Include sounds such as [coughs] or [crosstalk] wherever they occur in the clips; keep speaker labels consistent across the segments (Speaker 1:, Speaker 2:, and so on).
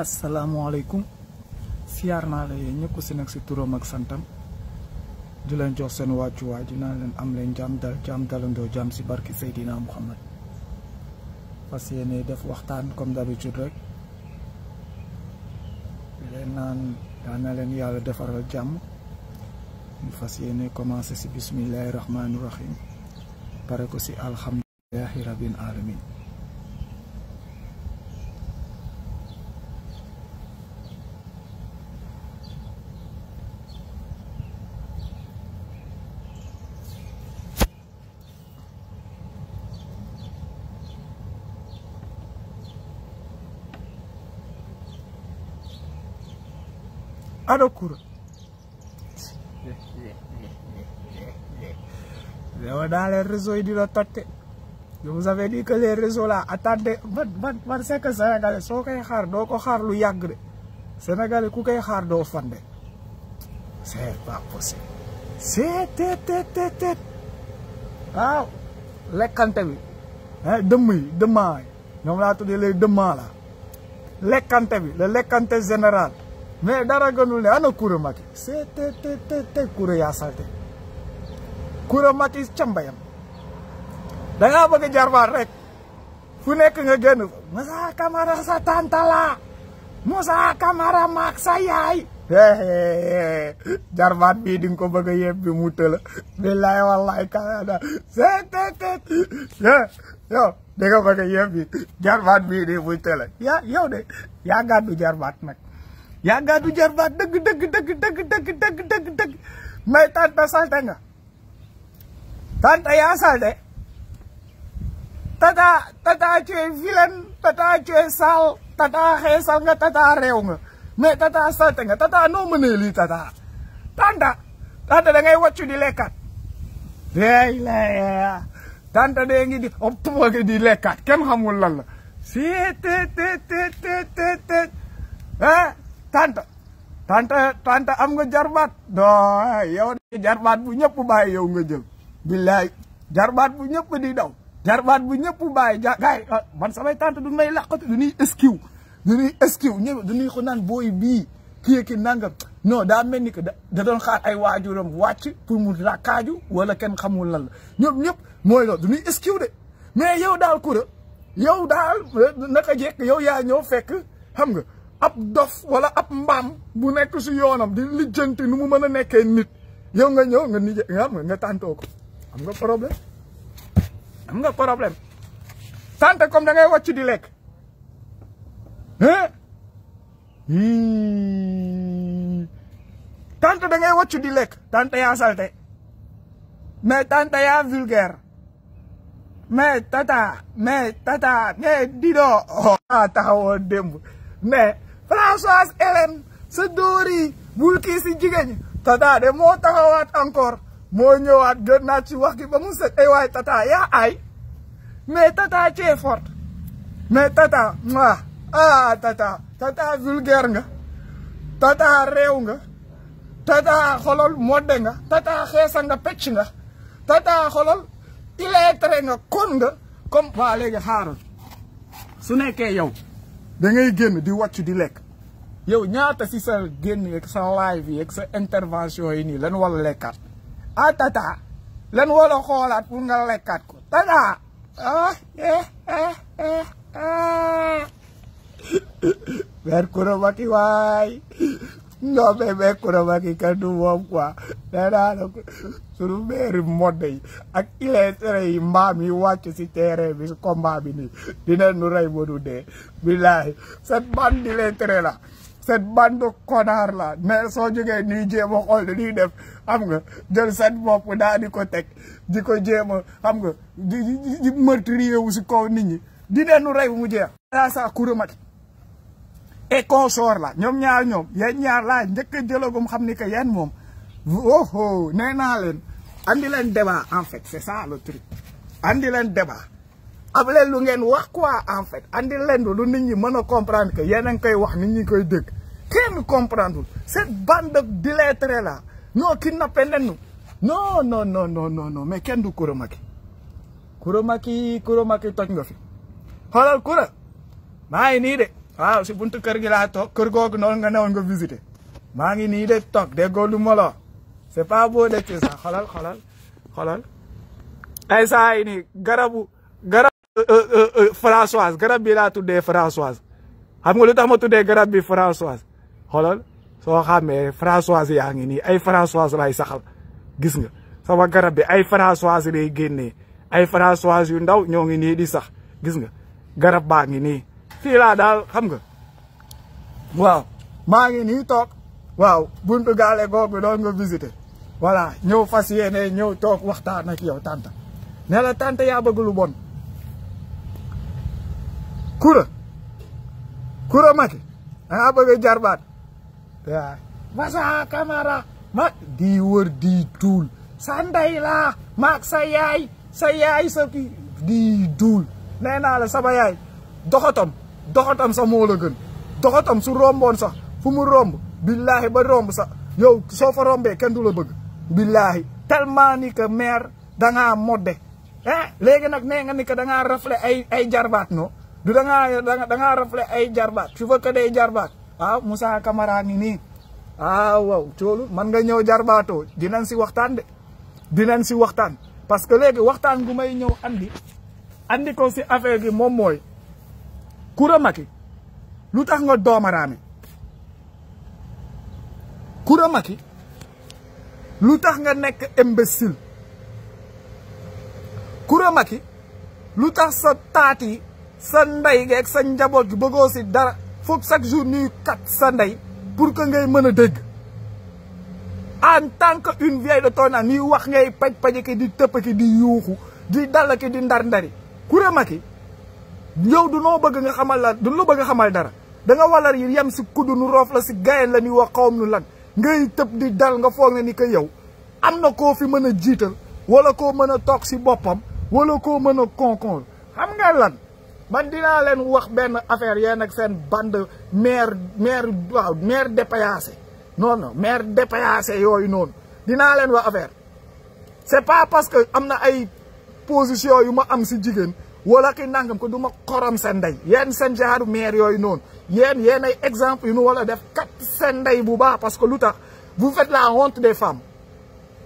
Speaker 1: Assalamualaikum, siar na la yéen ñëpp si nag si turam ak santam di len jox sen waccu waji na len am len jam dal dal ndo jam si barki sayidina Muhammad fasiyene def waxtan comme d'habitude rek di nan da na len yalla defaral jam, ñu fas yéene commencé si rahim pare ko ci alhamdulillahi rabbil alamin les réseaux, Je vous avez dit que les réseaux là, attendez, parce que les que les soo ko Sénégalais vous koy xaar c'est pas possible. c'est te te te les ah les dëmmaa le général. mais dara gënul ne ana Coura Macky c'est te te te te yaa salte Coura Macky cambayam dangaa bëgg a jarbaat rek fu nekk nga génn fa Moussa Camara sa tantala Moussa Camara maak sa yaay jarbaat bii di nga ko bëgg a yeb bi mu tëla billaay wallaay Camara c'est te te yow di nga bëgg a yeb bi di mu tëla yaa de yaa gàddu jarbaat nag yaa du jarbaat deg deg deg deg deg deg deg deg mais tante salte nga tante yaa salte tata tata tu es tata tu sal tata tata sal nga tata réew nga mais tata salte nga tata no mënee lii tata tanta tanta da ngay wàccu di lekkat day la tanta de ngi di oppooge di lekkat kenn xamul lan la si te te te te te te eh tanta tanta tanta am nga jarbaat doo yow jarbaat bu ñëpp bàyyi yow nga jël billaay jarbaat bu ñëpp di daw jarbaat bu ñëpp bàyyi ja gaay ah, man samay tante du may làqatu du ñuy eskiw du ñuy eskiw ñëw du ñuy ko naan booy bii kii ki nangam non mel ni que da doon xaar ay waajuram wàcc pour mu rakkaaju wala kenn xamul lan la ñoom ñëpp mooy loolu du ñuy eskiw de mais yow daal kura yow daal naka jekk yow yaa ñëw fekk xam nga ab dof wala ab mbam bu nek si yonam di lijeenti nu mu mën a nit yow nga ñew nga ni nga am nga tàntoo ko am nga problème am nga problème tante comme da ngay wacc di lekk tante da ngay wacc di lek tante ya salté mais tante ya vulgaire mais tata mais tata mais dido oh, ah taxawoo démb mais Françoise Hélène sa dóor yi bul ñi tata de moo taxawaat encore moo ñëwaat gën naa ci wax gi ba mu set tata yaa aay mais tata cee forte mais tata moi ah tata tata vulgaire nga tata réew nga tata xolol modde nga tata xeesa nga pecc nga tata xolol illettré nga kon nga comme waa léegi xaaral su nekkee yow da ngay di waccu di lek yow ñaata ci sa genn ak sa live ak sa intervention yi ni lan war a lekkaat ah, tata lan wala xolaat pour nga lekkat ko tata ah eh eh eh ah. Merkuro [laughs] way non mais meeku na Macky kenn du moom quoi nee naa la sunu meeri modde yi ak illettré yi mbaam yi wàcc si terrain bi si combat bi nii dinañ nu rey ba du dee. billahi cette bande d'illettrés là cette bande connard là nga jël seen bopp daa di ko teg di ko jéem a xam nga di di meurtrier wu si kaw nit ñi dinañ nu rey mu jeex. a saa kuréel Macky et consort la ñoom ñaar ñoom yéen ñaar laa njëkk jëlagum xam ni que yéen moom oh nee naa leen andi leen débat en c'est ça le truc andi leen débat am leen lu ngeen wax quoi en fait andi leen lu nit ñi mën a comprendre que yéen a ngi koy wax nit ñi koy dégg kenn comprendre cette bande de dilettrés là ñoo kidnappé nañu non non non non non non mais kenn du Kouromaky Kouromaky Kouromaky toj nga fi xoolal Koura maa nii de. ah si buntu kër gi laa toog kër googu noonu nga newoon nga visité maa ngi nii de toog déggoo lu ma c'est pas beau de ci sa xolal xolal xolal ay sa yi nii garabu garab euh, euh, euh, Françoise garab bi laa tuddee Françoise xam nga lu tax ma tuddee garab bi Françoise xolal soo xamee Françoise yaa ngi nii ay Françoise lay saxal gis nga sama garab bi ay Françoise lay ay Françoise yu ndaw ñoo ngi di sax gis nga garab fii laa daal xam nga waaw maa ngi nii toog waaw buntu gaale googu doon nga visité voilà ñëw fas yéene ñëw toog waxtaan ak yow tante ne la tante yaa bëgg lu bon kura kura maki dangaa bëgg a jarbaat waaw masa ma di wër di duul sa ndey laa maag sa yaay sa yaay sa di duul nee naa la sama yaay doxatom doxatam sax mo la gën doxatam su rombon sax fu mu romb billahi ba romb sax yow so fa rombé kenn dula bëgg billahi tellement ni que mère da nga modde hein eh, légui nak né nga ni que da nga raflé ay ay jarbat no du da nga da nga raflé ay jarbaat su fekkee day jarbat waaw ah, Moussa Camara ni ni ah waaw tolu man nga ñëw jarbaatoo dinañ ci waxtaan de dinañ ci waxtaan parce que légui waxtaan gu ñëw andi andi ko ci affaire gi mom moy kura maki, lu nga doma rami maki, lu tax nga nek imbécile maki, Macky lu sa tati yi sa ndey geeg sa njabot gi si dara foog chaque jour ni kat sa nday pour que ngay mën dégg en tant que une vieille de ton ami wax ngay paj ki di tepp ki di yuxu di dal ki di ndar ndari kura maki yow du no bëgg nga xamal la du loo bëgg xamal dara da nga walar yi yam ci kuddu nu roof la ci gayen la ni wa xawm nu lan ngay tepp di dal nga fogg ne ni ke yow amna ko fi mëna jital wala ko mëna tok ci bopam wala ko mëna konkon xam nga lan man dina len wax ben affaire yéen ak sen bande maire maire waaw maire dépayassé non non maire dépayassé yoy non dina len wax affaire c'est pas parce que amna ay position yu ma am ci jigen wala kay nangam ko duma xorom sen day yeen sen jaaru mer yoy non yeen yeen ay exemple yu nu wala def kat sen day bu ba parce que lutax vous faites la honte des femmes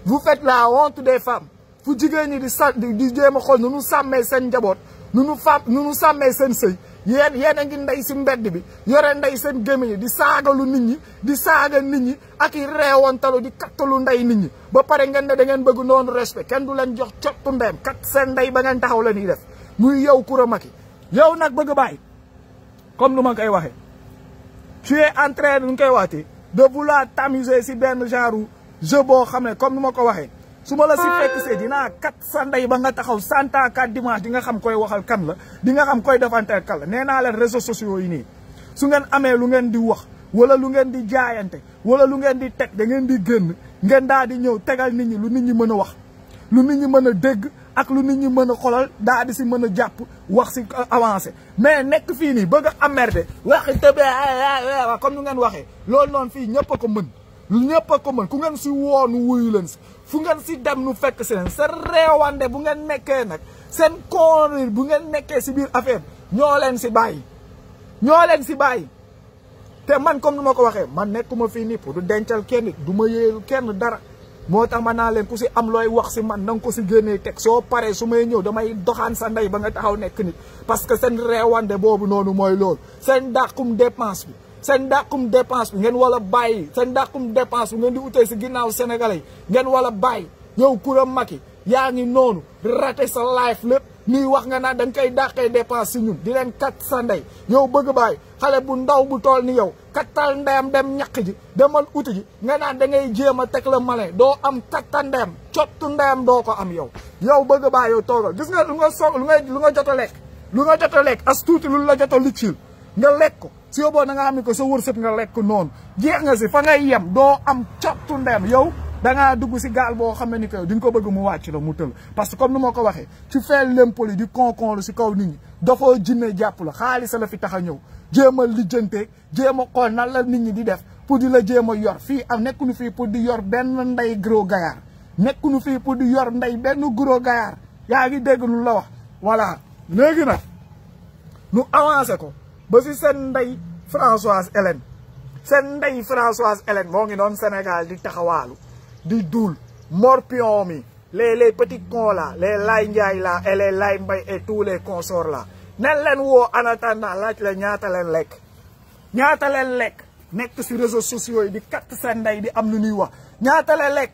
Speaker 1: vous faites la honte des femmes fu jigéen ni di di jéem xol nu nu samé sen njaboot nu nu fa nu nu samé sen sey yéen yéen ngi nday ci mbedd bi yore nday sen gemi di saagalu nit ñi di saga nit ñi ak i di katalu nday nit ñi ba pare ngeen ne da ngeen bëgg non respect ken du leen jox cottu mbem kat sen day ba ngeen taxaw la ni def muy yow Coura Macky yow nag bëgg bàyyi comme lu ma koy waxee tu es en train nu koy waxatee de vouloir t'amuser si benn genre jeu boo xam ne comme nu ma ko waxee su ma la si fekk dinaa kat sa ndey ba nga taxaw cent ans quatre dimanche di nga xam koy waxal kan la di nga xam koy defanteel kan la nee naa leen réseaux sociaux yi nii su ngeen amee lu ngeen di wax wala lu ngeen di jaayante wala lu ngeen di teg da ngeen di génn ngeen daal di ñëw tegal nit ñi lu nit ñi mën a wax lu nit ñi mën a dégg ak lu nit ñi mëna xolal daa di ci mëna japp wax ci euh, avancer mais nek fi ni bëgg a emmerdé wax tëbee eh, eh, eh, comme ñu ngën waxé lool non fi ñëpp ko mën lu ñëpp ko mën ku ngën ci woonu wuyu leen fu ngën ci dem nu fekk si leen seen reewande bu ngën nekké nak seen connerie bu ngën nekké ci biir affaire ñoo leen ci bàyyi ñoo leen ci bàyyi té man comme nu ma ko waxee man nekuma fi ni pour du dencal kenn duma ma yéelu kenn dara moo tax ma naa leen ku si am looy wax si man na ko si génnee teg soo paree su may ñëw damay doxaan sa ndey ba nga taxaw nekk nit parce que seen reewande boobu noonu mooy lool seen dàqum dépense bi seen dàqum dépense bi ngeen wala bàyyi seen dàqum dépense bi ngeen di utee si ginnaaw sénégalais yi ngeen wala bàyyi yow Coura Macky yaa ngi noonu raté sa life lépp nii wax nga naan da nga koy dàqee dépense si ñun di leen kat sa ndey yow bëgg bàyyi xale bu ndaw bu tool ni yow katal ndem dem ñak ji demal uti ji nga naan da ngay jema tek le malin do am katal ndem ciotu ndem do ko am yow yow bëgg ba yow toogal gis nga lu nga so lu nga lu nga jot lek lu nga lek as tuti lu la jot a nga lek ko si yow boo da nga am ko so wërsëg nga lek non jeex nga si fa ngay yem do am ciotu tun yow da nga dugg ci gal bo xamé ni ko di ko bëgg mu wacc la mu teul parce que comme ko ci l'impoli di concon lu ci kaw nit ñi dafa jinné japp la xaalis la fi taxa ñew jéem a lijjante jéem a xool nan la nit ñi di def pour di la jéem a yor fii am nekkuñu fii pour di yor benn ndey gros gaillard nekkuñu fi pour di yor ndey benn gros gaillard yaa ngi dégg lu la wax voilà léegi nag nu avancé ko ba si seen ndey Françoise Hélène seen ndey Françoise Hélène moo ngi noonu Sénégal di taxawaalu di duul morpion mi le les petits cons là les Laye Ndiaye là et les Laye Mbaye et les consorts là nen leen woo en laj la ñaata len lek ñaata len lek nek ci réseaux sociaux di kat sa nday di am lu ñuy wax ñaata leen lekk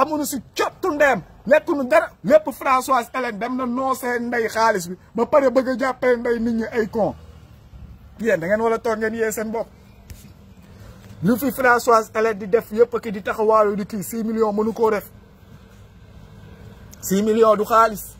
Speaker 1: amuñu si cottu ndeem lekkuñu dara lepp Françoise Hélène dem na noo seen ndey xaalis bi ba paré bëgg jappé nday nit ñi ay con yeen da ngeen wala toog ngeen yé sen bopp lu fi Françoise Hélène di def yépp ki di taxawalu di ki 6 millions mënu ko def 6 millions du xaliss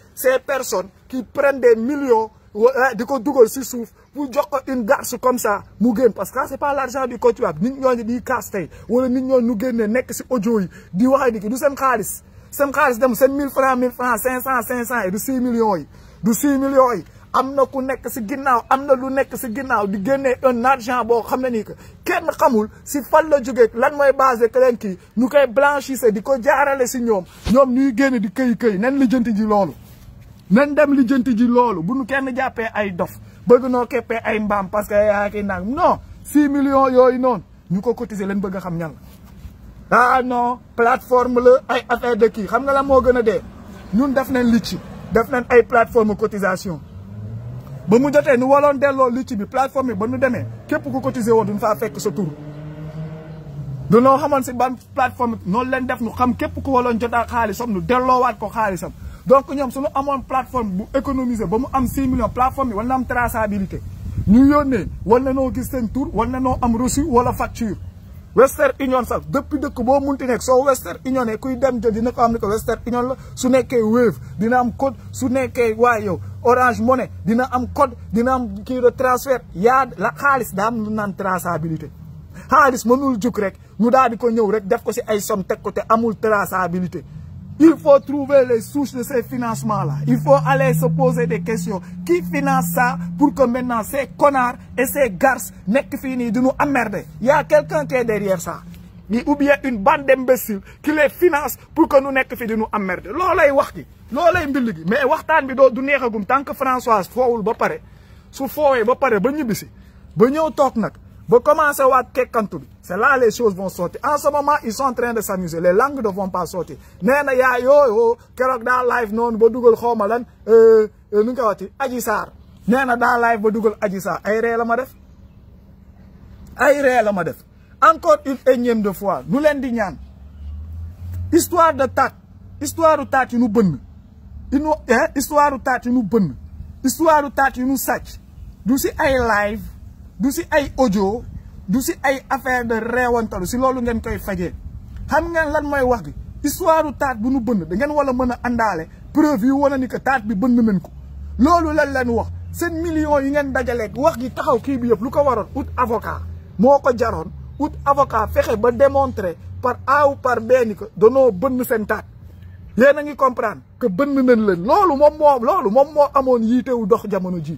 Speaker 1: ces personnes qui prennent des millions di ko dugal si suuf pour jox ko une garce comme ça Mougen, parce que c'est pas l'argent du contribuable nit ñooñu di kaas tey wala nit ñooñu ñu génne nekk si audio yi di wax ni ki du seen xaalis seen xaalis dem seen 1000 francs 1000 francs 500 500 et de 6 millions De 6 millions Amna ku nek ci ginnaw amna lu nek ci ginnaw di génne un argent bo xamné ni nii que kenn xamul si fan la jógee lan moy basé que leen kii ñu koy blanchissé di ko jaarale ci ñom ñom ñuy génn di këy këy nan la jënti ji lolu nañ dem li jënt ji loolu bu nu kenn jàppee ay dof bëgg noo keppee ay mbaam parce que yaa ki nag non six millions yooyu noonu ñu ko cotiser leen bëgg a xam ñan la ah non plateforme la ay affaire de kii xam nga la moo gën a dee ñun def nañ licci def nañ ay platform cotisation ba mu jotee nu waroon delloo licci bi plateforme ba nu demee képp ku cotiser woon duñ faa fekk sa tur noo xamoon si ban plateforme noonu leen def nu xam képp ku waroon jot ak xaalisam nu ko xaalisam donc su suñu amoon plateforme bu économiser ba mu am 6 millions plateforme bi war na am trasabilité ñu yónnee war na noo gis seen tur war na noo am reçu wala facture Western Union sax depuis dëkk boo munti nekk soo Western Union ne kuy dem jël dina ko xam ne que Western Union la su nekkee Wave dina am code su nekkee waaye yow Orange Money dina am code dina am kii de transfert yaa la xaalis daa am naan trasabilité xaalis mënul juk rek ñu daal di ko ñëw rek def ko si ay somme teg ko te amul traçabilité Il faut trouver les souches de ces financements-là. Il faut aller se poser des questions. Qui finance ça pour que maintenant ces connards et ces garces n'aient fini de nous emmerder Il y a quelqu'un qui est derrière ça. Ou bien une bande d'imbéciles qui les finance pour que nous n'ayons fini de nous emmerder. C'est ce que Mais ce tant que Françoise Foul ba paré sou foowee ba pare ba Il ba ñëw toog nag ba commencé waat kekkantu c'est là les choses vont sortir. En ce moment, ils sont en train de s'amuser. Les langues ne vont pas sortir. Nee na yaa yo yo. keroog live non. Bo dougal xaw lan euh, euh ñu koy waxati live bo dougal Adji Sarr ay la ma def ay la ma encore une énième de fois Nous l'en di histoire de tat. histoire du taat yu bonne. nous. inu hein, histoire du tat nous nous histoire du tat yu nous sàcc du si live Dou si ay audio du ci ay affaire de reewantalu si loolu ngeen koy fajé xam ngeen lan moy wax gi histoire taat bu nu bënd da ngeen wala mëna andalé preuve yu wonani ni que taat bi bënd nañ ko loolu lan lan wax sen millions yi ngeen dajalé wax gi taxaw ki bi yëpp lu ko waron out avocat moko jaron out avocat fexé ba démontrer par A ou par B ni que danoo bënd sen taat yeena ngi comprendre que bënd nañ leen mom mom moo mom mo amone yité wu dox jamono ji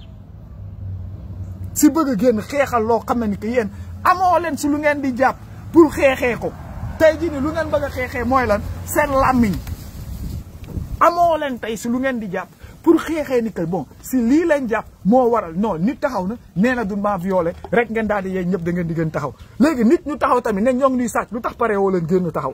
Speaker 1: si bëgg a génn xeexal loo xam ne ni que yéen amoo leen si lu ngeen di jàpp pour xeexee ko tey jii ni lu ngeen bëgg xeexee mooy lan seen làmmiñ amoo leen tey si lu ngeen di jàpp pour xeexee ni que bon si lii leen jàpp moo waral non nit taxaw na nee na du ma violé rek ngeen daal di yee ñëpp da ngeen di gën taxaw léegi nit ñu taxaw tamit ne ñoo ngi ñuy sàcc lu tax pare woo leen génn taxaw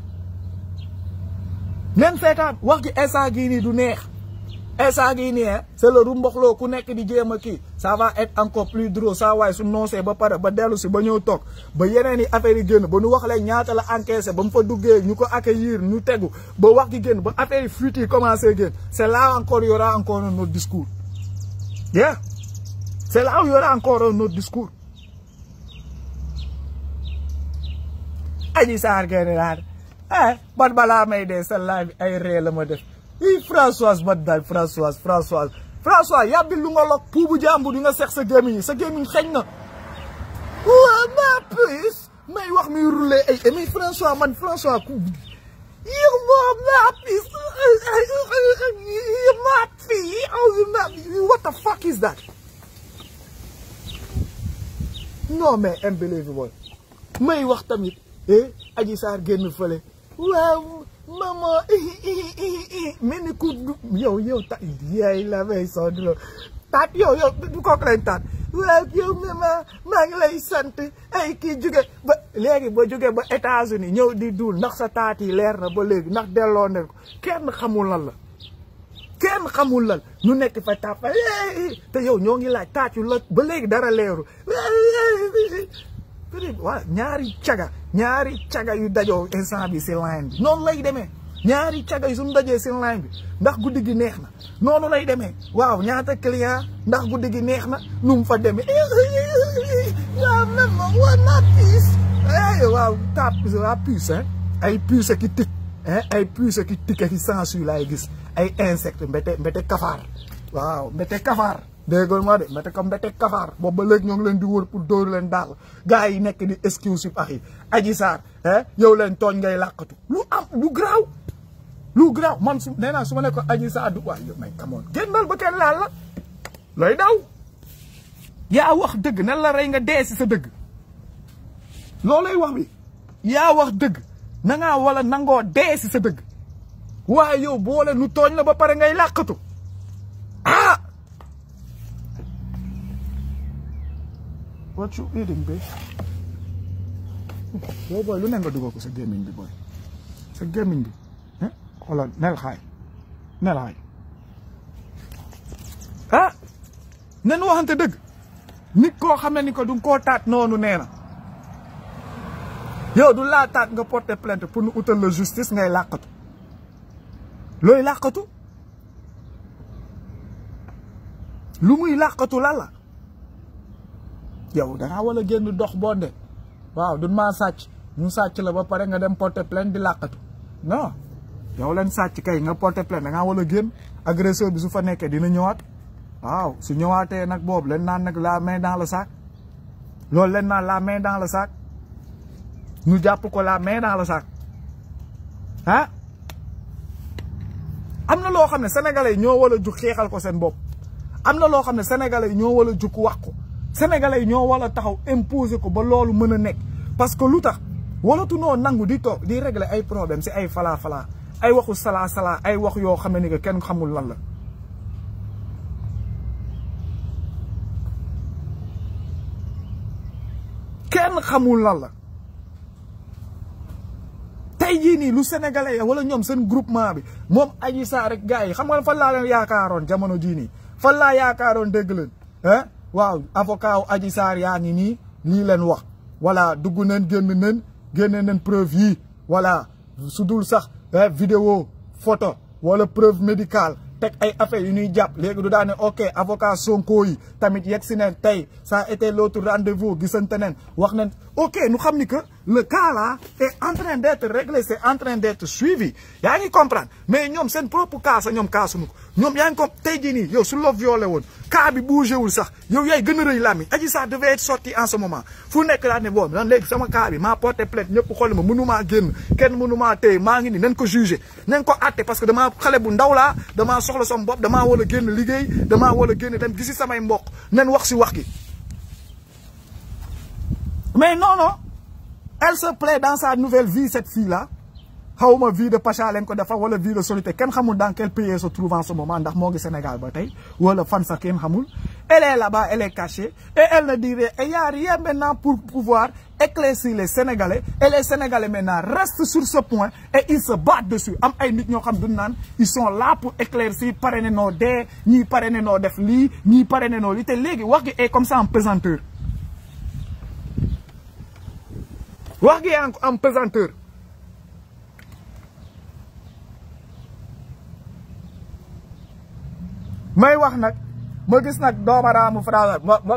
Speaker 1: nen seetaan wax gi instant gii nii du neex instant gii nii hein, c'est le rumboxloo ku nekk di jéem a kii ça va être encore plus drôle ça way su noosee ba pare ba delu ci ba ñëw tok ba yeneen affaire yi génn ba ñu wax leen ñaata la encaisser ba mu fa duggé ñuko accueillir ñu téggu ba wax gi génn ba affaire yi fuite commencer commencé c'est là encore il y aura encore un autre discours yeah c'est là où il y aura encore un autre discours aji sar gene daal ah man balaa may dee sa laaj la ma def i Françoise man daal Françoise Françoise François yàbbi nga lokk puubu jàmbur yi nga seex sa gémmiñ yi sa gémmiñ xeñ na waa ma puis may wax muy roulé ay mais François man François ku yéex moom ma puis ma puis is that non mais unbelievable may wax tamit eh Adji Sarr génn fële waaw maman [laughs] mel ni ku yow yow ta yaay la may sonn taat yow yow du kooku yow maa ngi lay sant ay kii jóge ba léegi ba jóge ba États-Unis ñëw di duul ndax sa taat yi leer na ba léegi ndax delloo nañ ko kenn xamul lan la kenn xamul lan ñu nekk fa taat te yow ñoo ngi laaj taat yu la ba léegi dara leeru waa ñaari caga ñaari caga yu dajoo instant bi si line bi noonu lay demee ñaari caga yu suñu dajee si line bi ndax guddi gi neex na noonu lay demee waaw ñaata client ndax guddi gi neex na nu fa demee eh, waaw même waa naa puce waaw taa waa puce hein ay puce ki tik ay puce ki tik ki sensu laay gis ay insecte mbete mbete kafaar waaw mbete kafaar déggool ma de ba te comme ba teg kafaar boobu ba léegi ñong leen di wër pour door leen dal gaay yi nekk di exclusive aji aji saar yow leen togn ngay laqatu lu am lu graw lu graw man su nee naa su ma aji sar du waay yow may on génnal ba kenn laal la lay daw ya wax dëgg nan la ray nga dee si sa dëgg lolay wax bi ya wax dëgg na nga wala nango dee sa dëgg waaye yow boole nu togn la ba pare ngay laqatu ah what you eating bi boo booy lu ne nga sa gémmiñ bi booy sa gémmiñ bi eh? xoolal nel xaay nel xaay ah nen waxante dëgg nit koo xam ne ni ko du koo taat noonu nee na yow du laa taat nga porter plainte pour nu utal la justice ngay làqatu looy làqatu lu muy làqatu lan la yow da nga wala genn dox bonde waaw duñ ma sacc ñu sacc la ba pare nga dem porter plainte di laqatu non yow lañ sacc kay nga porter plainte da nga wala genn agresseur bi su fa nekké dina ñëwaat waaw su ñëwaaté nak bob leen nan nak la main dans le sac lool nan la main dans le sac ñu japp ko la main dans le sac ah amna lo xamné ne sénégalais ñoo wala jug xéxal ko sen bopp am lo xamné sénégalais ñoo wala wax ko sénégalais yi ñoo war taxaw imposer ko ba loolu mën a nekk parce que lu tax walatu noo nangu di toog di régler ay problème si ay falaa falaa ay waxu salaa salaa ay wax yoo xam ne ni que kenn xamul lan la kenn xamul lan la tey jii nii lu sénégalais ya wala ñoom seen groupement bi moom Adji Sarr rek gars yi xam nga fan laa leen yaakaaroon jamono jii nii fan laa yaakaaroon dégg leen waaw avocat wu Adji Sarr yaa ngi nii lii leen wax voilà dugg nañ génn nañ génne nañ preuve yi voilà su dul sax eh, vidéo photo wala preuve médicale tek ay affaire yu ñuy jàpp léegi du daa ne ok avocat Sonko yi tamit yegg si ne tey ça a été l'autre rendez-vous gisante nañ wax nañ ok nous savons que le cas là est en train d'être réglé c'est en train d'être suivi ya ngi comprendre mais sommes un propre cas nous sommes cas. ngi ko sur yow la cas bi bougé sax yow yaay y a rëy làmmiñ devait être sorti en ce moment fu nekk laa ne boo nan léegi sama cas bi porté plainte ma là, ni nañ ko juger nañ ko parce que demain, bu ndaw la demain, de a demain, dem samay mbokk nañ wax si wax mais non, non. Elle se plaît dans sa nouvelle vie, cette fille-là. xawma vie de Pacha leen ko defar wala vie de solité ne sait dans quel pays se trouve en ce moment ndax est ngi Sénégal ba tey wala fan sax kenn elle est là-bas elle est cachée et elle ne dirait rien Il y a rien maintenant pour pouvoir éclaircir les Sénégalais et les Sénégalais maintenant restent sur ce point et ils se battent dessus am ay nit ñoo ils sont là pour éclaircir parrainer nos dés, ñii parrainer nos def lii parrainer nos lii Et léegi comme ça en pesanteur wax gi en am pesanteur may wax nag ma gis nag doomaraamu Fra ma ma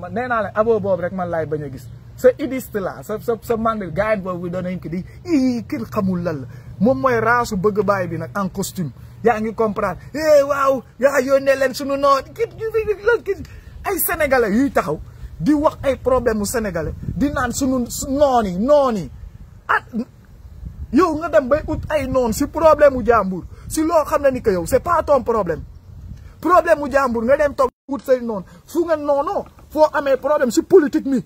Speaker 1: ma nee naa la abo boobu rek man laay bañ a gis sa idiste la sa sa sa mandil gaayit boobu doon nañ ko di ii xamul lan moom mooy raasu bëgg baay bi nag en costume yaa ngi comprendre eh waaw yaa yónnee leen sunu noon kii ay sénégalais yuy taxaw. di wax ay problème mu sénégalais di naan sunu noon yi noon ah yow nga dem bay ut ay noon si problème mu jàmbur si loo xam ne ni que yow se pas ton problème problème mu jàmbur nga dem toog ut say noon fu nga noonoo foo amee problème si politique mi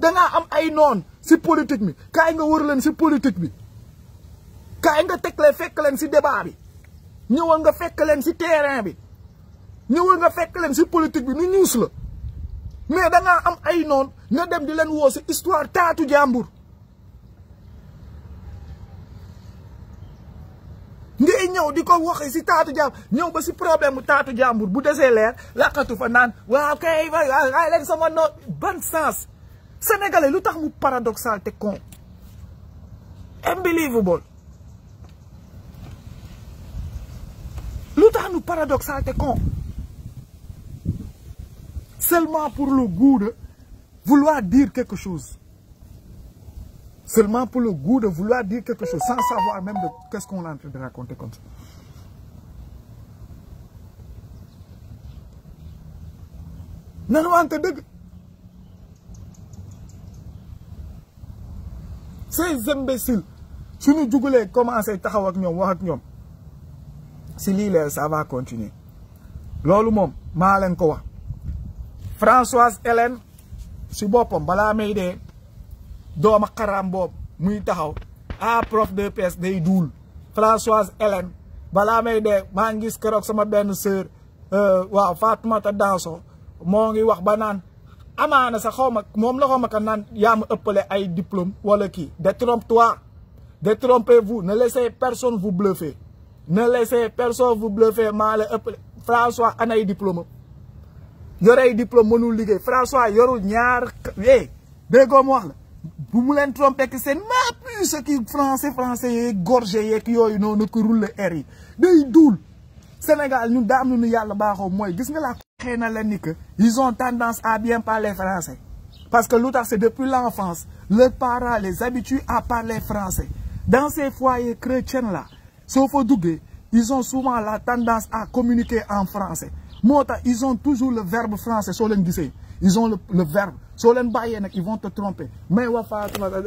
Speaker 1: dangaa am ay noon si politique mi kaay nga wër leen si politique bi kaay nga teg leen fekk leen si débat bi ñëwal nga fekk leen si terrain bi ñëwal nga fekk leen si politique bi nu ñuus la mais da am ay noon nga dem di leen woo si histoire taatu jàmbur ngay ñëw di ko wax si taatu jàmbur ñëw ba si problème bu taatu jàmbur bu desee leer laqatu fa naan waaw kay ay leen sama noon ban sens sénégalais lu tax mu paradoxal te con unbelievable lu tax nu paradoxal te con seulement pour le goût de vouloir dire quelque chose. Seulement pour le goût de vouloir dire quelque chose, sans savoir même de qu'est-ce qu'on est en train de raconter comme ça. ces imbéciles Si nous, commencé taxaw à ñoom si ça va continuer C'est moom que Françoise Hélène si boppam balaa may dee dooma xaraam boobu muy taxaw a prof de PS day duul Françoise Hélène balaa may de maa ngi gis sama benn sœur euh, waaw Fatoumata Danso moo ngi wax ba naan amaana sax xaw ma moom la xaw ma ka naan yaa ma ëppale ay diplôme wala kii détrompe-toi détrompez-vous ne laissez personne vous bluffer ne laissez person vous bluffer maa la ëppale François anay diplôme Il y diplôme mënul François yorul ñaar eh déggoo mu wax la que c'est ma plus ce qui français français yeeg gorgé yeeg yooyu noonu ko roule air yi day Sénégal ñun daa am lu ñu yàlla baaxoo gis nga ils ont tendance à bien parler français parce que l'autre c'est depuis l'enfance leurs parents les habituent à parler français dans ces foyers chrétiens là sauf fa ils ont souvent la tendance à communiquer en français ils ont toujours le verbe français ils ont le le verbe ils vont te tromper Mais wa Fatoumata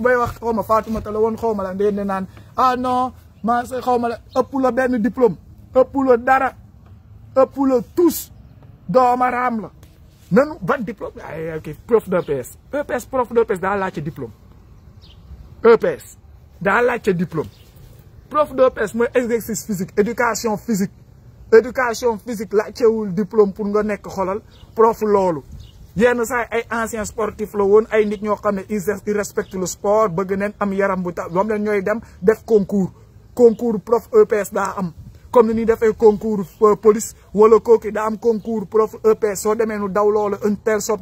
Speaker 1: may wax xaw la ah non mais Je ëpp diplôme ëpp le dara ëpp le tous ma rame. ban diplôme ok prof d'EPS EPS prof d'EPS e dans diplôme EPS dans diplôme prof d'EPS e exercice physique éducation physique éducation physique le diplôme pour nga prof lolu yenn say ay ancien sportif la ay nit ils respectent le sport bëgg neen am yaram bu le def concours concours prof EPS da am comme ni concours euh, police wala da am concours prof EPS so demee nu daw lolu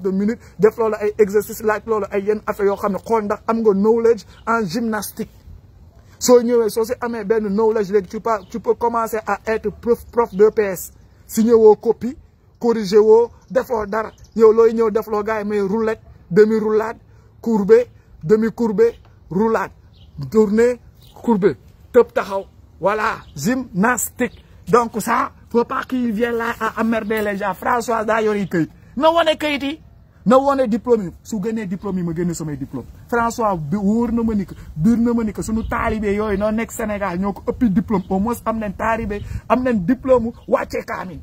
Speaker 1: de minute def lolu ay exercice laaj lolu ay yenn affaire yo xamné xol ndax am nga knowledge en gymnastique si knowledge tu peux commencer à être prof prof PS, si tu copie corrigez woo defoo dara yow looy ñëw def demi roulade courbé demi courbé roulade tourné courbé top, taxaw voilà gymnastique donc ça faut pas qu'il vienne là à emmerder les gens François il yori këyit na na wone diplôme yi su gënee diplôme yi ma génne samay diplôme François bi wóor na ma ni que biir na ma ni que suñu taalibe yooyu noo nekk Sénégal ñoo ko ëppi diplôme au moins am na taalibe am nañ diplôme wàccee kaamin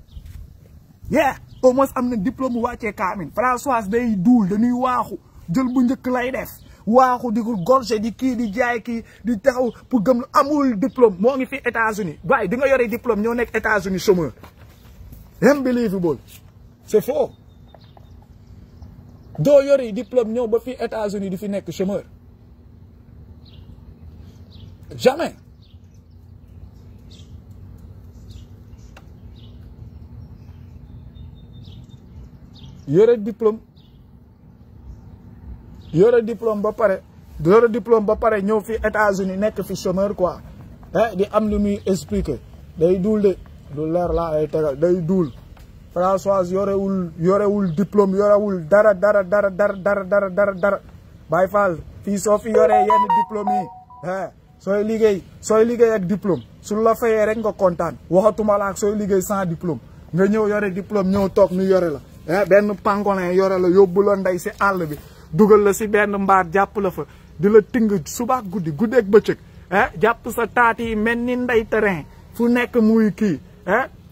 Speaker 1: yeah au moins am nañ diplôme wàccee kaamin François day duul dañuy waaxu jël bu njëkk lay def waaxu di ko gorge di kii di jaay kii di taxaw pour gëm amul diplôme moo ngi fi États-Unis waaye di nga yore diplôme ñoo nekk États-Unis chômeur unbelievable c'est faux doo yori diplôme ñëw ba fii États-Unis di fi nekk chômeur jamais yore diplôme yore diplôme ba pare yore diplôme ba pare ñëw fi États-Unis nekk fi chômeur quoi eh di am lu muy expliquer day duul de lu leer laa lay tegal day duul Françoise yorewul yorewul diplôme yorewul dara dara dara dara dara dara dara dara Baye Fall fii soo fi yoree yenn diplôme yi eh sooy liggéey sooy liggéey ak diplôme su la fayee rek nga kontaan waxatuma la ak sooy liggéey sans diplôme nga ñëw yore diplôme ñëw toog ñu yore la eh benn pangolin yore la yóbbu la ndey si àll bi dugal la si benn mbaar jàpp la fa di la ting suba ak guddi guddeeg bëccëg eh jàpp sa taat yi mel ni ndey terrain fu nekk muy kii eh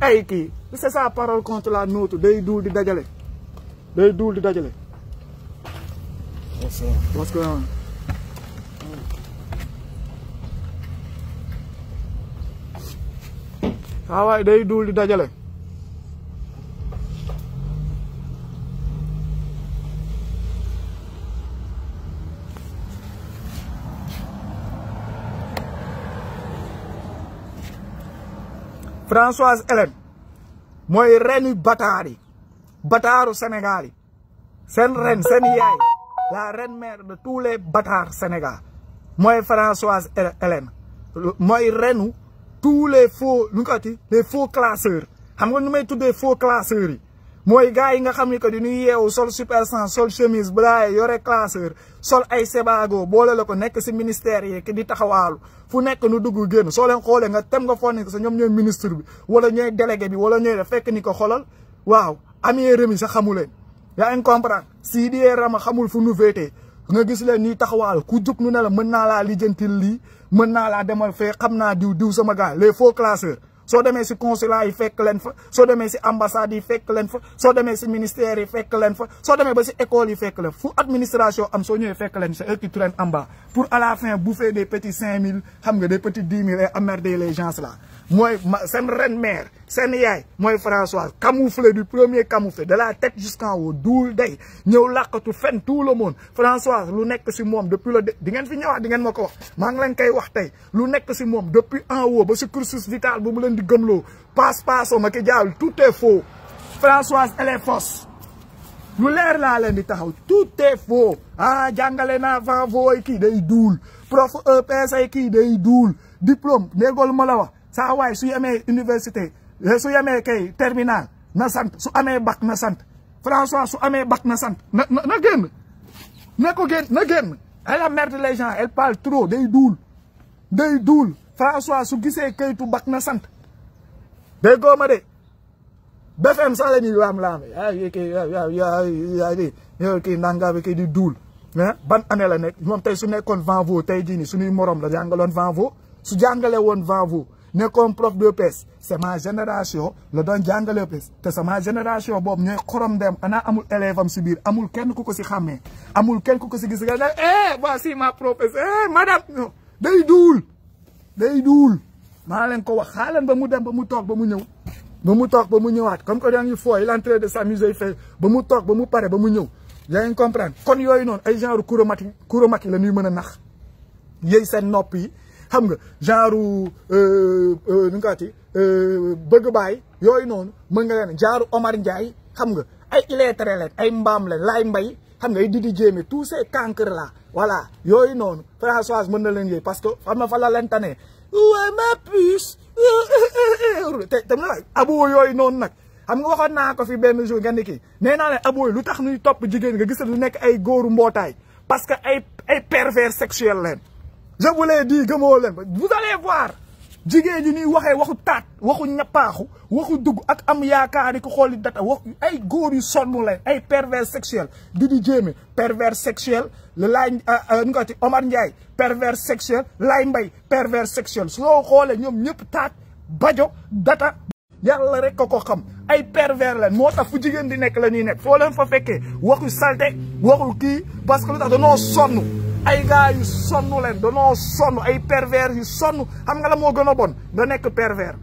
Speaker 1: ay kii c'est sa parole contre la nôtre day duul di dajale day duul di dajale parce que waaye ah day duul di dajale Françoise Hélène mooy reenu bataar yi bataaru Sénégal yi seen ren seen yaay la reine mère de tous les bataars Sénégal mooy Françoise Hélène mooy renu tous les faux nu ko les faux classeurs xam nga nu may tuddee faux classeurs yi mooy gars yi nga xam ni que dañuy yeewu sol super sang sol chemise braille yore classeur sol ay sebago boole la ko nekk si ministère yi di taxawaalu fu nekk nu dugg génn soo leen xoolee nga tem nga foog ne sa ñoom ñooy ministre bi wala ñooy délégué bi wala ñooy fekk ko xolal waaw amee remi sa xamule leen yaa ngi comprendre si di rama xamul fu nu nga gis leen ñuy taxawaal ku jug nu ne la mën naa laa lijjantil lii mën naa laa demal fee xam naa diw diw sama gars les faux classeurs. so demain si consulat il fait clean so demain si ambassade il fait clean so demain si ministère il fait clean so demain si école il fait clean pour administration am so ñuy fait clean c'est eux qui traînent en bas pour à la fin bouffer des petits 5 000, des petits 000 et emmerder les gens là mooy seen ren mère seen yaay mooy Françoise camouflé du premier camouflé de la tête jusqu'en haut duul day ñëw làqatu fen tout le monde Françoise lu nekk si moom depuis le di ngeen fi ñëwaat di ngeen ma ko wax maa ngi leen koy wax tey lu nekk si moom depuis en haut ba ce cursus vital bu mu leen di gëmloo passe passe ma ki jaawul tout est faux Françoise elle est fausse lu leer laa leen di taxaw tout est faux ah Jangalena va fa fooy kii day prof EPS ay day duul diplôme déggoo lu ma la wax saa waay suy amee université eh, su amee kay terminal na sant su amé bac na sant François su amé bac na sant na na na génn ko génn na génn elle merde les gens elle parle trop day doul day doul François su gisee kaytu bac na sant day góoma de BFM sax la ñuy ay laame a kii a di kii nanga bi di duul eh, ban année la nek mom tay su nekkoon Vanvo tey jii nii suñuy morom la jangalon Vanvo su jàngale Won Vanvo nekkoon prof de PES c'est ma génération le don jangale PES te sama génération bob ñoy xorom dem ana amul élève am subir amul kenn ku ko si xàmmee amul kenn ku ko si gis nga eh voici ma eh madame day doul day doul ma len ko wax xaaleen ba mu dem ba mu tok ba mu ñew ba mu tok ba mu ñewat comme ko daa ngi il entrée de s'amuser fait ba mu tok ba mu pare ba mu ñew yaa ngi comprendre kon yoy non ay genre kuromati kuromaki la ñuy mëna nax yeey sen nopi xam nga genre euh, euh, nu nga ti euh, bëgg baay yooyu noonu mën nga leen genre Omar Ndiaye xam nga ay illettré leen ay mbaam leen laay mbay xam nga ay Didi Jéeme tous ces cancres la voilà yooyu noonu Françoise mën na leen yooyu parce que xam na fa la leen tane waa ma puce [laughs] te tam na abo yooyu noonu nag xam nga waxoon naa ko fi benn jour nga ni kii nee naa ne abo lu tax ñuy topp jigéen nga gisal lu nekk ay góoru mbootaay parce que ay ay pervers sexuel leen je vous l'ai dit vous allez voir jigéen ñi ni waxee waxu taat waxu ñapaxu waxu ak am data wax ay son yu sonn leen ay pervers sexuel di di pervers sexuel le laay euh, euh, ko sexuel vous mbay pervers sexuel xolé ñom ñep bajo data yalla rek ko ko xam ay pervers leen motax fu di la ñuy leen fa ki, parce que ay gars yu sonn leen danoo sonn ay pervers yu sonn xam nga la moo gën a bon nga nekk pervers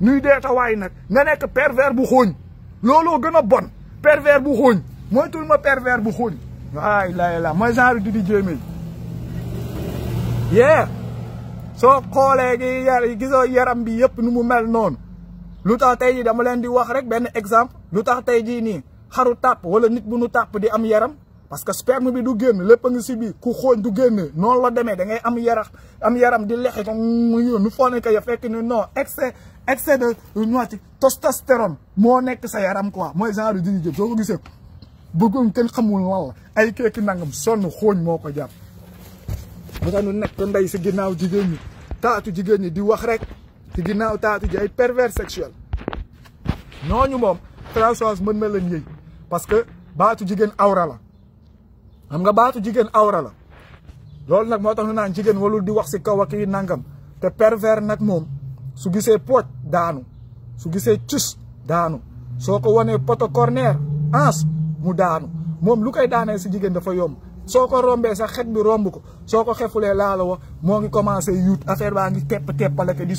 Speaker 1: nuy deetawaay nag nga nekk pervers bu xooñ looloo gën a bon pervers bu xooñ moytul ma pervers bu xooñ waay lay la mooy genre di di jéemé yee soo xoolee gi yaram bi yëpp nu mu mel noonu lu tax tey jii dama leen di wax rek benn exemple lu tax tey jii nii xaru tàpp wala nit bu nu tàpp di am yaram parce que sperme bi du génn lépp a ngi si biir ku xooñ du génn noonu la demee da am yarax am yaram di lexe ko mu yóon nu foo fekk ni non excès excès de ñoiti testostérone moo nekk sa yaram quoi mooy genre Didi Diop soo ko gisee bëggoon kenn xamul lan la ay keeki nangam sonn xooñ moo ko jàpp ba tax nu nekk ndey si ginnaaw jigéen ñi taatu jigéen ñi di wax rek ci ginnaaw taatu ji ay pervers sexuel ñooñu moom transhumance mën na leen yëy parce que baatu jigéen awra la xam nga baatu jigéen awra la loolu nag moo tax ñu naan jigéen walul di wax si kaw ak yi nangam te pervers nag moom su gisee pooj daanu su gisee cus daanu soo ko wanee poto corner ans mu daanu moom lu koy daanee si jigéen dafa yomb soko ko rombee sax xet bi romb ko soko ko la la wax mo ngi commencer yout affaire ba ngi tepp teppale ko di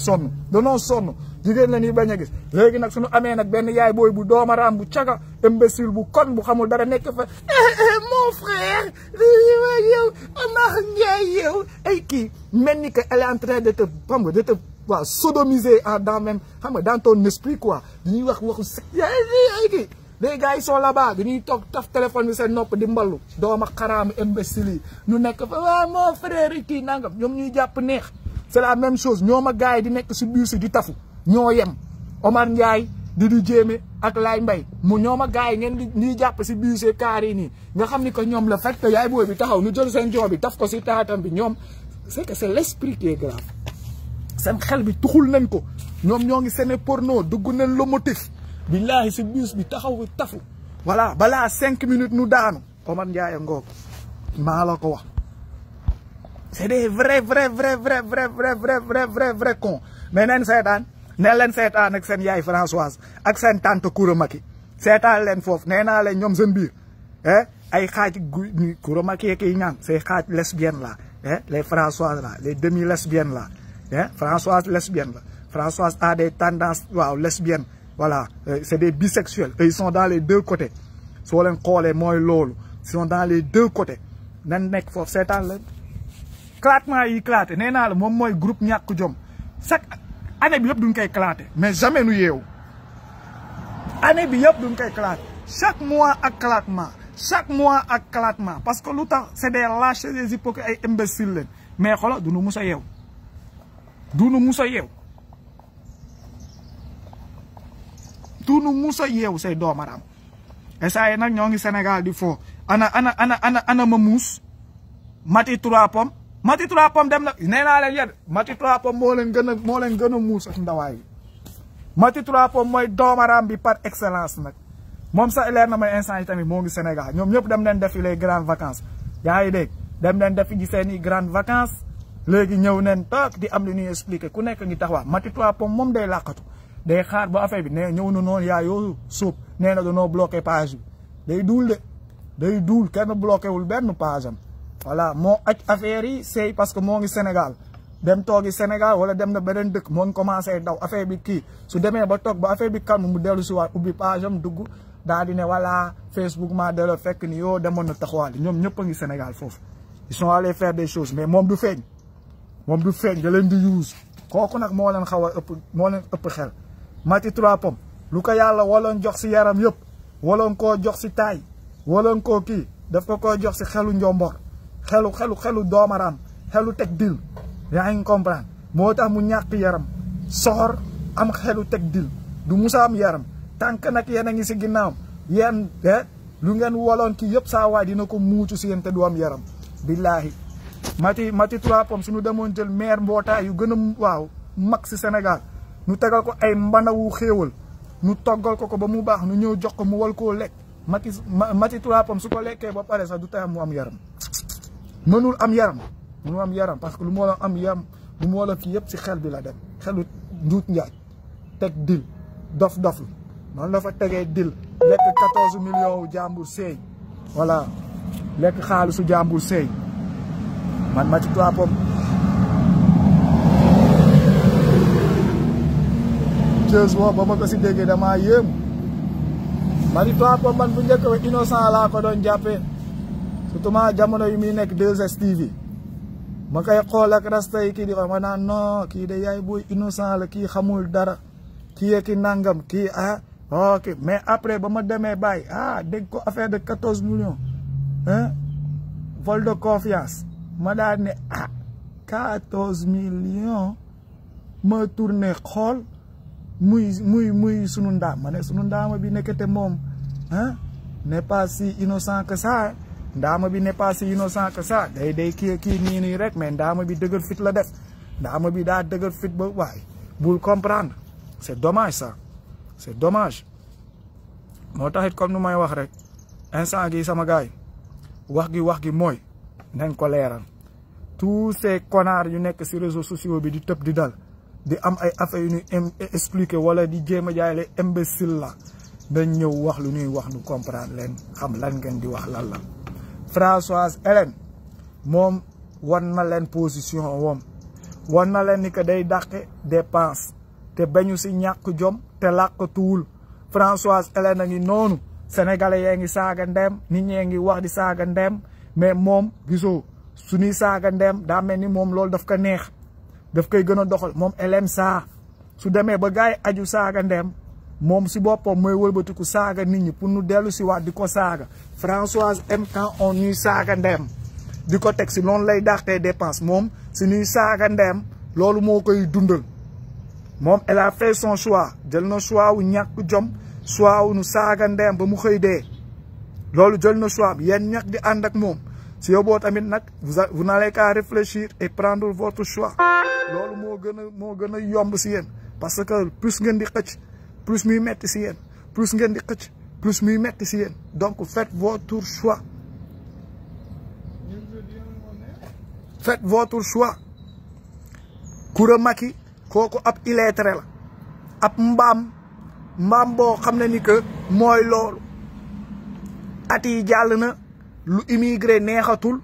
Speaker 1: do non sonn jigéen la ni bañ gis léegi nak suñu amé nak ben yaay boy bu doomaraam bu tiaga imbécile bu kon bu xamul dara nek fa eh, mon frère yow Omar Ndiaye yow ay kii mel ni que elle est en train de te xam de te waaw sodomiser en dans même xam nga dans ton esprit quoi di dañuy wax waxu se ay kii les gars soo sont là-bas dañuy toog taf téléphone bi seen nopp di mballu dooma xaraamu imbécile yi ñu nekk fa waaw ah, moo frère kii nangam ñoom ñuy jàpp neex c'est la même chose ñoom ak gars yi di nekk si biir di tafu ñoo yem Omar Ndiaye di di jéeme ak Laay Mbay mu ñoom ma gars yi ngeen di ñuy jàpp si biir si kaar yi nii nga xam ni que ñoom la fekk yaay booy bi taxaw ñu jël seen joo bi taf ko si taatam bi ñoom c'est que c'est l'esprit qui est seen xel bi tuxul nañ ko ñoom ñoo ngi seen porno dugg nañ le motif billahi si bus bi taxaw tafu voilà bala 5 minutes nous daanu Omar Ndiaye ngoog malako wax c'est des vrais vrais vrais vrais vrais vrais vrais vrais vrais vrais con mais neen seetaan ne leen setan ak sen yaay Françoise ak sen tante Koura Macky seetaan leen foofu nee naa leen ñoom seen biir eh ay xaaj gu Koura ak yi ñaan say xaaj lesbienne là hein eh, les Françoise là les demi lesbiennes là hein eh, Françoise lesbienne là Françoise a des tendances waaw lesbienne voilà euh, c'est des bisexuels et ils sont dans les deux côtés soo leen xoolee mooy loolu ils sont dans les deux côtés nan mec, foofu seetaan la clatement yi claté nee le la moom mooy groupe ñàkk jom chaque année bi yëpp duñ koy claté mais jamais nous y est. année bi yëpp duñ koy claté chaque mois ak clatement chaque mois ak clatement parce que l'autre, c'est des lâches des hypocrites des imbéciles mais xoolal du nous mus a Nous du nous tunu musa yew say maram essay e nak ñongi senegal di fo ana ana ana ana ana ma mus mati trois pom mati trois pom dem nak neena len yed mati trois pom mo len gëna mo len gëna mus ak ndaway mati trois pom moy maram bi par excellence nak mom sa leer na may instant tamit mo ngi senegal ñom ñep dem len def les grandes vacances yaay dek dem len def gi seeni grandes vacances legi ñew nen tok di am lu ñu expliquer ku nekk ngi taxwa mati trois pom mom day laqatu day xaar ba affaire bi nee ñëw na non ya yo soup nee na danoo bloqué page day duul de day duul kenn bloqué wul ben page am voilà mo acc affaire yi c'est parce que mo ngi Sénégal dem togi Sénégal wala dem na benen deuk mo ngi commencé daw affaire bi ki su demee ba tok ba affaire bi calme mu délu ci waat ubbi page am dugg dal di ne voilà Facebook ma délo fekk ni yo demoon na taxawaale ñoom ñëpp ngi Sénégal fofu ils sont allés faire des choses mais mom du feeñ mom du feeñ da leen di use kooku nak mo leen xawa a ëpp moo leen ëpp xel. mati trois luka ya ko jox ci yaram yëpp walon ko jox ci tay walon ko ki daf ko ko jox ci xelu njombor xelu xelu xelu domaram xelu tek dil yaa ngi comprendre motax mu ñak yaram sohor am xelu tek dil du musa am yaram tank nak yena ngi ci lungan yeen de eh, lu ngeen walon ki yëpp sa waay dina ko si te du am yaram billahi mati mati trois pommes suñu demoon jël maire wow, yu gëna waw max ñu tegal ko ay mbanawu xéewal ñu toggal ko ko ba mu baax ñu ñëw jox ko mu wal koo lekk mati mati tubaabam su ko lekkee ba pare sax du tax mu am yaram mënul am yaram mënul am yaram parce que lu mu war am yaram lu mu war a kii yëpp si xel bi la dem xelu njuut njaaj teg dil dof dof noonu la fa tegee dil lekk quatorze millions wu jàmbur seey voilà lekk xaalisu jàmbur seey man mati tubaabam deux mois ba ma ko si déggee damaa yéem ma di toi man bu njëkk innocent laa ko doon jàppee surtout ma jamono yi muy nekk 2STV ma koy xool ak rasta yi kii di ma naan non kii de yaay booy innocent la kii xamul dara kii yekki nangam kii ah ok mais après ba ma demee bàyyi ah dégg ko affaire de quatorze millions hein vol de confiance ma daal ne ah quatorze ma tourné xool muy muy muy sunu ma ne sunu ndaama bi nekkate moom ah n'est pas si innocent que ça ndaama bi n'est pas si innocent que day day kii kii nii nii rek mais ndaama bi dëgër fit la def ndaama bi daa dëgër fit ba waay bul comprendre c'est dommage ça c'est dommage moo tax it comme nu may wax rek instant gi sama gaay wax gi wax gi mooy nañ ko leeral tous ces connards yu nekk si réseau sociaux bi di tëb di dal di am ay affaire yu ñuy expliquer wala di jéem a jaay imbécile la dañ ñëw wax lu ñuy wax nu comprendre leen xam lan ngeen di wax lan la Françoise Hélène moom wan na leen position woon wan na leen ni que day dàqe dépense te bañu si ñàkk jom te làqatuwul Françoise Hélène a ngi noonu sénégalais yaa ngi saaga ndeem nit ñee ngi wax di saaga ndeem mais moom gisoo nuy saaga ndeem daa mel ni moom loolu daf ko neex daf koy gën a doxal mom LM sa su démé ba gars yi aju saaga ndem mom si boppam mooy wëlbatiku saaga nit ñi pour nu dellu ci wa diko ko saaga Françoise M quand on ñuy saaga ndem diko ko teg si lay daxté dépenses mom si ñuy saaga ndem lolu mo koy dundal mom elle a fait son choix jël na choix wu ñak jom choix wu nu saaga ndem ba mu xey dé lolu jël na choix yeen ñak di and ak mom si boo tamit nag vous vous n'allez qu'à réfléchir et prendre votre choix loolu moo gën a moo gën a yomb si yéen parce que plus ngeen di xëcc plus muy metti si plus ngeen di xëcc plus muy metti si yéen donc faites votre choix faites votre choix Coura Macky kooku ab illettré la ab mbaam mbaam boo xam ne ni mooy loolu at jàll na lu immigré neexatul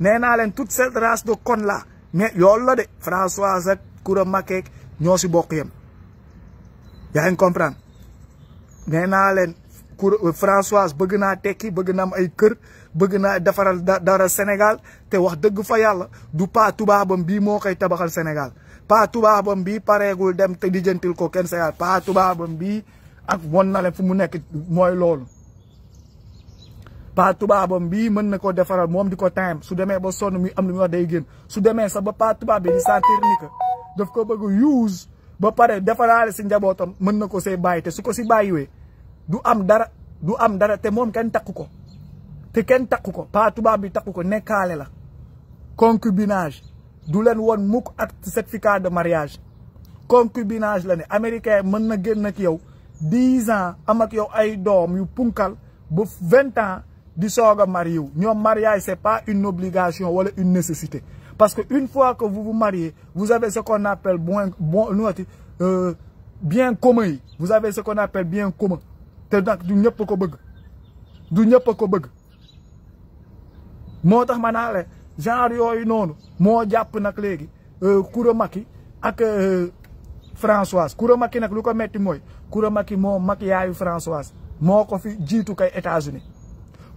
Speaker 1: nee naa leen toute cette race de con là mais yoolu la de Françoise ak Coura Makeek ñoo si bokk yem yaa ngi comprendre nee naa leen Coura euh, Françoise bëgg naa tekki bëgg na am ay kër bëgg naa defaral dara Sénégal te wax dëgg fa yàlla du pas tubaabam bi moo koy tabaxal Sénégal pas tubaabam bii pareegul dem te di jëntil ko kenn Sénégal pas tubaabam bii ak won na leen fu mu nekk mooy loolu paa tubaabam bii mën na koo defaral moom di ko time su demee ba sonn muy am lu muy wax day génn su demee sa ba paa tubaab bi di sentir ni que daf ko bëgg use ba pare defaraale si njabootam mën na ko see bàyyi te su ko si bàyyiwee du am dara du am dara te moom kenn takku ko te kenn takku ko paa tubaab bi takku ko nekkaale la concubinage du leen won mukk ak certificat de mariage concubinage la ne américain mën na génn ak yow dix ans am ak yow ay doom yu punkal ba vingt ans Du a c'est pas une obligation ou une nécessité parce que une fois que vous vous mariez vous avez ce qu'on appelle bon euh, bien commun vous avez ce qu'on appelle bien commun te nag du ñëpp ko bëgg ma le et euh, euh, Françoise je nag lu ko metti un je Françoise fi kay États-Unis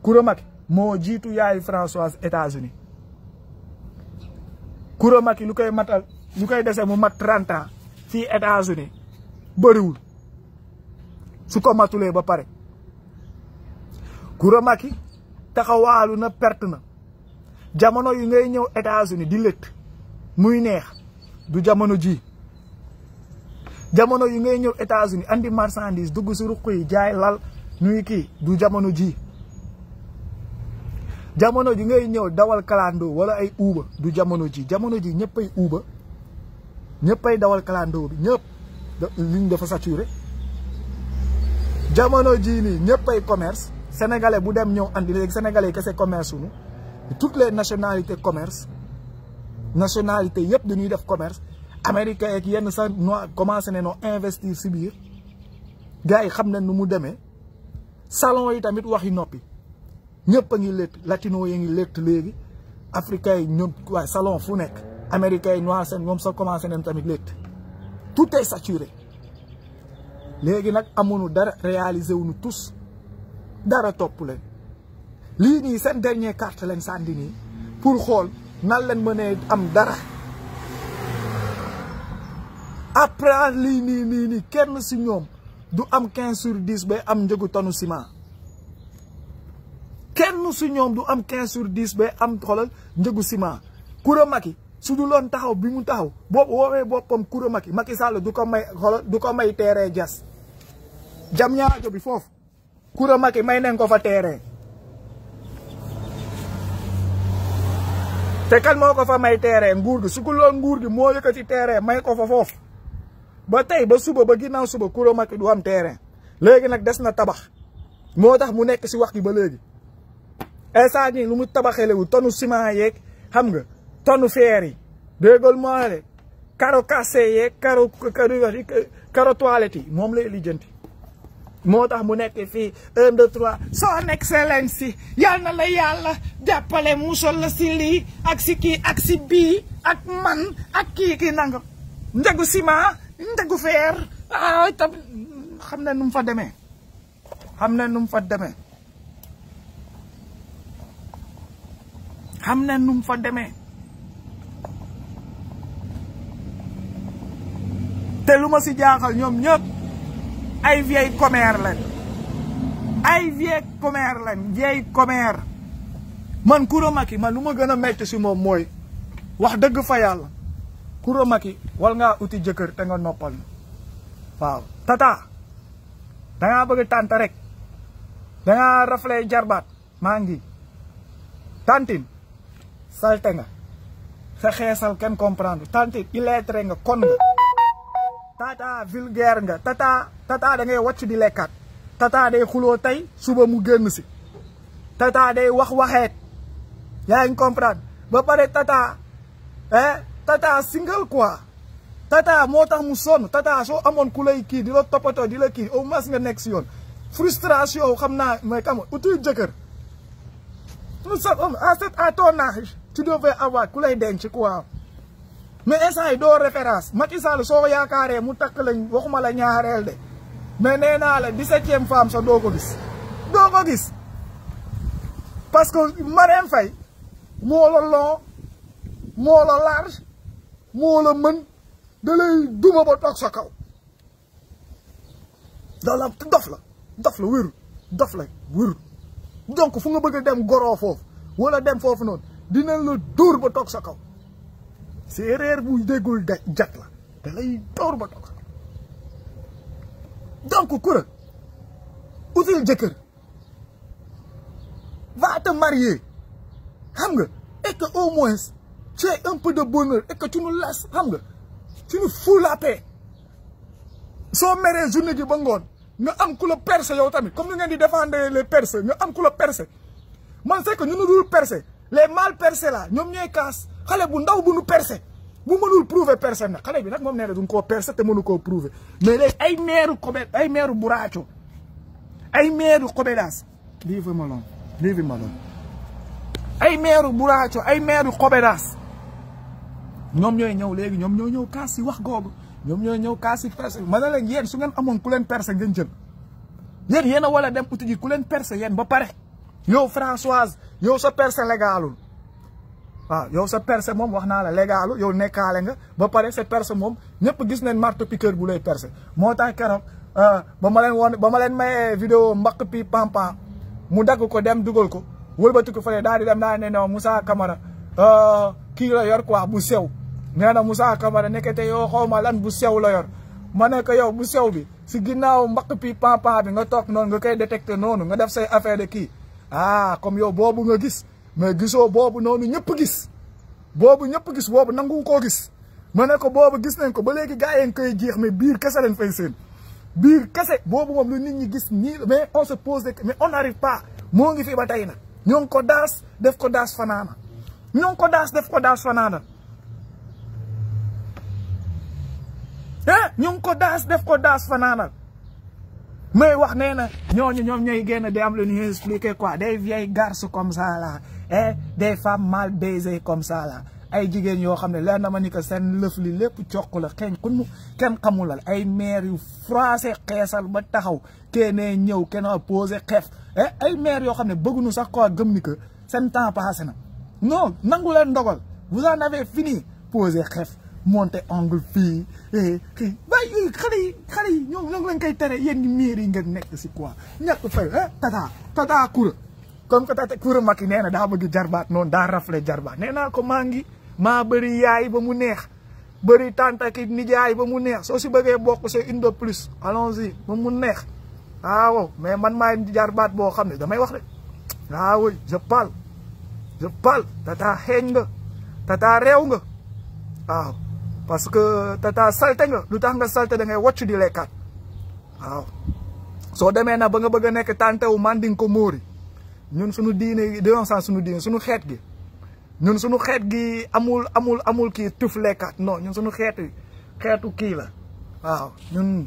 Speaker 1: Coura moo jiitu yaay Françoise États-Unis Coura Macky lu koy matal lu koy dese mu mat 30 ans fii États-Unis bariwul su ko matulee ba pare Coura Macky taxawaalu na perte na jamono yu ngay ñëw États-Unis di lëtt muy neex du jamono ji jamono yu ngay ñëw États-Unis andi marchandise dugg si ruq yi jaay lal ñuy kii du jamono ji jamono ji ngay ñëw dawal kalandoo wala ay uuba du jamono ji jamono ji ñëppay uuba ñëppay dawal kalandoo bi ñëpp ligne dafa sature jamono jii nii ñëppay commerce sénégalais bu dem ñëw andi léegi sénégalais kese commerce suñu toutes les nationalités commerce nationalité yëpp dañuy def commerce américain ak yenn sax noo commencé ne noo investir si biir gars yi xam ne nu mu demee salon yi tamit wax yi noppi ñëpp a ngi létt latino yi ngi létt léegi africain yi ñoom waaye salon fu nekk américain yi noir seen ñoom sa commencé nañ tamit létt tout est saturé léegi nag amuñu dara réalisé wuñu tous dara topp leen lii nii seen dernier carte lañ sànni nii pour xool nan leen mënee am dara après lii nii nii nii kenn si ñoom du am quinze sur dix bay am njëgu tonu ciment kenn su ñom du am 15 sur 10 bay am xolal ndegu sima kura maki su du lon taxaw bi mu taxaw boobu wowe bopam Coura maki maki Sall du ko may xolal du ko may téré jas jam ñaajo bi foofu Coura maki may nañ ko fa téré té kan moo ko fa may téré nguur gi su ko lon nguur gi mo yëkati téré may ko fa foofu ba tay ba suba ba ginaaw suba Coura maki du am téré légui nak dess na tabax motax mu nekk ci wax gi ba légui instant eh, nii lu mu tabaxee tabaxelewu tonu ciment yeeg xam nga tonu fer yi déggal moo le karo kase yeeg karo karo yi moom lay lijjanti moo tax mu nekk fii un deux trois son excellence si yal na la yàlla jàppale musal la si lii ak si kii ak si bii ak man ak kii ki nangam njëgu ciment njëgu fer ah tam xam ne nu mu fa demee xam na nu mu fa demee xamna num fa démé té luma ci jaaxal ñom ñëpp ay vieil commerce lañ ay vieil commerce lañ vieil commerce man Coura Macky man luma gëna gën a metti si moom mooy wax dëgg fa yalla Coura wal nga uti jëkër té nga noppal waaw tata nga bëgg tànt rek dangaa rafle jarbaat maa tantin salte nga sa xeesal ken comprendre tanti illettré nga kon nga tata vulgaire nga tata tata da ngay wacc di lekkat tata day xulo tay suba mu genn si tata day wax waxet yaa ngi comprendre ba pare tata eh tata single quoi tata motax mu son tata so amone ku lay di la toppatoo di la ki au mas nga nek si yoon frustration xamna naa mais xam nga nous sommes à cet âge tu devais avoir ku lay denc quoi mais instant yi doo référence Macky soo yaakaaree mu takk lañ waxuma la ñaareel de mais nee naa la dix-septième femme sax doo ko gis doo ko gis parce que Marème Faye moo la long moo la large moo la mën da duma ba toog sa kaw da la dof la dof la wérul dof la wérul donc fu nga bëgg dem goro foofu wala dem foofu noonu dinañ la dóor ba tok sa kaw erreur bu déggul da jat la da lay dóor ba tok donc Coura util va te marier xam nga et que au moins tu aies un peu de bonheur et que tu nous laisses xam nga tu nous fous la paix so meree journée ji ba ngoon nga am ku le percé yow tamit comme ni ngeen di défendre les percés nga am ku le percé man c'est que ñu nous dul percé les mal perse la ñoom ñooy kaas xale bu ndaw bu nu percé bu mënul prouver percé na xale bi nag moom nee na duñ koo percé te mënu koo prouver mais léegi ay meeru kobe ay meeru buraaco ay meeru kobedaas leave him alone leave him alone ay meeru buraaco ay meeru kobedaas ñoom ñooy ñëw léegi ñoom ñoo ñëw kaas si wax googu ñoom ñooy ñëw kaas si percé ma ne leen yéen su ngeen amoon ku leen percé ngeen jël yéen yéen a wala dem uti ji ku leen percé yéen ba pare yow Françoise yow sa percé légalul waaw ah, yow sa percé moom wax naa la légalu yow nekkaale nga ba pare sa perse moom ñëpp gis nañ marteau piqueur bu lay perse moo tax keroog ah, ba ma leen woon ba ma leen mayee video mbaq pi pampan mu dagg ko dem dugal ko wëlbati ko fële daal di dem daal di ne kamara Moussa ah, kii la yor quoi bu sew nee na Moussa Camara te yow xaw ma lan bu sew la yor ma ne ko yow bu sew bi si ginnaaw mbaq pi pampan bi nga toog noonu nga koy détecté noonu nga def say affaire de kii ah comme yow boobu nga gis mais gisoo boobu noonu ñëpp gis boobu ñëpp gis boobu nangu koo gis ma ne ko boobu gis nañ ko ba léegi gars yi koy jeex mais biir kese lañ fa seen biir kese boobu moom lu nit ñi gis nii mais on se pose mais on n'arrive pas moo ngi fi ba tey nag ñoo ngi ko daas def ko daas fanaana ñoo ko daas def ko daas fanaana eh ñoo ko daas def ko daas fanaana mais wax savez, na ñom ñoom génn am quoi des vieilles garces comme ça eh, des femmes mal baisées comme ça là ay jigéen yo xamné ne ma ni que sen li la xamul ay mère yu français xéssal ba taxaw eh, ay sax quoi gëm ni que temps non vous en avez fini poser xef monte angle fi eh ki eh, xale yu xale yi ñoom ñoo lañ kay téré yeen yéen ñi miir yi ngeen nek ci quoi ñak fay ah tata tata kour comme que tata kour makki neena da bëgg jarbaat non da raflé jarbaat neena ko mangi ma maa bëri yaay ba mu neex bëri tante ki nijaay ba mu neex so ci bëggee bokk c'est une de plus allons-y ba mu neex ah, waaw mais man may jarbaat bo xamné damay wax rek waaw ah, je parle je parle tata xeeñ nga tata rew nga waaw ah, parce que tata salte nga lu tax nga salte da ngay wàccu di lekkaat waaw soo demee na ba nga bëgg a nekk tantewu manding ko móori ñun suñu diine dénonçant suñu diine suñu xeet gi ñun suñu xeet gi amul amul amul kii tuf lekkaat non ñun suñu xeet xeetu kii la waaw ñun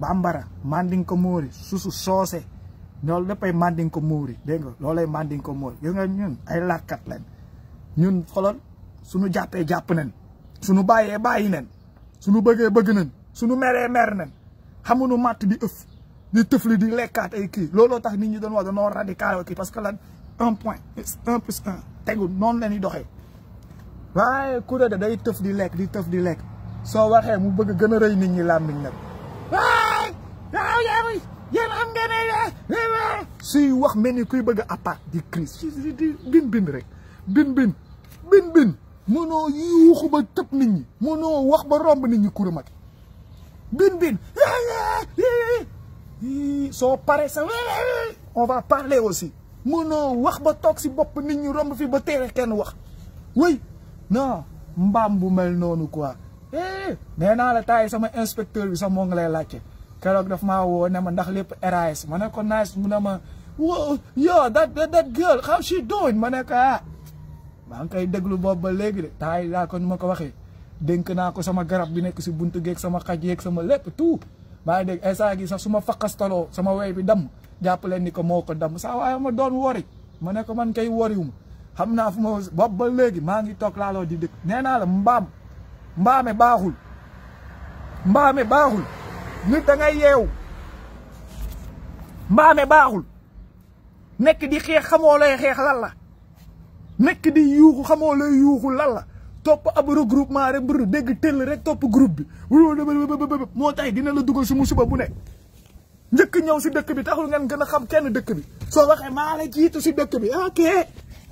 Speaker 1: bambara manding ko móori susu soose ñoolu léppay manding ko móori dégg nga loolay manding ko móori gis nga ñun ay lakkat lañ ñun xolol suñu jàppee jàpp nañ suñu baye baye nen suñu bëggee bëgg nen suñu méré mer nen xamuñu mat di euf di teufli di lekkaat ay ki lolo tax nit ñi doon wa dañoo radical kii parce que lan 1 point 1 plus 1, tégu non la ñuy doxé waye ku da day teuf di lek, di teuf di lek, so waxé mu bëgg gëna reuy nit ñi lamiñ nak waay waaw am wax melni kuy bëgg a di crise di bin bin rek bin bin bin bin mënoo yuuxu ba tëb nit ñi mënoo wax ba romb nit ñi Coura bin bin soo paree sa on va parler aussi mënoo wax ba toog si bopp nit ñi romb fii ba teere kenn wax oui non mbaam bu mel noonu quoi eh, nee naa la taay sama inspecteur bi sax moo ngi lay laajte keroog daf maa woo ne ma ndax lépp RAS ma ne ko nice mu ne ma wow yo that that girl how she doing ma ne ko ah, Mang kay deglu déglu boobu ba léegi de tay la ko nu ko ko sama garab bi nek si buntu geek sama xaj yeeg sama lepp tout maa ngi dégg gi sax suma fakas sama way bi dam jàpp leen ni ko moko dam sa saa ma doon wori ma ne ko man kay wori xam xamna fu ma boobu ba léegi maa ngi toog laaloo di dëkk neena la mbam mbame baaxul mbame baaxul nit da ngay yew mbame baaxul nek di xex xex la nekk di yuuxu xamoo lay yuuxu lan la topp ab regroupement rek bu dégg tëll rek topp groupe bi moo tax dina la dugal su musiba bu ne njëkk ñëw si dëkk bi taxul ngeen gën a xam kenn dëkk bi soo waxee maa la jiitu si dëkk bi ok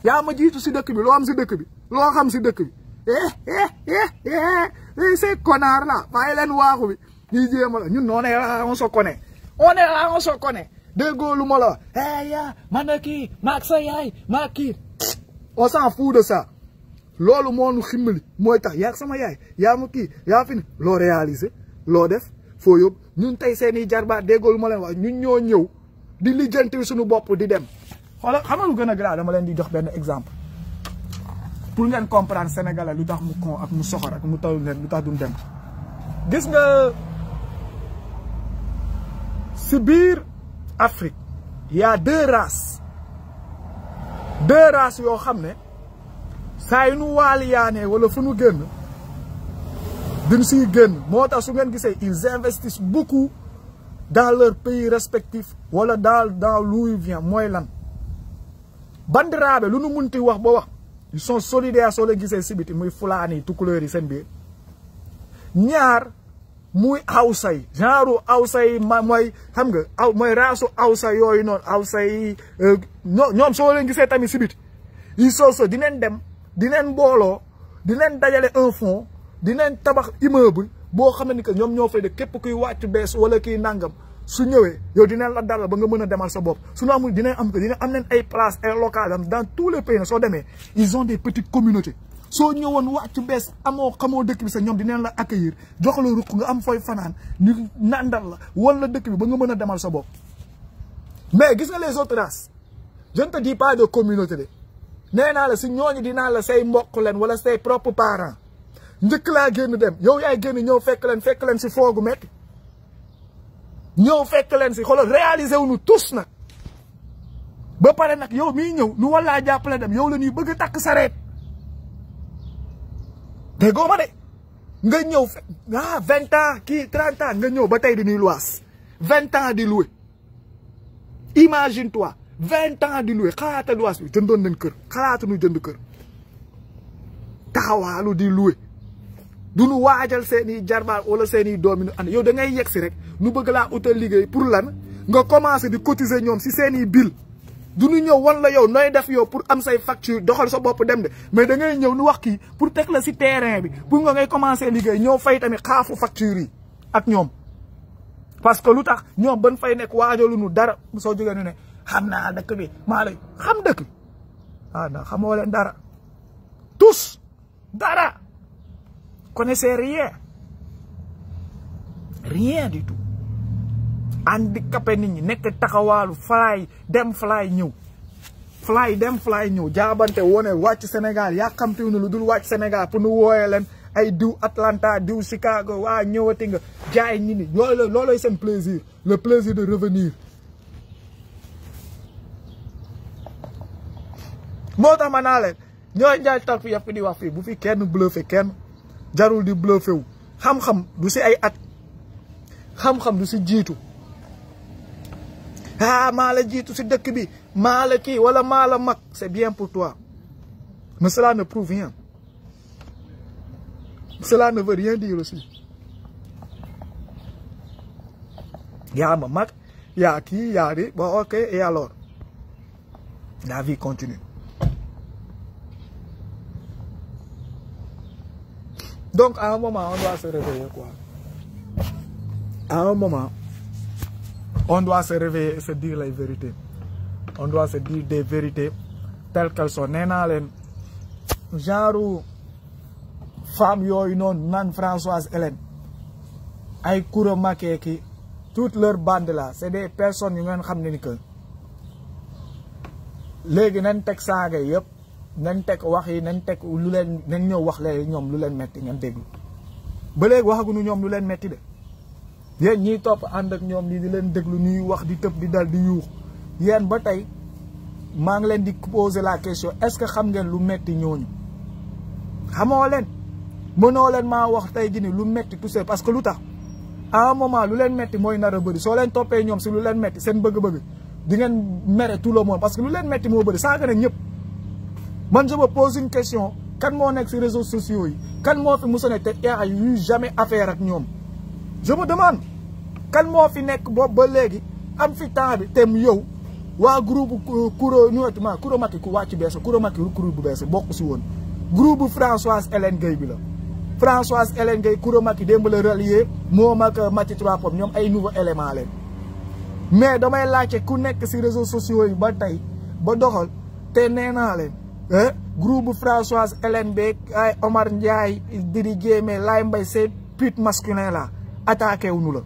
Speaker 1: yaa ma jiitu si dëkk bi loo am si dëkk bi loo xam si dëkk bi eh, eh, eh, eh c'est connard là bàyyi leen waaxu bi ñuy jéem a la ñun on est là on se connaît on est là on se connaît déggoo lu ma la wax yaa man na kii sa yaay maag kii on s'en fout de ça loolu mo nu ximmali moy tax yaa sama yaay ya mu ki ya fini lo réaliser lo def fo yob ñun tay seeni jarba degol mo len wax ñun ñoo ñew di lijeenti suñu bop di dem xol xam nga lu gën a dama len di jox ben exemple pour ngeen comprendre sénégalais lu tax mu kon ak mu soxor ak mu taw leen lu tax duñ dem gis nga sibir Afrique ya deux races deux yoo xam ne saa yu nu waaliyaanee wala fu nu génn duñ siy génn moo tax su ngeen gisee ils investissent beaucoup dans leur pays respectif wala dans dans l'où vient mooy lan bandiraabe lu nu munti wax ba wax ils sont solidaires soo la gisee si muy fulaani tukulóor yi seen biir ñaar muy awsa yi genre awsa yi ma mooy xam nga aw mooy raasu awsa yooyu noonu awsa yi euh, ñoom soo leen gisee tamit si biti yi soo so dineen dem di dineen mbooloo di dineen dajale un fonds dineen tabax immeuble boo xam ne que ñoom ñoo fay de képp kuy wàcc bees wala kiy nangam su ñëwee yow dineen la dalal ba nga mën a demal sa bopp su ñu amul dineen am que dina am nañ ay place ay locales am dans tous les pays na soo demee ils ont des petites communautés so ñewon waccu bes amo xamoo dekk bi sa di neen la accueillir jox la ruq nga am foy fanan ni nandal la wala dekk bi ba nga mëna a demal sa bop mais gis nga les autres races je ne te dis pas de communauté de nee la si ñooñu dinaa la say mbokk len wala say propre parents njëkk la genn dem yow yaay genn ñew fekk len fekk len si fogu met ñew fekk len si xoolal réaliser wu ñu tous nak ba paré nak yow mi ñew nu wala jappalé dem yow la ñuy bëgg tak takk De ans, de nga ans ki trente ans nga ñëw ba tey dañuy ans di loué imagine toi 20 ans di louer, xalaata luwaas bi jëndoon nañ kër xalaata nu jënd kër di loué du nu wajal seeni jarbal wala seeni i doom yow da ngay yexi rek nu bëgg la pour lan nga commencé di cotiser nous, si seeni du ñu ñëw wan la yow nooy def yow pour am say facture doxal sa bopp dem de mais da ngay ñëw nu wax kii pour teg la si terrain bi pour nga ngay commencé liggéey ñoo fay tamit xaafu facture yi ak ñoom. parce que lu tax ñoom ban fay nekk waajalu nu dara soo jegee nu ne xam naa dëkk bi maa lay xam dëkk ah ndax xamoo leen dara tous dara connaissez rien rien du tout. handicapé nit ñi nekk taxawaalu fly dem fly ñëw fly dem fly ñëw jaabante wone wàcc Sénégal yàqamtiw na lu dul wàcc Sénégal pour nu wooyee leen ay diw Atlanta diw Chicago waa ñëwati nga jaay ñi ni loolu looloy seen plaisir le plaisir de revenir moo tax ma naa leen ñooy njaay toog fi yàpp di wax fii bu fi kenn bluffé kenn jarul di bluffé wu xam-xam du si ay at xam-xam du si jiitu ah maladie tout ce qui est de la c'est bien pour toi mais cela ne prouve rien cela ne veut rien dire aussi y ma qui, il y a qui, bon ok et alors la vie continue donc à un moment on doit se réveiller quoi à un moment on doit se réveiller et se dire les vérités. On doit se dire des vérités telles qu'elles sont. Nena, naa femme non Françoise Hélène ay Coura toutes ki toute leur bande là c'est des personnes yu ngeen xam que ont tek yep, tek wax yi lu ont wax lu metti ba yéen ñi top and ak ñom ni di leen déglu ñuy wax di tepp di dal di yuux yeen ba tay ma ngi leen di poser la question est-ce que xam ngeen lu metti ñooñu xamoo leen mëno leen ma wax tay jii ni lu metti tout ça parce que lu à un moment lu leen metti moy nar a so leen topé ñom si lu leen metti seen bëgg-bëgg di ngeen mere tout le monde parce que lu leen metti mo bëri sa nañ ñëpp man je me pose une question kan mo nek ci réseaux sociaux yi kan mo fi musa ne te yaa yu jamais affaire ak ñom je me demande kan moo fi nekk boobu ba léegi am fi temps bi te yow waa groupe kuro ñëwaatuma kuro Macky ku wàcc bees kuro Macky kuro bu bees bokk si woon. groupe Françoise Hélène Gueye bi la Françoise Hélène Gueye kuro Macky démb la relier moom ak euh, Mathieu Trois ñoom ay nouveau élément leen. mais damay laajte ku nekk si réseau sociaux yi ba tey ba doxal te nee naa leen groupe Françoise Hélène beeg ay Omar Ndiaye Diri Guémé Laye Mbaye ces putes masculins attaqué ou nous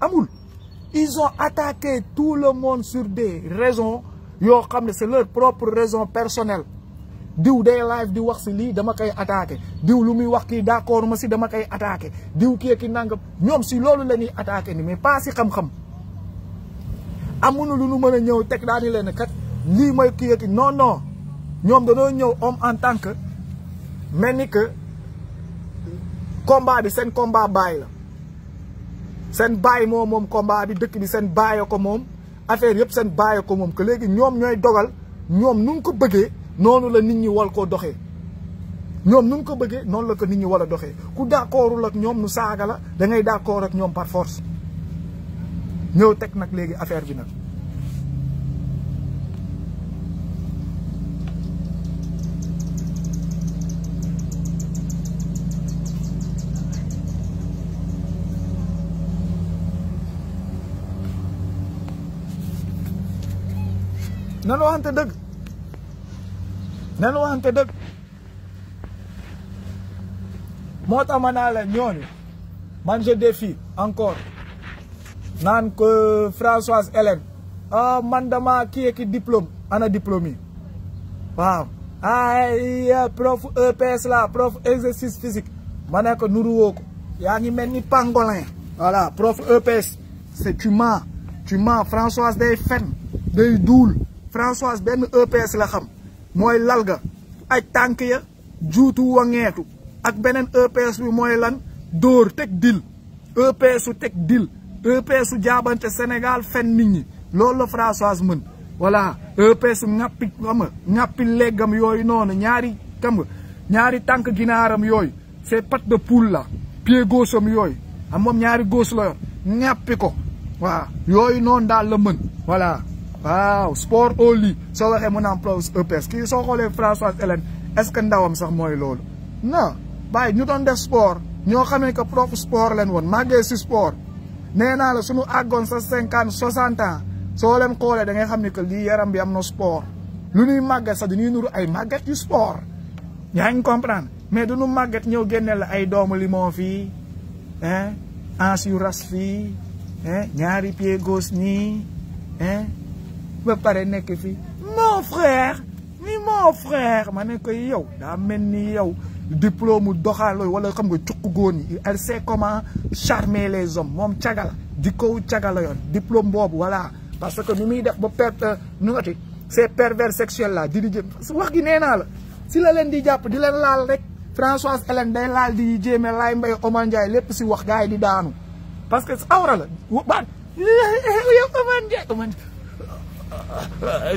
Speaker 1: amul ils ont attaqué tout le monde sur des raisons yo comme c'est leur propre raison personnelle Diou day live di wax dama attaqué Diou lu mi wax si dama attaqué Diou ki ki nangam ñom si loolu la attaqué mais pas si xam-xam non non homme en tant que que combat bi un combat bail. seen baay moo moom combat bi dëkk bi seen baay ko moom affaire yëpp seen baay ko moom que léegi ñoom ñooy dogal ñoom nu ko bëggee noonu la nit ñi wal koo doxee. ñoom nu ko bëggee noonu la ko nit ñi war a doxee ku d'accordul ak ñoom nu saaga la da ngay d'accord ak ñoom par force ñëw teg nag léegi affaire bi nag. nanu waxante dëgg nanu waxante dëgg moo tax ma naa leen ñooñu man je encore Nan ko Françoise Hélène ah man dama kii ki diplôme ana diplôme yi Ah, ay eh, eh, prof EPS la prof exercice physique ma ne ko nuru woo ko ngi ni pangolin voilà prof EPS c'est tu mens tu mens Françoise de fen de duul Françoise benn EPS la xam mooy lal ga aj tànk ya juutu wangeetu ak beneen EPS bi mooy lan dóor teg dil EPS teg dil EPS su jaabante Sénégal fen nit ñi loolu la Françoise mën voilà EPS su leggam yooyu noonu ñaari xam nga ñaari tànk ginaaram yooyu c'est patte de poule la pied gauche yooyu am moom ñaari gauche la yor ŋàppi ko waaw yooyu noonu daal la mën voilà Wow, sport au lit soo waxee mu soalnya Prof EPS kii soo xoolee Françoise Hélène est-ce Newton ndawam sax mooy loolu non bàyyi ñu def sport ñoo xamee que prof sport leen woon màggee si sport nee naa la suñu àggoon sa cinquante soixante ans soo leen xoolee da ngay xam que yaram bi sport lu ñuy sa sax dañuy nuru ay màggat yu sport yaa ngi comprendre mais du ñu màggat ñëw ay doomu limon fii ans yu ras Eh, ñaari pied gauche Eh. ba pare nekk fi mon frère mi mon frère ma ko yow da melni yow diplôme doxalo wala xam nga cuq góor elle sait comment charmer les hommes mom tiagal di kow cagala diplôme bob voilà parce que nu muy def ba per euh, nu ces pervers sexuels là di di wax gi nee la si la len di japp di len laal rek Françoise Hélène day laal di jéeme lay mbay Omar Ndiaye lepp si wax gaay di daanu parce que awra la ba yow Omar Ndiaye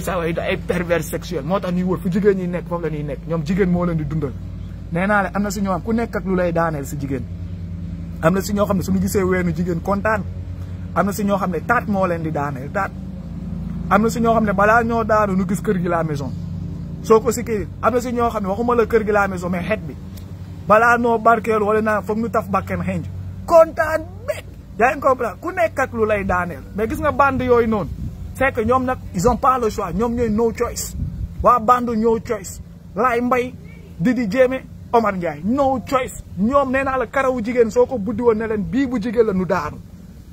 Speaker 1: saa way ay pervers sexuel moo tax ñuy wër fu jigéen ñi nekk foofu la ñuy nekk ñoom jigéen moo leen di dundal nee naa la am na si ñoo ku nekk ak lu lay daaneel si jigéen am na si ñoo xam ne suñu gisee weenu jigéen kontaan am na si ñoo xam ne taat moo leen di daaneel taat am na si ñoo xam ne balaa ñoo daanu nu gis kër gi la maison soo ko si kii am na si ñoo xam ne waxumala kër gi la maison mais xet bi balaa noo barkeelu wala naa foog ñu taf bakken xenj kontaan bég yaa ngi ku nekk ak lu lay daaneel mais gis nga band yooyu noonu fekk ñoom nag ils ont pas ñoom ñooy no choice waa bandu no choice laay mbay Didi Jéeme Omar Ndiaye no choice ñoom nee naa la jigéen soo ko buddi woon ne leen bii bu jigéen la nu daanu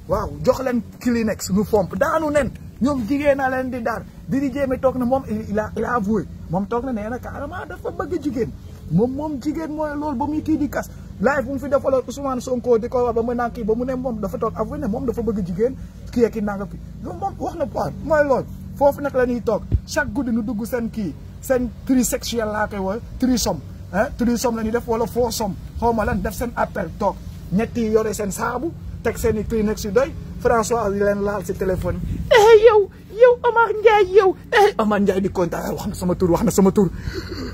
Speaker 1: waaw jox leen Kleenex nu fomp daanu nen ñoom jigéen na leen di daan Didi Jéeme toog na moom il a il a avoué moom toog na nee na carrément dafa bëgg jigéen moom moom jigéen mooy loolu ba muy kii di kas live bu mu fi defaloon Ousmane Sonko di ko wax ba mu naan kii ba mu ne moom dafa toog avoué ne moom dafa bëgg jigéen kii ak kii nangam kii moom wax na quoi mooy loolu foofu nag la ñuy toog chaque guddi nu dugg seen kii seen trisexuel laa koy woowee trisom ah trisom la ñuy def wala foursome xaw ma lan def seen appel toog ñetti yore seen saabu teg seen i clinique si doy François leen laal si téléphone eh, yow. yow Omar Ndiaye yow eh Omar Ndiaye di kontaan wax na sama tur wax na sama tur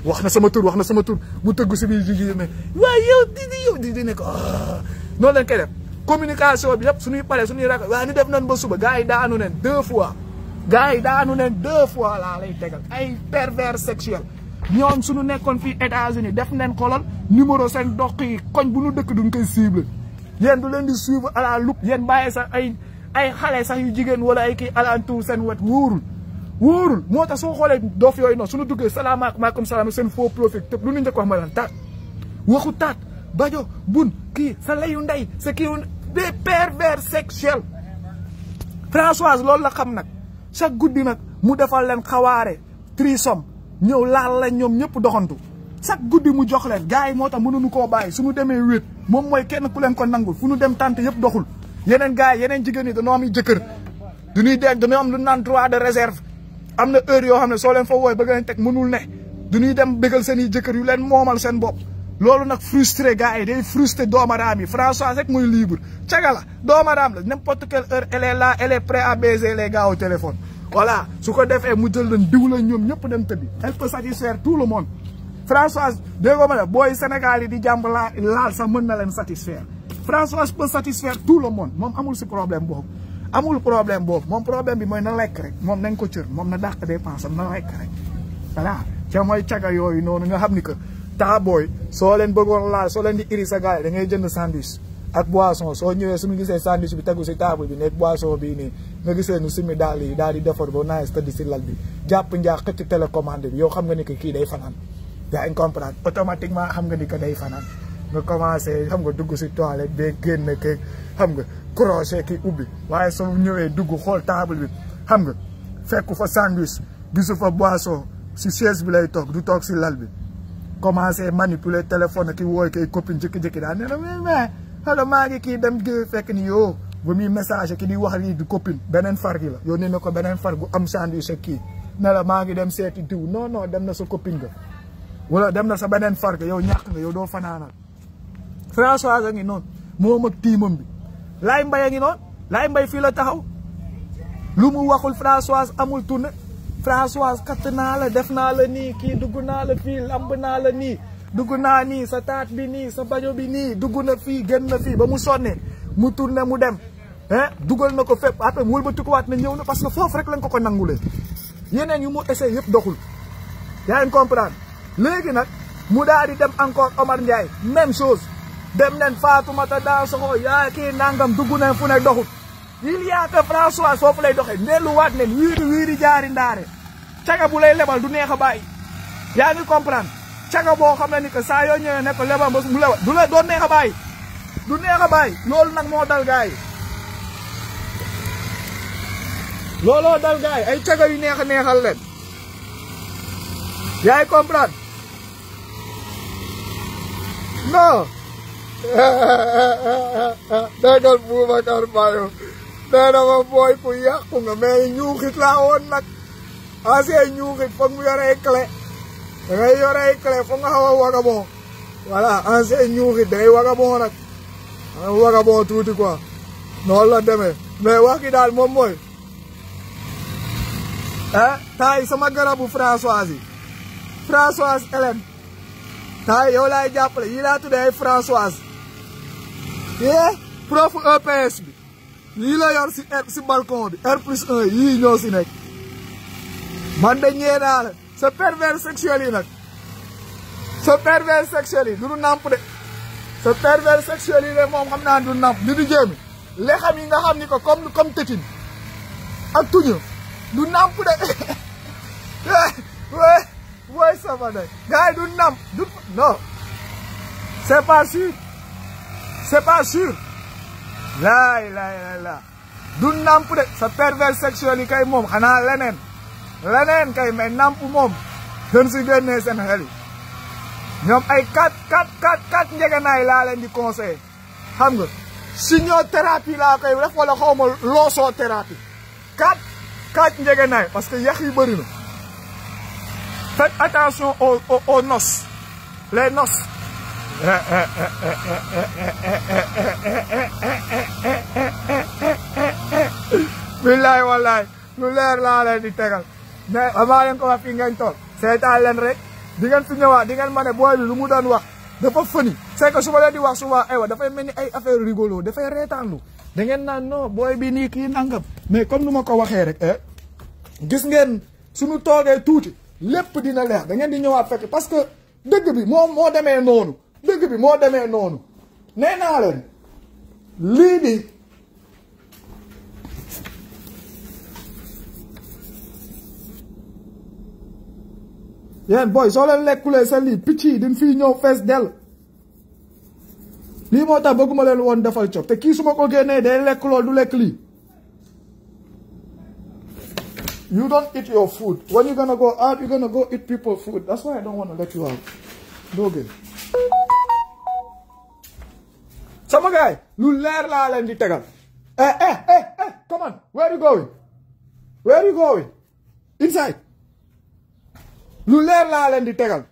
Speaker 1: wax na sama tur wax na sama tur mu tëgg si biir jigéen ne waaye yow di di yow di di ne ko ah. noonu lañ koy communication bi yëpp suñuy pare suñuy rak waaye ni def nañ ba suba gars yi daanu neen deux fois gars daanu neen deux fois laa lay tegal ay pervers sexuel ñoom suñu nekkoon fii États-Unis def neen xolal numéro seen doq yi koñ bu ñu dëkk duñ koy cible yéen du leen di suivre à la loupe yéen bàyyi sax ay ay xalé sax yu jigen wala ay ki ala antum seen wet wóorul wóorul moo tax soo xoolee doof yooyu noonu suñu duggee salaamaaleykum salaam seen faux profil tëb lu ñu ñëk wax ma lan taat waxu taat bajo bun ki sa layu ce qui un des pervers sexuel Françoise lool la xam nak chaque guddi nak mu defal len xawaare trisom ñew laal la ñom ñëpp doxantu sak guddi mu jox len gaay yi mënu ñu ko baye suñu démé wéet mom moy kenn ku len ko nangul fu ñu dem tante yépp doxul Yeneng gaay yeneng jigeen jigéen ñi dañoo jeuker jëkkër du ñuy dem dañoo am lu nane droit de réserve amna heure yo xamne so len fa wooy bëgg leen mënul ne du dem bëggal seen jeuker yu len momal seen bop lolu nak frustré gaay day frustré doomaraam yi François rek moy libre caga doom doomaraam la n'importe quelle heure elle est là elle est prêt à baiser les gars au téléphone voilà su ko defé mu jël leen diw la ñom ñep dem tëddi elle peut satisfaire tout le monde François dégg ma di jàmb laal sax mën na len satisfaire François peut satisfaire tout le monde Mon amul si problème bon. amul problème bon. Mon problème bi mooy na lekk rek moom nañ ko cër moom na dàq dépense am na lekk rek voilà ca mooy caga yooyu noonu nga xam ni que taabooy soo leen bëggoon laal soo leen di iri sa gars yi da sandwich ak boisson so ñëwee suñu gisee sandwich bi tegu si table bi nekk boisson bii nii nga gisee nu simi daal yi daal di Il ba naaj tëdd si lal bi jàpp njaa xëcc télécommande bi yow xam nga ni que kii day fanaan Il ngi comprendre automatiquement xam nga day fanaan nga commencé xam nga dugg si toilette bee génn keeg xam nga crochet ki ubbi waaye soo ñëwee dugg xool table bi xam nga fekk fa sandwich gisu fa boisson si chaise bi lay toog du toog si lal bi commencé manipule téléphone ki wooy koy copine jëkki-jëkki daal ne na mais mais maa ngi kii dem gi fekk ni yoo oh. ba muy message ki di wax di copine beneen far gi la yónnee na ko beneen far gu am sandwich ak kii ne la maa ngi dem seeti diw non dem na sa copine nga wala dem na sa beneen far yow ñàkk nga yow doo fanaanal François a ngi noonu moom ak tiimam bi laay mbay a ngi noonu laay mbay fii la taxaw lu mu waxul François amul tourné François katt naa la def naa la nii kii dugg naa la fii lamb naa la nii dugg naa nii sa taat bi nii sa bajo bi nii dugg na fii génn na fii ba mu sonnee mu tourné mu dem ah dugal na ko fépp après wëlbatikuwaat na ñëw na parce que foofu rek lañ ko ko nangulee yeneen yu mu essayé yëpp doxul yaa ngi léegi nag mu daal di dem encore Omar même chose เดมเนนฟาตุมาตาดาสโคยาเคนังกัมดูกุนเอฟุนัอดโดุตยิลิอาเคฟรานซัวสโอฟเลดโอเนลูวัดเนนวีริวีริจารินดาร์ชงกับบุเลเลบอลดูเนียเข้าไปยังไคอมพลันเชงกับบอลคอมเมนิกซายอนเนนเคเลบอลบุสมุเลดูเลดูเนียเข้าไปดูเนียเข้าไปโลลนักโมดัลไกโลโลดัลไกไอชงกับยูเนียคเนียขัลเลยังไมคอมพลันโน่ Dagan po ba karbayo? Dara mo boy po iya kung may nyukit laon nak. Asi ay nyukit pang mo yara ikle. Ngay pang hawa waga mo. Wala, asi ay nyukit day waga mo nak. waga mo tuti kwa. Nola deme. May waki dal mo moy. Eh, tayo sa magara bu Françoise. Françoise Ellen. Tayo yow lay jappale yi la Françoise yeah. prof EPS bi la yor si R si balcon bi R plus 1 yii ñoo si nekk man de ñee naa la pervers sexuel yi nag sa pervers sexuel yi du nu de sa pervers sexuel yi de moom du li du yi nga xam ni ko comme comme ak tuñu du de [laughs] du du non c'est pas sûr C'est pas sûr. Là, là, là, là. D'un sa pervers sexuel il kay a un leneen Lenen kay mais nàmp ay quatre 4 il di xam nga thérapie wala ma thérapie 4 quatre parce que yax yi faites attention aux aux noces les noces Billahi walai, nuler lalai di tegal. Nah, apa yang kau fi tol? Saya seetaan rek dengan senyawa, dengan mana di ngeen mane booy Dapat funny, saya kau semua di wax souvent eh, dapat mel eh, apa yang rigolo dafay reetaanlu da lu. Dengan nano, booy bini kini anggap, nangam mais comme kau ma ko waxee rek eh. gis ngeen suñu toogee tuuti lépp dina leer da ngeen di ñëwaat fekk parce bi mau mau demen nono. dëgg bi moo demee noonu nee naa leen lii di yéen booy soo leen lekkulee seen lii picc yi dañ fiy ñëw fees dell lii moo tax bëgguma leen woon defal the te kii su ma ko génnee day lekk lool du lekk lii you don't eat your food when you gonna go out you gonna go eat people's food that's why I don't want to let you out doo génn sama gaay lu leer laa leen di tegal eh eh eh, eh where you going where inside lu leer laa leen di tegal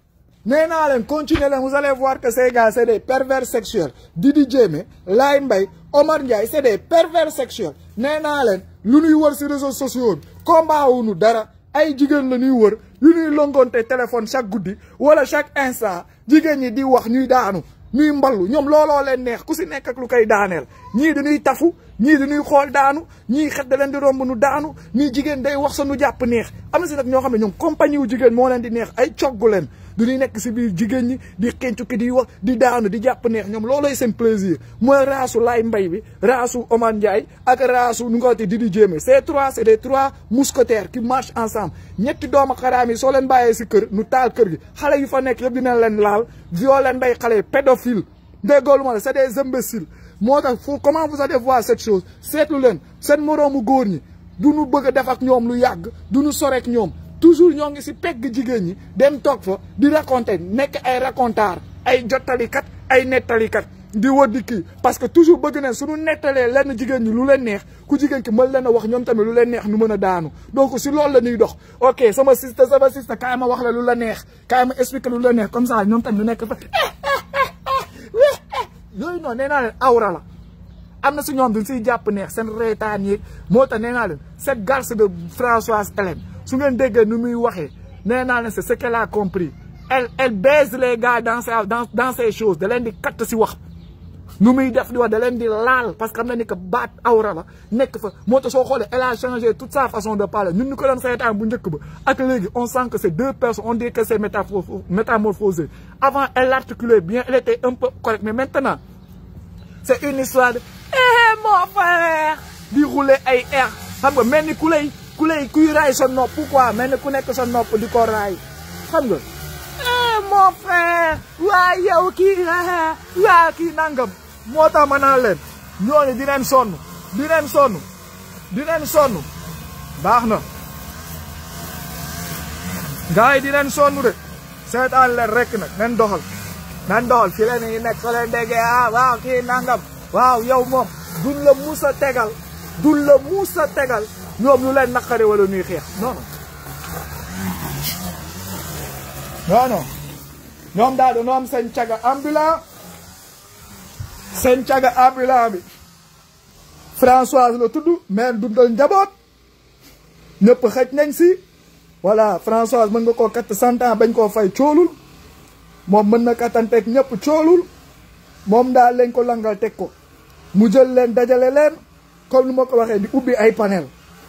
Speaker 1: nee naa leen continuer leen vous allez voir que ces gars c'est des pervers sexuels Didi Djemé Laye Mbaye Omar Ndiaye c'est des pervers sexuels nee naa leen lu nuy wër si réseaux sociaux bi combat dara ay jigéen la ñuy wër yu ñuy longonte téléphone chaque guddi wala chaque instant jigéen ñi di wax ñuy daanu ñuy mballu ñoom looloo leen neex ku si nekk ak lu koy daaneel ñii dañuy tafu ñii dañuy xool daanu ñii xet da leen di romb nu daanu ñii jigéen day wax sa nu jàpp neex am na si nag ñoo xam ne ñoom compagnie wu jigéen moo leen di neex ay coggu leen du ñuy nekk si biir jigéen ñi di xencu ki di wax di daanu di jàpp neex ñoom loolooy seen plaisir mooy raasu Laye mbay bi raasu Omar Ndiaye ak raasu nu nga di Didi Diémé ces trois c'est des trois mousquetaires qui marchent ensemble ñetti doomu xaraam yi soo leen bàyyee si kër nu taal kër gi xale yu fa nekk yëpp dina leen laal violent day xale pédophile déggoolu ma la sa des imbéciles moo tax foo comment vous allez voir cette chose seetlu leen seen moroomu góor ñi du ñu bëgg def ak ñoom lu yàgg du ñu sore ak ñoom toujours ñoo ngi si pegg jigéen ñi dem toog fa di raconter nekk ay racontard ay jottalikat ay nettalikat di wër di kii parce que toujours bëgg na suñu nettalee lenn jigéen ñi lu leen neex ku jigéen ki mën leen a wax ñoom tamit lu leen neex nu mën a daanu donc si loolu la ñuy dox ok sama sista sama sista kaay ma wax la lu la neex kaay ma expliquer lu la neex comme ça ñoom tamit ñu nekk fa yooyu noonu nee naa leen awra la am na si ñoom duñ si jàpp neex seen reetaan yi moo tax nee naa leen cette garce de su ngeen déggee nous muy waxee c'est ce qu'elle a compris elle elle baise les gars dans ces dans dans ces choses De leen quatre si wax nu def di wax da parce que n'est que bat aura la nekk fa elle a changé toute sa façon de parler ñun ñu ko doon seetaan bu njëkk ba ak léegi on sent que ces deux personnes on dit que c'est métamorphosé avant elle articulait bien elle était un peu correcte mais maintenant c'est une histoire de eh mon frère di rouler ay air xam nga mel ni ku lay kuy raay sa nopp quoi mel ne ku nekk sa nopp di ko raay xam nga eh mon frère waa yow kii ah, waa kii nangam moo tax ma naan leen ñooñu di leen sonn di leen sonn baax na gars yi di leen sonn de seetaan leen rek nag nen doxal ci doxal fi leen nekk soo leen déggee ah waaw kii nangam waaw yow moom duñ la a tegal duñ la muus tegal ñom ñu lay naqare wala ñuy xex non non non non ñoom daal dañoo am seen caga ambulant seen caga ambulant bi Françoise la tudd mais dundal njabot ñëpp xej nañ ci voilà Françoise mën nga ko katt cent ans bañ ko fay ciolul mom mën na ak ñëpp ciolul mom daal lañ ko langal tek ko mu jël len dajale len comme ni ko di ubbi ay panel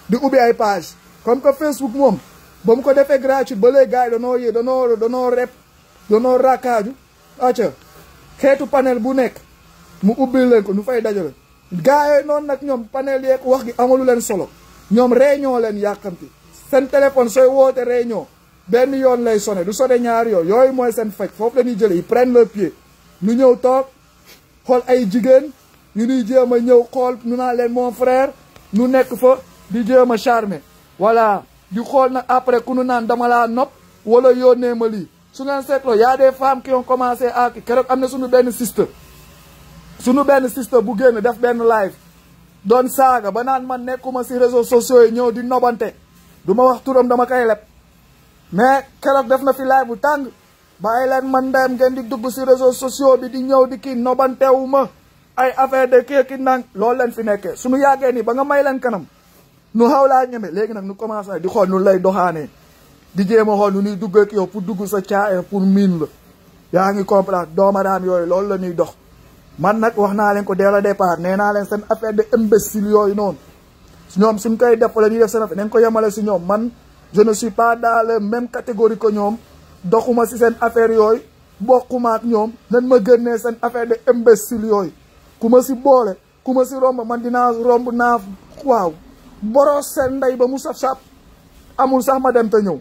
Speaker 1: di ubbi ay page comme ko Facebook moom ba mu ko defee gratuite ba léegi gars yi danoo yé danoo danoo rep danoo rakkaaju acca xeetu panel bu nekk mu ubbi leen ko nu fay dajale gars yooyu noonu nag ñoom panel yeeg wax gi amalu leen solo ñoom réunion leen yàqamti seen téléphone sooy woote réunion benn yoon lay sone du sone ñaari yoon yooyu mooy seen faj foofu la ñuy jële ils prennent le pied ñu ñëw toog xool ay jigéen ñu ñuy jéem a ñëw xool ñu naa leen mon frère ñu nekk fa di jéem a charmer voilà di xool nag après ku nu naan dama laa nopp wala yónnee ma lii su ngeen seetloo y a des femmes qui ont commencé à keroog am na suñu benn sister sunu benn sister bu génn def benn live doon saaga ba naan man nekkuma si réseau sociaux yi ñëw di nobante du ma wax turam dama koy leb mais keroog def na fi live bu tàng bàyyi leen man ndeyam ngeen di dugg si réseau sociaux bi di ñëw di kii nobantewu ma ay affaire de kii ki nang loolu leen fi nekkee suñu yàggee nii ba nga may leen kanam nu xaw laa ñeme léegi nag nu commencé di xool nu lay doxaanee di jéem a xool nu ñuy dugg ak yow pour dugg sa caaya pour miin la yaa ngi comprendre doomadaam yooyu loolu la ñuy dox man nag wax naa leen ko dès le départ nee naa leen seen affaire de imbécile yooyu noonu ñoom suñ koy def la ñuy def seen affaire nañ ko yemale si ñoom man je ne suis pas dans même catégorie ko ñoom doxuma si seen affaire yooyu bokkuma ak ñoom nan ma génnee seen affaire de imbécile yooyu ku ma si boole ku ma si romb man dinaa romb naa waaw boros seen ndey ba mu saf-saf amul sax ma dem te ñëw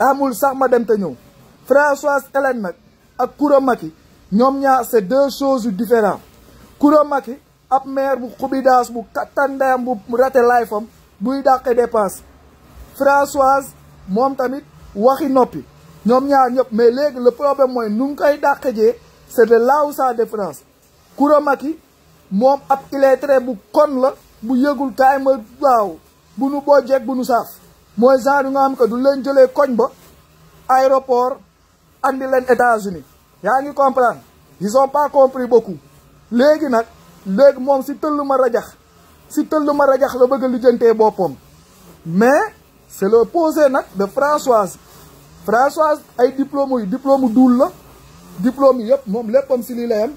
Speaker 1: amul sax ma dem te ñëw Françoise Hélène nag ak Koura Macky ñoom ñaar c'est deux choses yu différentes Koura Macky ab maire bu xubidaas bu kattandeem bu rate laay fam buy dàqe dépense Françoise moom tamit waxi noppi ñoom ñaar ñëpp mais léegi la problème mooy nu ngi koy dàqe jee c'est de là où ça différence moom ab illettré bu kon la bu yëgul kaay ma bu nu boojeeg bu nu saaf mooy genre nga xam que du leen jëlee koñ ba aéroport andi leen États-Unis yaa ngi comprendre ils ont pas compris beaucoup léegi nag léegi moom si tëll ma rajax si tëll ma rajax la bëgg a lijjantee boppam mais c'est le posé nag de Françoise Françoise ay diplôme yu diplôme duul la diplôme yi yëpp moom léppam si lii la yem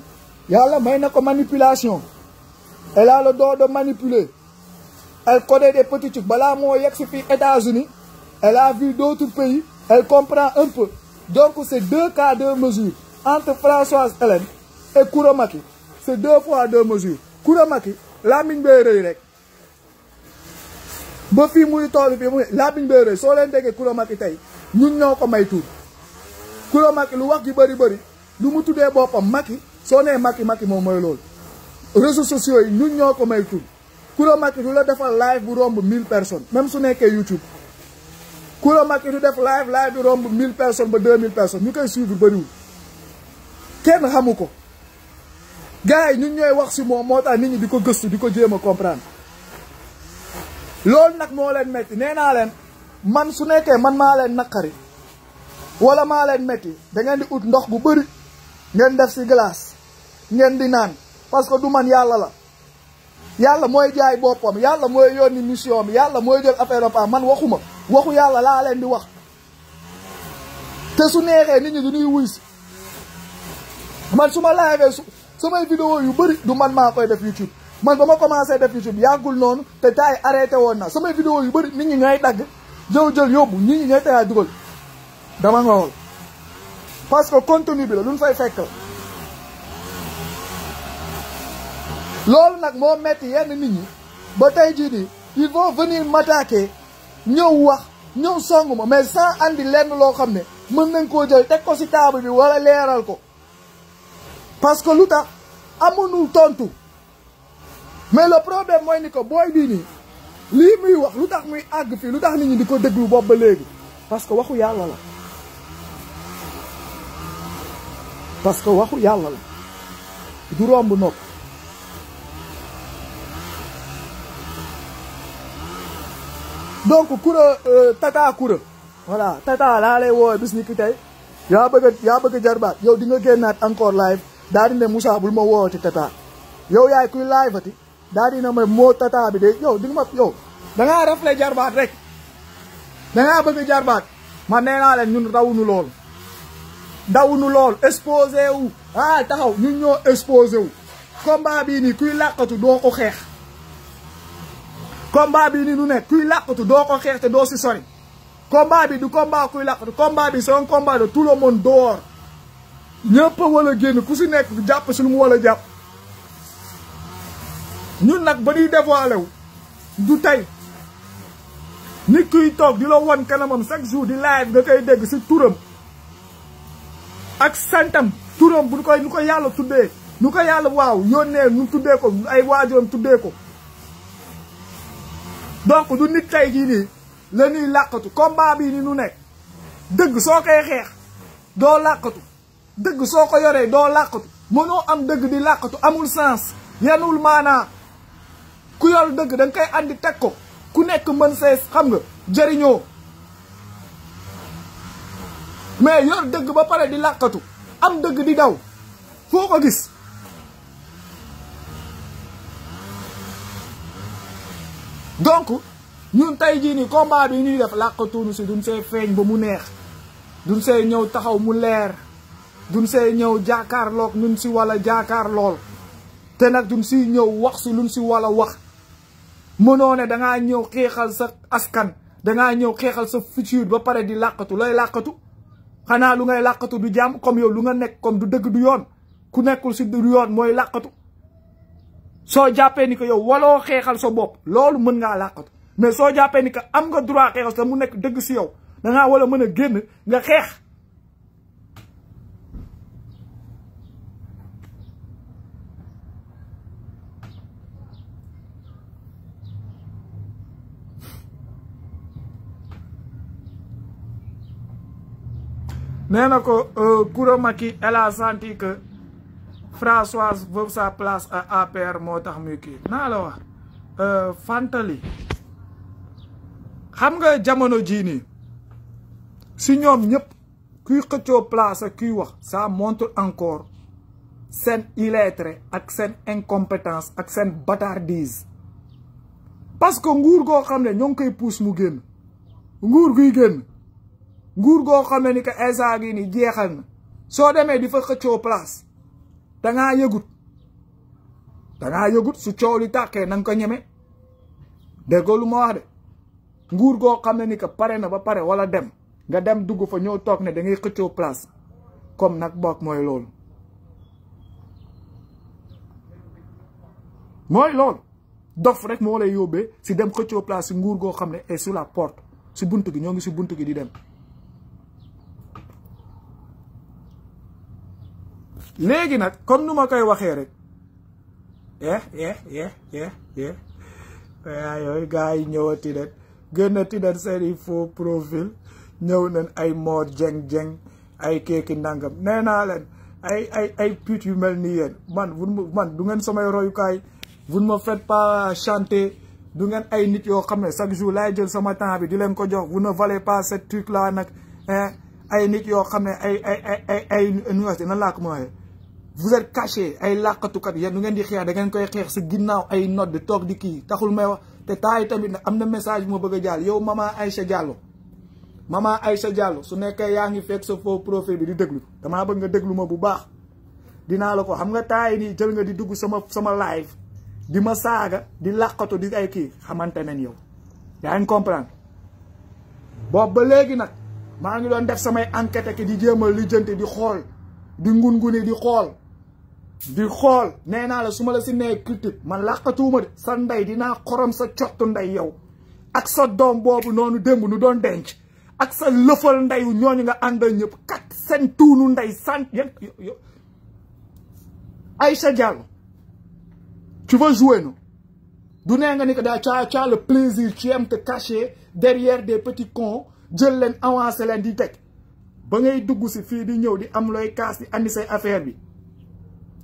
Speaker 1: yàlla may na ko manipulation Elle a le droit de manipuler. Elle connaît des petits trucs. Voilà, États-Unis. Elle a vu d'autres pays. Elle comprend un peu. Donc, c'est deux cas de mesure. Entre Françoise Hélène et Kouromaki. C'est deux fois deux mesures. Kouramaki, la mine de ba Kuromaki muy tool ñun may tout. lu wax lu mu réseaux sociaux yi ñun ñoo may tur kuro la Macky du la defal live bu romb 1000 personnes même su nekké YouTube kuro la Macky du def live live bu romb 1000 personnes ba 2000 personnes ñu koy suivre wu kenn xamuko gaay gars yi ñun ñooy wax ci mom motax nit ñi diko geustu diko jema comprendre loolu nak mo leen metti nee leen man su nekké man ma leen nakari wala ma leen metti da ngeen di ut ndox bu bëri ngeen def ci glace ngeen di naan parce que du man yàlla la yàlla mooy jaay boppam yàlla mooy yónni mission bi yàlla mooy jël affaire am man waxuma waxu yàlla laa leen di wax te su neexee nit ñi du ñuy wuy man su ma laajee su samay vidéo yu bëri du man maa koy def YouTube man ba ma commencé def YouTube yàggul noonu te taay arrêté woon na samay vidéo yu bëri nit ñi ngay dagg jël jël yóbbu nit ñi ngay tegaat dugal dama nga woon parce que contenu bi la lu ñu fay fekk la. loolu nag moo metti yenn nit ñi ba tey jii nii ils vont venir m'attaquer ñëw wax ñëw song ma mais sans andi lenn loo xam ne mën nañ koo jël teg ko ci table bi walla leeral ko parce que lu tax amuñu tontu mais le problème mooy ni ko booy bii nii lii muy wax lu tax muy àgg fii lu tax nit ñi di ko déglu bopp ba léegi parce que waxu yàlla la parce que waxu yàlla la du romb nopp donc Coura euh, euh, Tata Coura voilà Tata laa lay woowee bis ni tey yaa bëgg a yaa bëgg jarbaat yow di génnaat encore live daa di ne Moussa bul ma woowati Tata yow yaay kuy live ati daa di ne moo Tata bi de yow di ma yow da ngaa rafle jarbaat rek da ngaa jarbaat man nee naa leen ñun rawuñu lool dawuñu lool exposé wu taxaw ñun ñoo exposé wu combat bii nii kuy làqatu doo ko xeex. combat bi ni nu ne kuy làqatu doo ko xeex te doo si sori combat bi du combat kuy làqatu combat bi c'est un combat de tout le monde dehors génn ku si nekk jàpp si lu mu war a jàpp ñun nag ba ñuy dévoilé wu du tey nit kuy toog di la won kanamam chaque jour di live nga koy dégg si turam ak santam turam bu ñu koy nu ko yàlla tuddee nu ko yàlla waaw yónnee nu tuddee ko ay waajuram tuddee ko donc du nit tey jii nii la ñuy làqatu combat bii ni nu nekk dëgg soo koy xeex doo làqatu dëgg soo ko yoree doo làqatu mënoo am dëgg di làqatu amul sens yanul maanaa ku yor dëgg da koy andi teg ko ku nekk mën see xam nga jëriñoo mais yor dëgg ba pare di làqatu am dëgg di daw foo ko gis donc ñun tay jii nii combat bi ñuy def làqatuunu si duñ see feeñ ba mu neex duñ see ñëw taxaw mu leer duñ see ñëw jaakaarloog ñun si wala jaakaar lool te nag duñ si wax luñ wala wax mënoo ne dangaa ñëw xeexal sa askan dangaa ñëw xeexal sa futur ba di làqatu lay làqatu xanaa lu ngay làqatu du jam comme yow lu nga nekk comme du dëgg du yoon ku du yoon soo jàppee ni que yow waloo xeexal sa bopp loolu mën ngaa làqatu mais soo jàppee ni que am nga droit xeexal sa mu nekk dëgg si yow da walla mën a génn nga xeex. nee na ko euh, Koura Macky elle a senti Françoise veut sa place à APR motax muy ki na la wax euh, Fantali xam nga jamono ji ni si ñom ñep kuy xëccio place ak kuy wax ça montre encore sen illettré ak sen incompétence ak sen bâtardise parce que nguur go xamné ñong koy pousse mu genn nguur guy genn nguur go xamné ni ka instant gi ni jéxal na so démé di fa place da nga yegut da nga yegut su coow li nang ko ñeme lu mo wax de nguur go xamne ni que pare na ba paré wala dem nga dem dugg fa ñëw tok ne da ngay xëccio place comme nak bok moy yobe, moy lool dof rek mo lay yobé si dem xëccio place ngurgo nguur go xamne est sur la porte si buntu gi ñoo ngi si buntu gi di dem léegi nag comme nu ma koy waxee rek eh eh eh eh eh waa yooyu gars yi ñëwati den gën a tiddat seen faux profil ñëw nañ ay moor jeng-jeng ay keeki ndàngam nee naa leen ay ay ay pute yu mel nii yéen man vun man du ngeen samay royukaay vous ne me faites pas chanter du ngeen ay nit yoo xam ne chaque jour laay jël sama temps bi di leen ko jox vous ne valez pas ce truc là nag ay nit yoo xam ne ay ay ay ay ay nu laa ko mën waxee vous êtes ay làqatukat yéen nu ngeen di xeex da ngeen koy xeex si ginnaaw ay nodd toog di kii taxul may wax te taay tamit nag am na message moo bëgg a jàll yow maman Aïcha Diallo maman Aïcha Diallo su nekkee yaa ngi fekk sa faux profil bi di déglu damaa bëgg nga déglu ma bu baax dinaa la ko xam nga taay nii jël nga di dugg sama sama live di ma saaga di làqatu di ay kii xamante nañ yow yaa ngi comprendre boobu ba léegi nag maa ngi doon def samay enquête ki di jéem a lijjanti di xool di ngun nguni di xool di xool nee naa la suma la si nee critique man làqatuuma de sa ndey dinaa xorom sa cottu ndey yow ak sa doom boobu noonu démb nu doon denc ak sa lëfal ndeyu ñooñu nga àndal ñëpp kat seen tuunu ndey sant yéen Aïcha Diallo tu veux jouer non du nee nga ni ko daal caa caa le plaisir tu aimes te cacher derrière des petits cons jël leen avancé leen di teg ba ngay dugg si fii di ñëw di am looy kaas di andi say affaire bi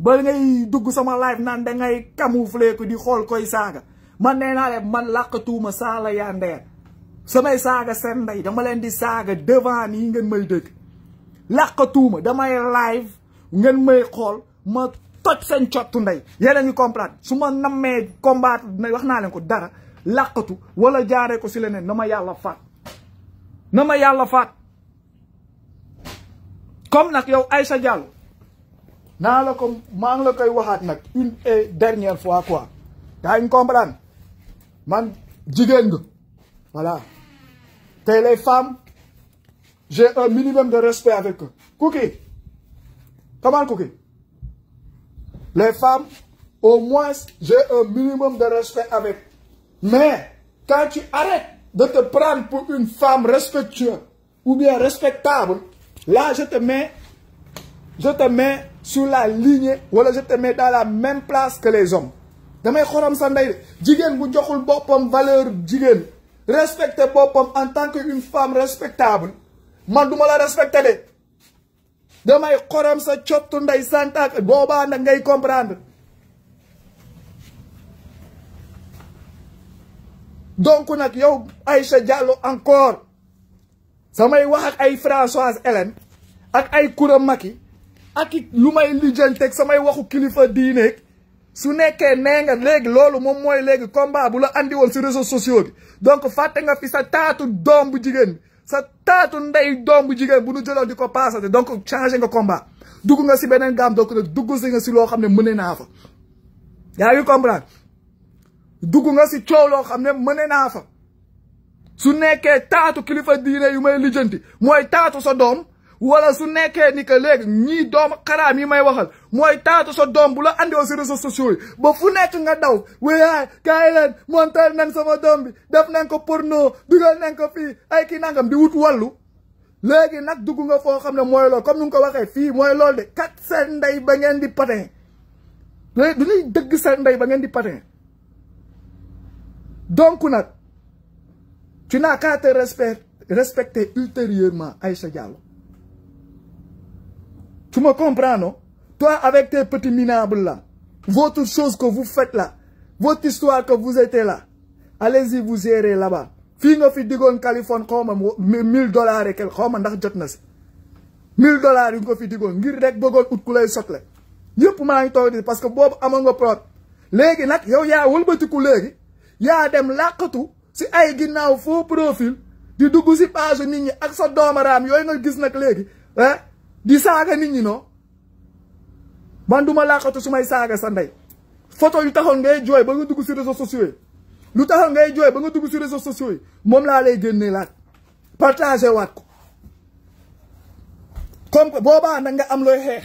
Speaker 1: ba ngay dugg sama live naan da ngay camoufler ko di xool koy saaga man nee naa leen man làqatuuma saala yaa ndeer samay saaga seen ndey dama leen di saaga devant nii ngeen may dëgg làqatuuma damay live ngeen may xool ma toj seen cottu ndey yéen a ngi su ma nammee combattre wax naa leen ko dara làqatu wala jaare ko si leneen na ma yàlla faat na ma yàlla faat comme nag yow Aïcha Diallo Je une dernière fois quoi man voilà les femmes j'ai un minimum de respect avec eux Cookie comment Cookie les femmes au moins j'ai un minimum de respect avec mais quand tu arrêtes de te prendre pour une femme respectueuse ou bien respectable là je te mets je te mets sur la lignée wala je te mets dans la même place que les hommes damay xorom sa ndey jigéen bu joxul boppam valeur jigéen respecté boppam en tant que une femme respectable man du ma la respecté damay xorom sa cottu ndey santaak boobaa nag ngay comprendre donc nag yow Aïcha Diallo encore samay wax ak ay Françoise Hélène ak ay Koura maki ak lu may lijjanteeg samay waxu kilifa diineeg su nekkee nee nga léegi loolu moom mooy léegi combat bu la andi woon si réseaux sociaux bi donc fàtte nga fi sa taatu doom bu jigéen bi sa taatu ndey doom bu jigéen bu nu jëloon di ko passate donc changé nga combat dugg nga si beneen gaam donc na dugg si nga si loo xam ne mëne naa fa yaa ngi comprendre dugg nga si coow loo xam ne mëne naa fa su nekkee taatu kilifa diine yu may lijjanti mooy taatu sa doom wala su nekkee ni que léegi ñii doomu xaraam yi may waxal mooy taatu sa doom bu la andiwoo si réseaux sociaux yi ba fu nekk nga daw waay kaay leen montal nañ sama doom bi def nañ ko noo dugal nañ ko fii ay kii nangam di wut wàllu léegi nag dugg nga foo xam ne mooy loolu comme ni nga ko waxee fii mooy loolu de kat seen ndey ba ngeen di patin léegi du dëgg seen ndey ba ngeen di patin donc nag tu n'as qu'à te respecter ay Aïcha Diallo Tu me comprends, non Toi, avec tes petits minables là, votre chose que vous faites là, votre histoire que vous êtes là, allez-y, vous irez là-bas. fii fi diggoon Californie comme 1000 mille dollars et quel, xaw ma ndax jot na si dollars yi ko fi diggoon ngir rek bëggoon ut ku lay Yep, ma maa ngi di parce que bob amoon nga prod nak, nag ya, yaa wëlbatiku léegi ya dem làqatu si ay ginnaaw faux profil di dugg si page nit ak sa domaram, yooyu nga gis nak léegi hein di saaga nit ñi non man du ma laaxatu su may saaga sa ndey photo yu taxoon ngay jooy ba nga dugg si lu taxoon ngay jooy ba nga dugg si réseaux sociaux yi moom laa lay génne laat partagé waat ko comme boobaa nag nga am looy xeex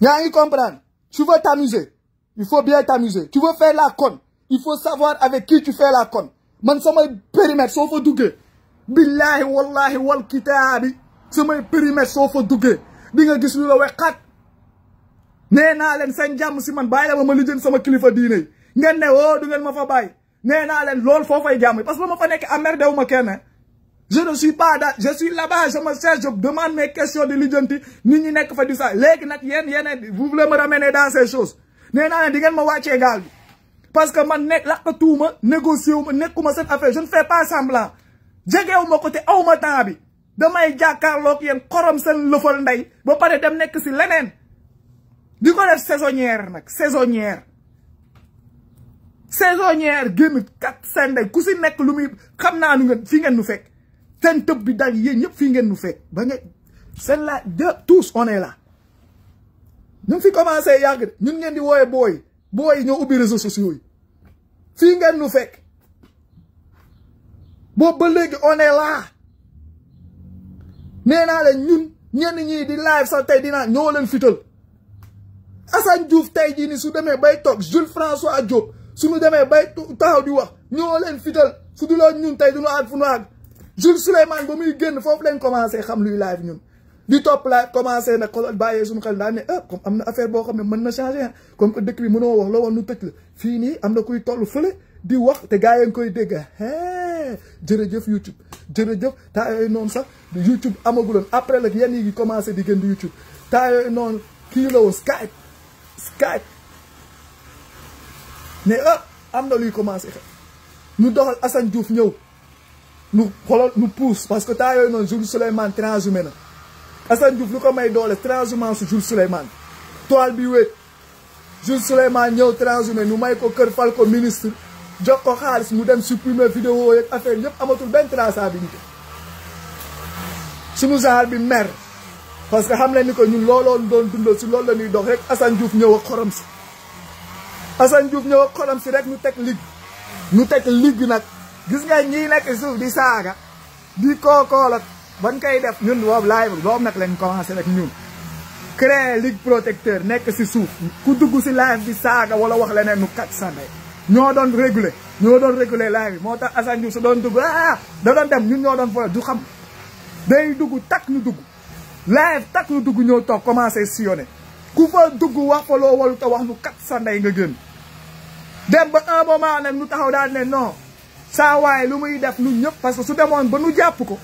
Speaker 1: ñaa ngi comprendre tu veux t'amuser il faut bien t'amuser tu veux faire la conne il faut savoir avec qui tu fais la conne man samay périmètre soo fa duggee billaahi wallaahi wal kitaabi samay périmètre soo fa duggee di nga gis lu la wexaat nee naa leen seen jàmm si man bay la ma ma lijjën sama kilifa diine yi ngeen ne woo oh, du ngeen ma fa bay nee len lol fofay foo parce que ma fa nek emmerdé ma kenn je ne suis pas je suis là-bas je me cherche je demande mes questions de lijjanti nit ñi nekk fa di sa léegi nag yéen yéen vous voulez me ramener dans ces choses nee naa di ngeen ma wàccee gal parce que man nekk laqatuuma négocié wu ma nekkuma seen affaire je ne fais pas semblant jegewu ma ko te aw ma temps bi. damay jàkkaarloog yéen xorom seen lëfal ndey ba pare dem nekk si leneen di ko def saisonnière nag saisonnière saisonnière génn kat seen ndey ku si nekk lu muy xam naa nu ngeen fii ngeen nu fekk seen tëb bi dal yéen ñëpp fii ngeen nu fekk ba nga seen la tous on est là fi commencé yàgg ñun ngeen di wooye booy booy ñoo ubbi réseaux sociaux yi ngeen nu fekk boobu ba léegi on nee naa leen ñun ñenn ñii di live sax tey dinaa ñoo leen fital Assane Diouf tey jii ni su demee bay toog Jules François su suñu demee bay taxaw di wax ñoo leen fital su duloon ñun tey duñu àgg fu nu àgg Jules Souleymane ba muy génn foofu leen commencé xam luy live ñun di topp live commencé nag xoolal bàyyee suñu xel daan ne ah comme am na affaire boo xam ne mën na changé ah. comme que dëkk bi mënoo wax la woon nu tëj la fii nii am na kuy toll fële di wax te gaa yi ngi koy dégg ah. jërëjëf jërëjëf temps yooyu noonu sax YouTube amaguloon après la yenn yi commencé di gën di YouTube temps yooyu noonu kii la woon Skype Skype mais ah am na luy commencé xew ñu doxal Assane Diouf ñëw ñu xoolal ñu pousse parce que temps yooyu noonu Jules Souleymane transhumé na Assane Diouf lu ko may doole transhumance Jules Souleymane toile bi wéet Jules Souleymane ñëw transhumé ñu may ko kër fal ko ministre jox ko xaalis mu dem supprimer vidéo yeeg affaire yëpp amatul benn traçabilité sunu genre bi mer parce que xam nañ ni ko ñun looloon doon dundal si loolu la ñuy dox rek Assane Diouf ñëw ak xorom si Assane Diouf ñëw ak xorom si rek ñu teg ligue ñu teg ligue nag gis nga ñii nekk suuf di saaga di kookoolat ban koy def ñun boobu laay boobu nag lañ commencé rek ñun créer ligue protecteur nekk si suuf ku dugg si live di saaga wala wax leneen nu kat sa ndey ñoo doon réguler ñoo doon réguler live bi moo tax Assane Diouf su doon dugg ah da doon dem ñun ñoo doon foyal du xam day dugg tak ñu dugg live tak ñu dugg ñoo tok commencé sillonné ku fa dugg wax fa lo walu ta wax nu kat sa nday nga gën dem ba un moment nak ñu taxaw daal né non sa way lu muy def nu ñep parce que su demone ba ñu japp ko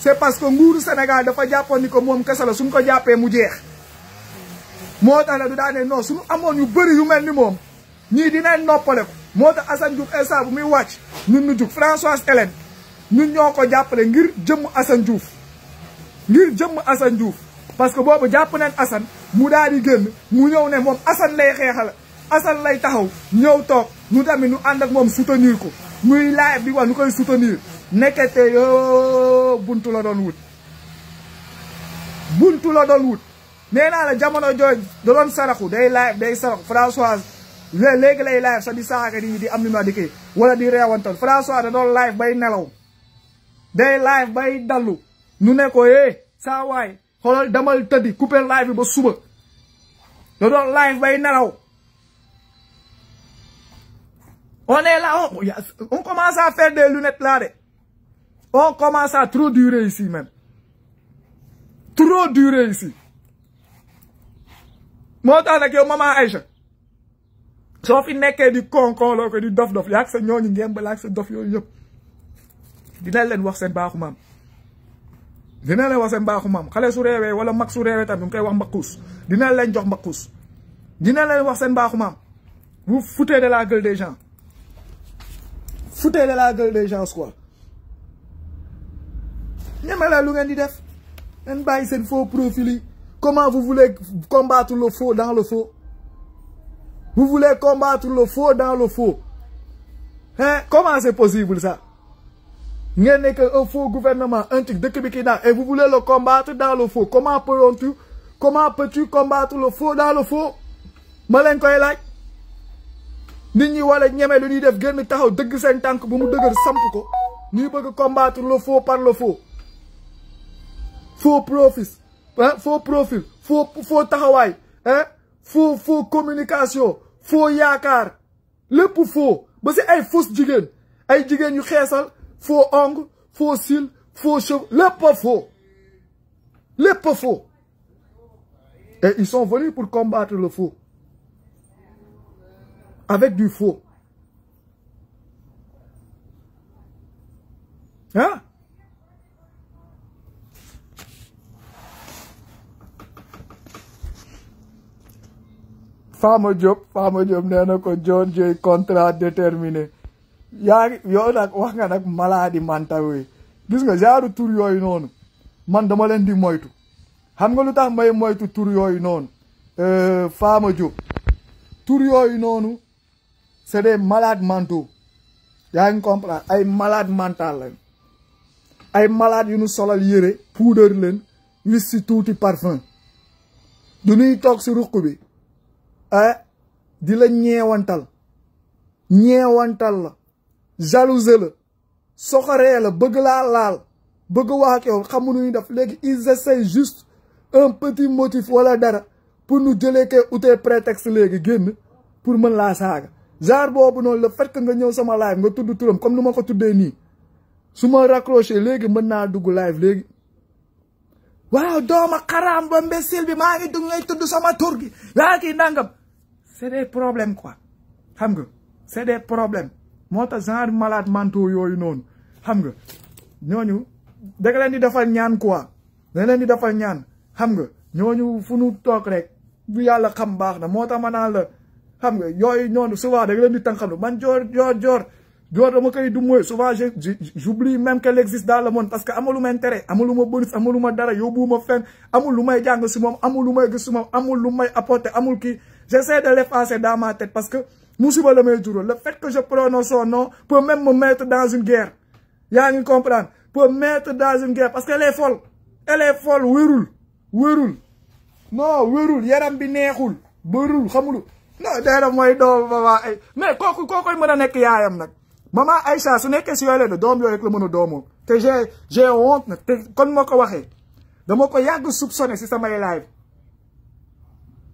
Speaker 1: c'est parce que nguru Sénégal dafa jàppoon ko mom kese la suñ ko jappé mu jeex moo tax ne du daal ne non suñu amone yu bëri yu mel ni moom ñii dinañ noppale ko moo tax Assane Diouf instant bu muy wàcc ñun ñu jug Françoise Hélène ñoo ko jàppale ngir jëmm Assane ngir jëmm Assane parce que boobu jàpp nañ Assane mu daal di génn mu ñëw ne moom Assane lay xeexal Assane lay taxaw ñëw toog ñu tamit nu ànd ak moom soutenir ko muy laaj bi wax ñu koy soutenir nekkete yoo buntu la doon wut buntu la doon wut nee naa la jamono jooju da doon saraxu day laaj day saraxu Françoise léegi lay live sax di saaga nit ñi di am lu ma di kii wala di reewantal François da doon live bay nelaw day live bay dallu ñu ne ko eh saa waay xoolal demal tëddi couper live bi ba suba da doon live bay nelaw on est on on commence à faire des lunettes on commence à trop durer ici même trop durer ici moo tax nag yow maman Aïcha. so fi nekkee di konkon loo ko di dof-dof yak sa ñoo ngeen ba sa dof yoyep dina leen wax seen baaxu maam dina leen wax seen baaxu maam xale su reewee wala mag su reewee tam mu koy wax mbakkuus dina leen jox mbakkuus dina leen wax seen baaxu maam vous foutez de la gueule des gens foutez de la gueule des gens quoi ñeme la lu ngeen di def ngeen bàyyi seen faux profil comment vous voulez combattre le faux dans le faux vous voulez combattre le faux dans le faux. Hein? Comment c'est possible ça? Vous que qu'un faux gouvernement, un truc de Kibikina, et vous voulez le combattre dans le faux. Comment peux-tu combattre le faux dans le faux? Malen koy laaj. Nit ñi wala ñëmé lu Nous def taxaw combattre le faux par le faux. Faux profils. Hein? faux profil, faux faux hein? faux faux communication faux yakar. le faux ba c'est ay fausse digène ay digène yu xéssal faux angle. faux cils faux cheveux le a faux Les faux et ils sont venus pour combattre le faux avec du faux hein Fama Diop Fama Diop nee na ko John Joy contrat déterminé yaa ngi yow nag wax nga nag maladie mentale yi gis nga genre tur yooyu noonu man dama leen di moytu xam nga lu tax may moytu tur yooyu noonu euh, Fama Diop tur yooyu noonu c'est des malades yaa ngi comprendre ay malade mental lañ ay malade yu nu solal yére poudre leen wis si tuuti parfum du ñuy toog si ruq bi di la ñewantal ñewantal la jalouse la soxare la bëgg la laal bëgg wax ak yow xamu ñu def légui ils essaient juste un petit motif wala dara pour nous jëlee kay utee prétexte légui genn pour mën la saga bobu non le fait que nga ñew sama live nga tuddu turam comme sumarakloche legi ko tuddé ni suma raccroché légui mën na dugg live légui waaw dooma xaraam ba mbesil bi ma ngi dugg ngay tuddu sama tour gi la ki nangam c'est des problèmes quoi xam nga c'est des problèmes moo tax genre malade mentaux yooyu noonu xam nga ñooñu da nga leen di defal ñaan quoi da leen di defal ñaan xam nga ñooñu fu nu toog rek bu yàlla xam baax na moo tax ma naan la xam nga yooyu noonu souvent da nga leen di tànk xam man joor joor joor joor dama koy du mooy souvent je j'oublie même qu'elle existe dans le monde parce que amul lu ma intérêt amul lu ma bonus amul lu ma dara yóbbuwuma fenn amul lu may jàng si moom amul lu may gis si moom amul lu may apporter amul kii J'essaie de l'effacer dans ma tête parce que Moussiba le le fait que je prononce son nom peut même me mettre dans une guerre. Y'a comprend. comprendre. Peut mettre dans une guerre parce qu'elle est folle. Elle est folle. Wérul. Wérul. Non, wérul. Yaram bi neexul. Bérul. Xamulu. Non, d'ailleurs, moi, doom baba Mais pourquoi kookoy mën a nekk yaayam nag. maman Aïcha su que si yooyu la doom yooyu rek le mën a doomoo te j'ai j'ai honte Comme je kon moo ko waxee dama ko yàgg soupçonner si samay live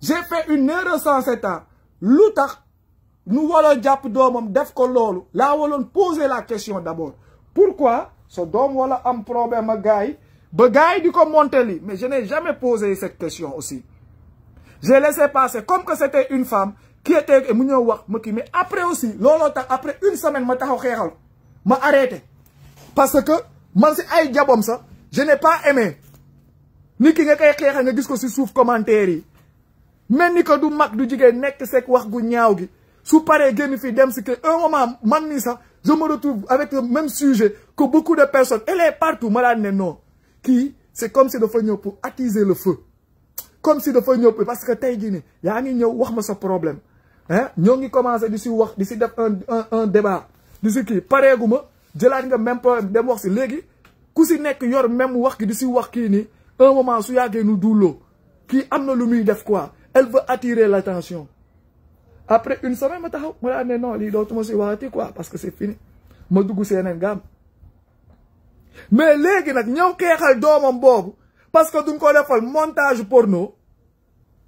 Speaker 1: j'ai fait une erreur sans sept ans lu nous nu waroon jàpp doomam def ko loolu nous avons poser la question d'abord pourquoi ce dom wala am problème ak gars yi ba gars mais je n'ai jamais posé cette question aussi j'ai laissé passer comme que c'était une femme qui était mu mais après aussi lolo après une semaine ma taxaw ma arrêté parce que man ci ay djabom ça, je n'ai pas aimé Ni ki nga kay xeexal nga gis ko ci sous commentaire mais ni du mak du jigéen nekk sek wax gu ñaaw gi su paré que un moment je me retrouve avec le même sujet que beaucoup de personnes elle est partout malade non Qui c'est comme si de ñëw pour attiser le feu comme si parce que tay gi ni ya ngi ñew wax ma sa problème hein ngi wax def un un un débat même dem si ku si yor même wax un moment su nu doulo quoi elle veut attirer l'attention après une semaine ma non quoi parce que c'est fini c'est une gamme mais les nag ñëw xeexal doomam de parce que fait le montage porno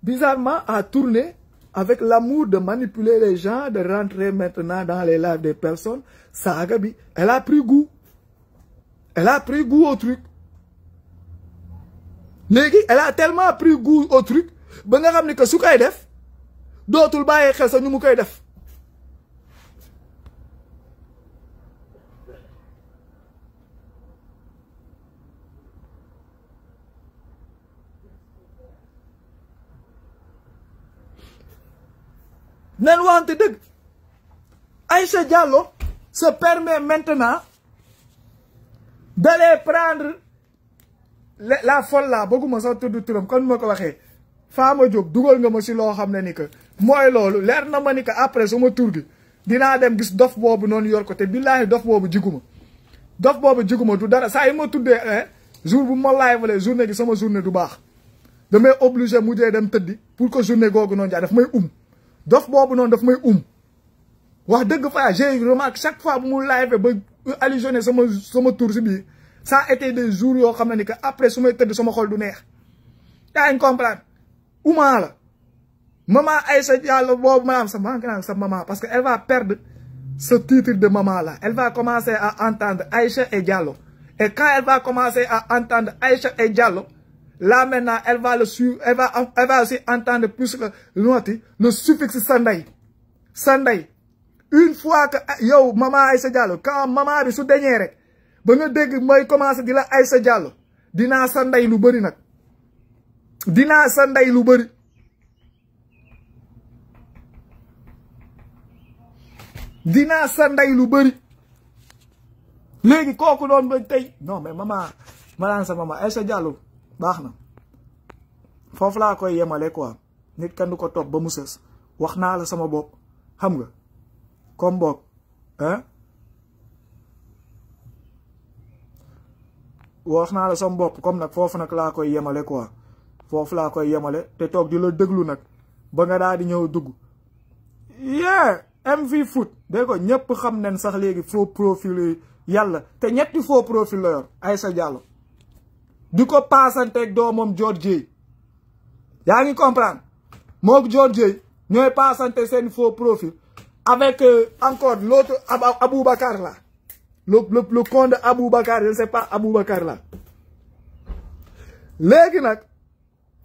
Speaker 1: bizarrement a tourné avec l'amour de manipuler les gens de rentrer maintenant dans les lives des personnes ça elle a pris goût elle a pris goût au truc elle a tellement pris goût au truc ba nga xam ni que su koy def dootul baye xel sa ñu mu koy def nan waxante deug Aïcha Diallo se permet maintenant d'aller prendre la folle là bëgguma sax tudd turam kon moko waxé faama jóg dugal nga ma si loo xam ne ni que mooy loolu leer na ma ni que après sama tur gi dinaa dem gis dof boobu noonu yor ko te billaahi dof boobu jiguma dof boobu jiguma du dara saa yi ma tuddee eh, jour bu ma laay valee journée gi sama journée du baax damay obligé mujjee dem tëddi pour que journée googu noon jaa daf may um dof boobu noonu dafa may um wax dëgg fa j'ai remarque chaque fois bu mu live ba allusionné sama sama tur si biir ça a été des jours yoo xam ne ni que après su may tëdd sama xol du neex yaa ngi Ou mal. maman Aïcha Diallo boobu Maman, sa va, sa maman parce qu'elle va perdre ce titre de maman là elle va commencer à entendre Aïcha et Diallo et quand elle va commencer à entendre Aïcha et Diallo là maintenant elle va le suivre elle va elle va aussi entendre plus que nooti le suffixe sanday sanday une fois que ah, yo maman Aïcha Diallo quand maman a su deñee ben ba nga dégg mooy commencer à dire Aïcha Diallo dina sanday lu bëri nag. dinaa sa ndey lu bari dinaa sa ndey lu bari léegi kooku doon ba tey non mais maman malaan sa maman Aïcha Diallo baax na foofu laa koy yemale quoi nit kan ko topp ba mu sës wax naa la sama bopp xam nga comme bopp wax naa la sama bopp kom nag foofu nag laa koy yemale quoi Il la koy yemale te tok di la déglu nak ba nga daal di ñëw dugg MV Foot de ko ñëpp sax légui faux profil yalla te ñetti faux profil Aïssa ko ak domom George Y'a nga comprendre mok George ñoy sen faux profil avec euh, encore l'autre Bakar là le le le con de Bakar. je ne sais pas Bakar là Maintenant,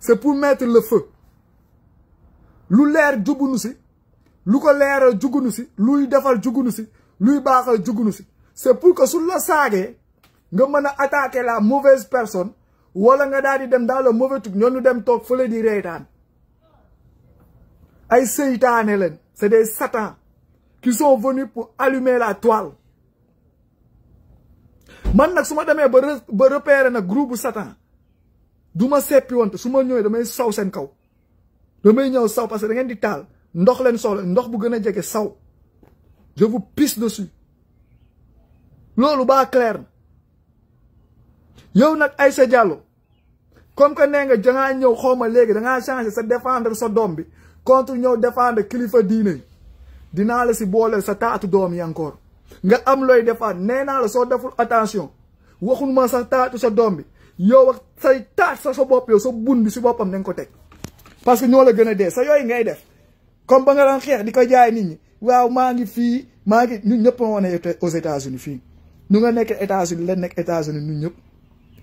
Speaker 1: c'est pour mettre la feu lu leer jugunu si lu ko leeral jugunu si luy defal jugunu si luy baaxal jugunu si c'est pour que su la saagee nga mën a attaquer la mauvaise personne wala nga daal di dem dans le mauvais truc ñoom ñu dem toog fële di reetaan ay seytaane leen c'est des satans qui sont venus pour allumer la toile man nag su ma demee ba ba repérer nag groupe satan duma seppi wonte suma ñëwé damay saw sen kaw damay ñew saw parce que da ngeen di tal ndox len sol ndox bu gëna jégué saw je vous pisse dessus lolu ba clair yow nak Aïssa Diallo comme que né nga da ñew xoma légui da nga changer sa défendre sa dom bi contre ñew défendre khalifa diiné dina la ci bolé sa taatu dom yi encore nga am loy défendre néna la so deful attention waxul ma sa taatu sa dom bi yow ak say taat sa sa bopp yow sa bun bi si boppam na nga ko teg parce que ñoo la gën a dee sa yooyu ngay def comme ba nga doon xeex di ko jaay nit ñi waaw maa ngi fii maa ngi ñun ñëpp moo wane aux États-Unis fii ñu nga nekk États-Unis la nekk États-Unis nu ñëpp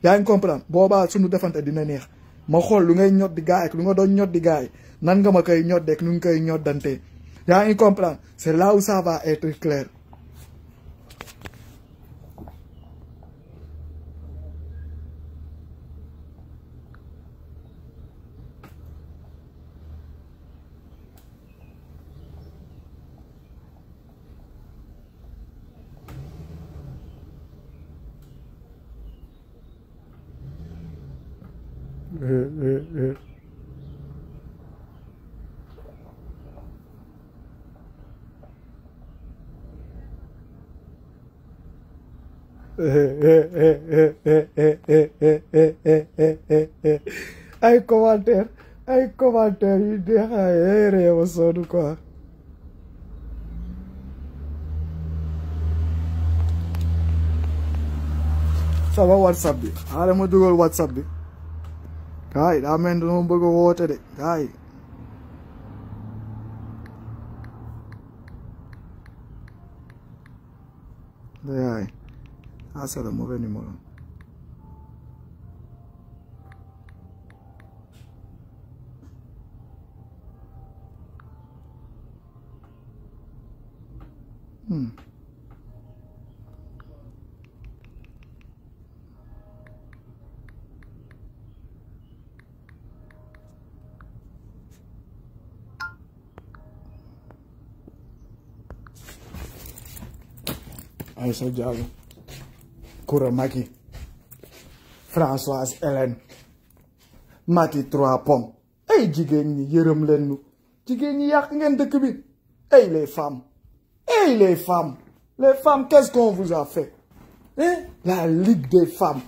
Speaker 1: yaa ngi comprendre boobaa suñu defante dina neex ma xool lu ngay ñot di gaay ak lu nga doon ñot di gaay nan nga ma koy ñot dek nu ngi koy ñoddante yaa ngi comprendre c'est là où ça va être [laughs] ay commentaire ay commentaire yu neexaay ay réewa sonn quoi sama whatsapp bi xaaral ma dugal whatsapp bi はい、ラーメンの僕を終わってはい。で、はい。朝のモベにも。うん。Aïssa Diallo Koura Françoise Hélène Mati Trois Pommes ay jigéen ñi yërëm leen ñu jigéen ñi dëkk les femmes ay les femmes les femmes qu'est-ce qu'on vous a fait hein la ligue des femmes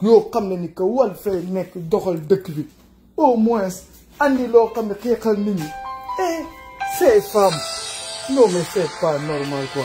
Speaker 1: Yo comme les ni fait wal fee nek doxal dëkk bi au moins andi loo comme les Nini. eh ces femmes non mais c'est pas normal quoi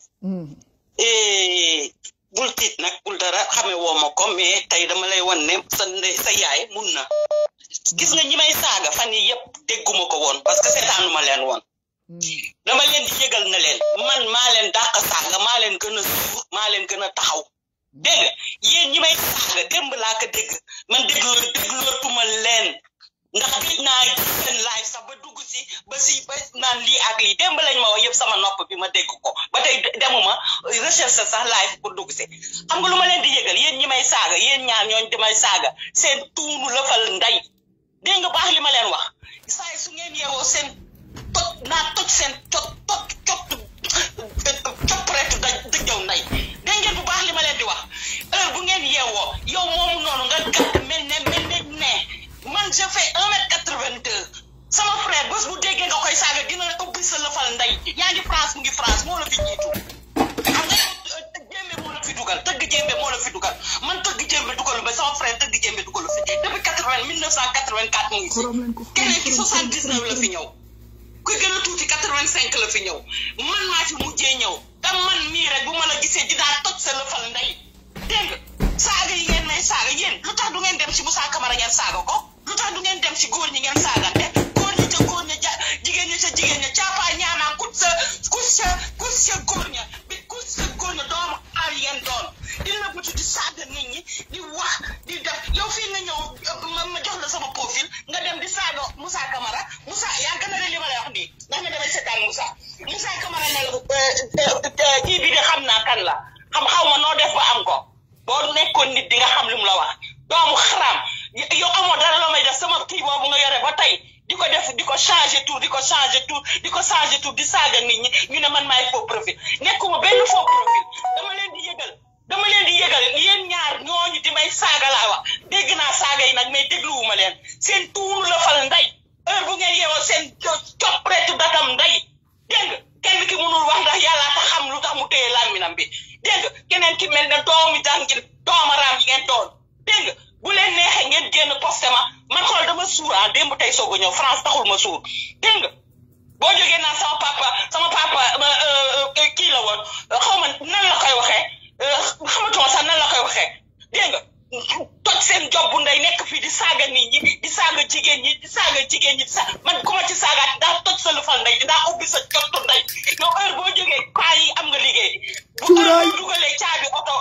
Speaker 1: Mm.
Speaker 2: E, bul tiit nag bul dara xame woo ma ko mais tey dama lay wan ne sa sa yaay mun na gis nga ñi may saaga fan yi yëpp dégguma ko woon parce que seetaanuma leen woon mm. dama leen di yëgal na man maa leen dàq saaga maa leen gën a suur leen gën a taxaw dégg nga yéen ñi may saaga démb man dégg loolu dégg loolu tuma leen ndax gëj na seen live sax ba dugg si ba si ba nan li ak li dem lañ ma wax sama nopp bi ma dégg ko ba demuma recherche sax live pour dugg si xam nga luma len di yëgal yeen ñi may saga yeen ñaar di may saga sen tuunu nday de nga bax li ma len wax say su ngeen yeewoo seen toj naa toj tok tok tok cot coppreetu daj dëjjaw nday de ngeen bu bax li ma len di wax heure bu ngeen yewo yow moomu nonu nga gatt melne man je fais un mètre quatre vingt deux sama frère bés bu déggee nga koy saaga dina la sa lëfal ndey yaa ngi France mu ngi France moo la fi jiitu dugal tëgg jéembe moo la fi dugal man tëgg jéembe dugalu ba sama frère tëgg jéembe dugalu fi depuis quatre vingt mille neuf cent quatre vingt quatre mu ngi fi keneen ki soixante dix neuf la fi ñëw ku gën a tuuti quatre vingt cinq la fi ñëw man maa fi mujjee ñëw te man rek bu ma a gisee dinaa toj sa lëfal ndey dégg saaga yi lu tax du ngeen dem ci Moussa Camara ngeen saaga ko lu tax du ngeen dem si góor ñi ngeen saagante góor ñi ca góor ña ja jigéen ña ca jigéen ña caapaa ñaanaa kut sa kut sa kut sa bi kut sa góor ña doomu aar yeen doon di nëbbatu di saaga nit ñi di wax di def yow fii nga ñëw ma ma jox la sama profil nga dem di saaga Moussa Camara Moussa yaa gën a li ma lay wax nii ndax nah, musa, musa seetaan Moussa Moussa Camara ne la kii eh, eh, eh, bi de xam naa kan la xam xaw ma noo def ba am ko boo nekkoon nit di nga xam li mu la wax doomu yow amoo dara la may def sama kii boobu nga yore ba tey di ko def di ko changer tour di ko changer tour di ko changer tour di saaga ni ñi ñu ne man maay faux profil nekkuma benn faux profil dama leen di yëgal dama leen di yëgal yéen ñaar ñooñu di may saaga laawa wax dégg naa saaga yi nag mais dégluwuma leen seen tuuru la fal ndey heure bu ngeen yeewoo seen coppreetu datam ndey dégg nga kenn ki mënul wax ndax yàllaa tax xam lu tax mu téye làmminam bi dégg nga keneen ki mel ne doomu jàngir doomaraam yi ngeen doon dégg nga bu leen neexee ngeen génn posté ma man xool dama suur ah démb tey soog a ñëw France taxul ma suur dégg nga boo jógee naan sama papa sama papa euh, euh, kii la woon xaw ma nan la koy waxee euh, xamatuma sax nan la koy waxee toj seen job bu ndey nekk fii di saaga nit ñi di saaga jigéen ñi di saaga jigéen ñi man ku ma ci saagaat daa toj sa lu fal ndey daa ubbi sa jottu ndey yow heure boo jógee paa am nga liggéey bu heure dugalee caabi oto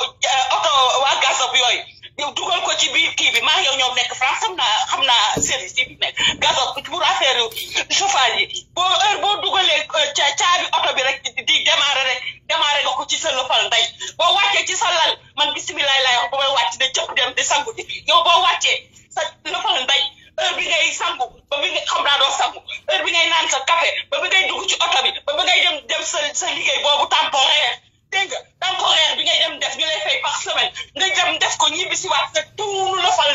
Speaker 2: oto waa gasab yooyu yow dugal ko ci biir kii bi maa yow ñoom nekk France xam naa xam naa service yi bi nekk gazon pour affaire chauffage yi boo heure boo dugalee euh, ca caabi oto bi rek di démarrer rek démarrer nga ko ci sa lëfal ndey boo wàccee ci sa lal man bisimilah laay wax ba may wàcc de cëpp dem di sangu ji yow boo wàccee sa lëfal ndey heure bi ngay sangu ba bi nga xam naa doo sangu heure bi ngay naan sa café ba bi ngay dugg ci oto bi ba bi ngay dem dem sa sa liggéey boobu temporaire dégg nga temps horaire bi ngay dem def ñu lay fay par semaine nga jëm def ko ñibbi si waat sa tuunu la fal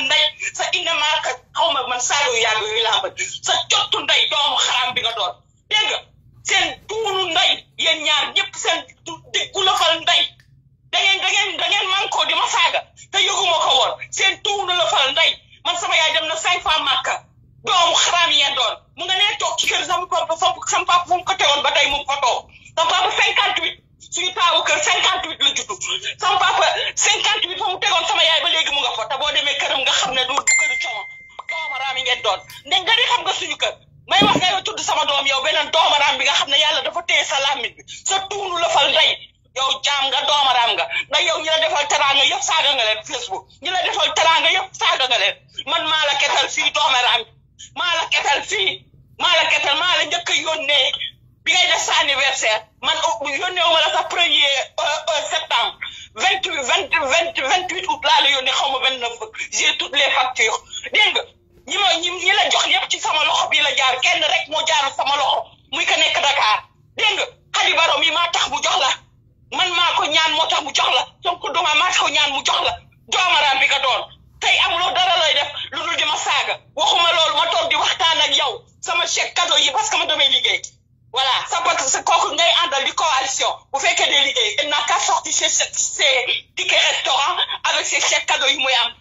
Speaker 2: sa indi maaka xaw ma man saa yu yàgg sa cottu ndey doomu xaram bi nga doon dégg nga seen tuunu ndey yéen ñaar ñëpp seen diggu la fal ndey da ngeen da ngeen man ko di ma saaga te yëguma ko woon seen tuunu la fal ndey man sama yaay dem na cinq fois màkka doomu xaram yee mu nga nee toog ci kër sama papa sama papa mu ko teewoon ba tey mu ko toog sama papa cinquante huit suñu taawu kër cinquante huit la juddu sama papa cinquante huit fa yaay ba léegi mu nga fa te boo demee këram nga xam ne du du këru coono doomaraam yi ngeen doon ne nga di xam doomaraam bi nga xam ne yàlla dafa téye sa làmmiñ bi sa tuunu la fal ndey yow jaam nga doomaraam nga ndax yow ñi la defal teraanga yëpp saaga nga leen Facebook ñi la defal teraanga yëpp saaga nga leen man maa la ketal fii doomaraam maa la ketal fii maa ketal maa la njëkk a yónnee bi ngay def sa anniversaire man yónnee wala sax premier euh, euh, septembre vingt vingt vingt vingt huit août laa la yónnee xaw ma vingt neuf j'ai toutes les factures dégg nga ñi ma ci sama loxo bii la jaar kenn rek moo jaar sama loxo muy ko nekk Dakar dégg nga xali yi maa tax mu jox la man maa ko ñaan moo tax mu jox la Sonko duma maa ko mu jox la doomaraam bi nga doon tey amuloo dara lay def lu dul di ma saaga waxuma loolu ma toog di waxtaan ak yow sama chèque cadeau yi parce que ma damay liggéey voilà ça ce qu'on kooku ngay coalition bu que des liggéey il n'a qu'à sortir ses tickets restaurant avec ses chèques cadeaux ils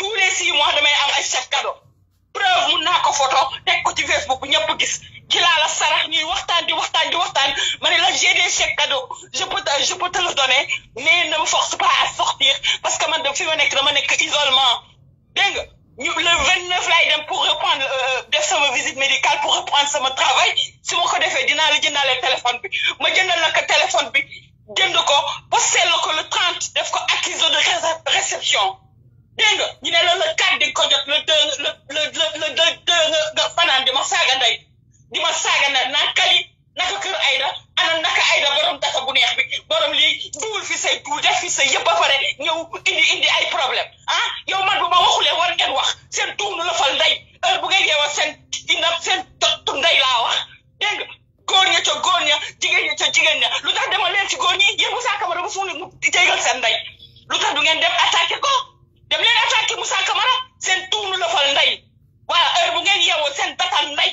Speaker 2: tous les six mois damay am des chèques cadeaux preuve ko photo des ko Facebook a gis la j'ai des chèques cadeaux je peux te je donner mais ne me force pas à sortir parce que man isolement le 29 laay pour reprendre euh, visite médicale pour reprendre mon travail su fait Je la le téléphone bi ma le téléphone bi ko le 30 def ko accusé de réception le 4 di ko le le le le le le ana naka ay da borom daka bu neex bi borom lii duwul fi say duul fi say yëpp ba pare ñëw indi indi ay problème ah yow man bu ma waxulee war ngeen wax seen tuum la fal ndey heure bu ngeen yeewal seen dina seen tot ndey laa wax dégg nga góor ña ca góor ña jigéen ña ca jigéen ña lu tax dema leen ci góor ñi yéen Moussa Camara bu fu mu jégal seen ndey lu tax du ngeen dem attaqué ko dem leen attaqué Moussa Camara seen tuum la fal ndey waa heure bu ngeen yeewal seen datan ndey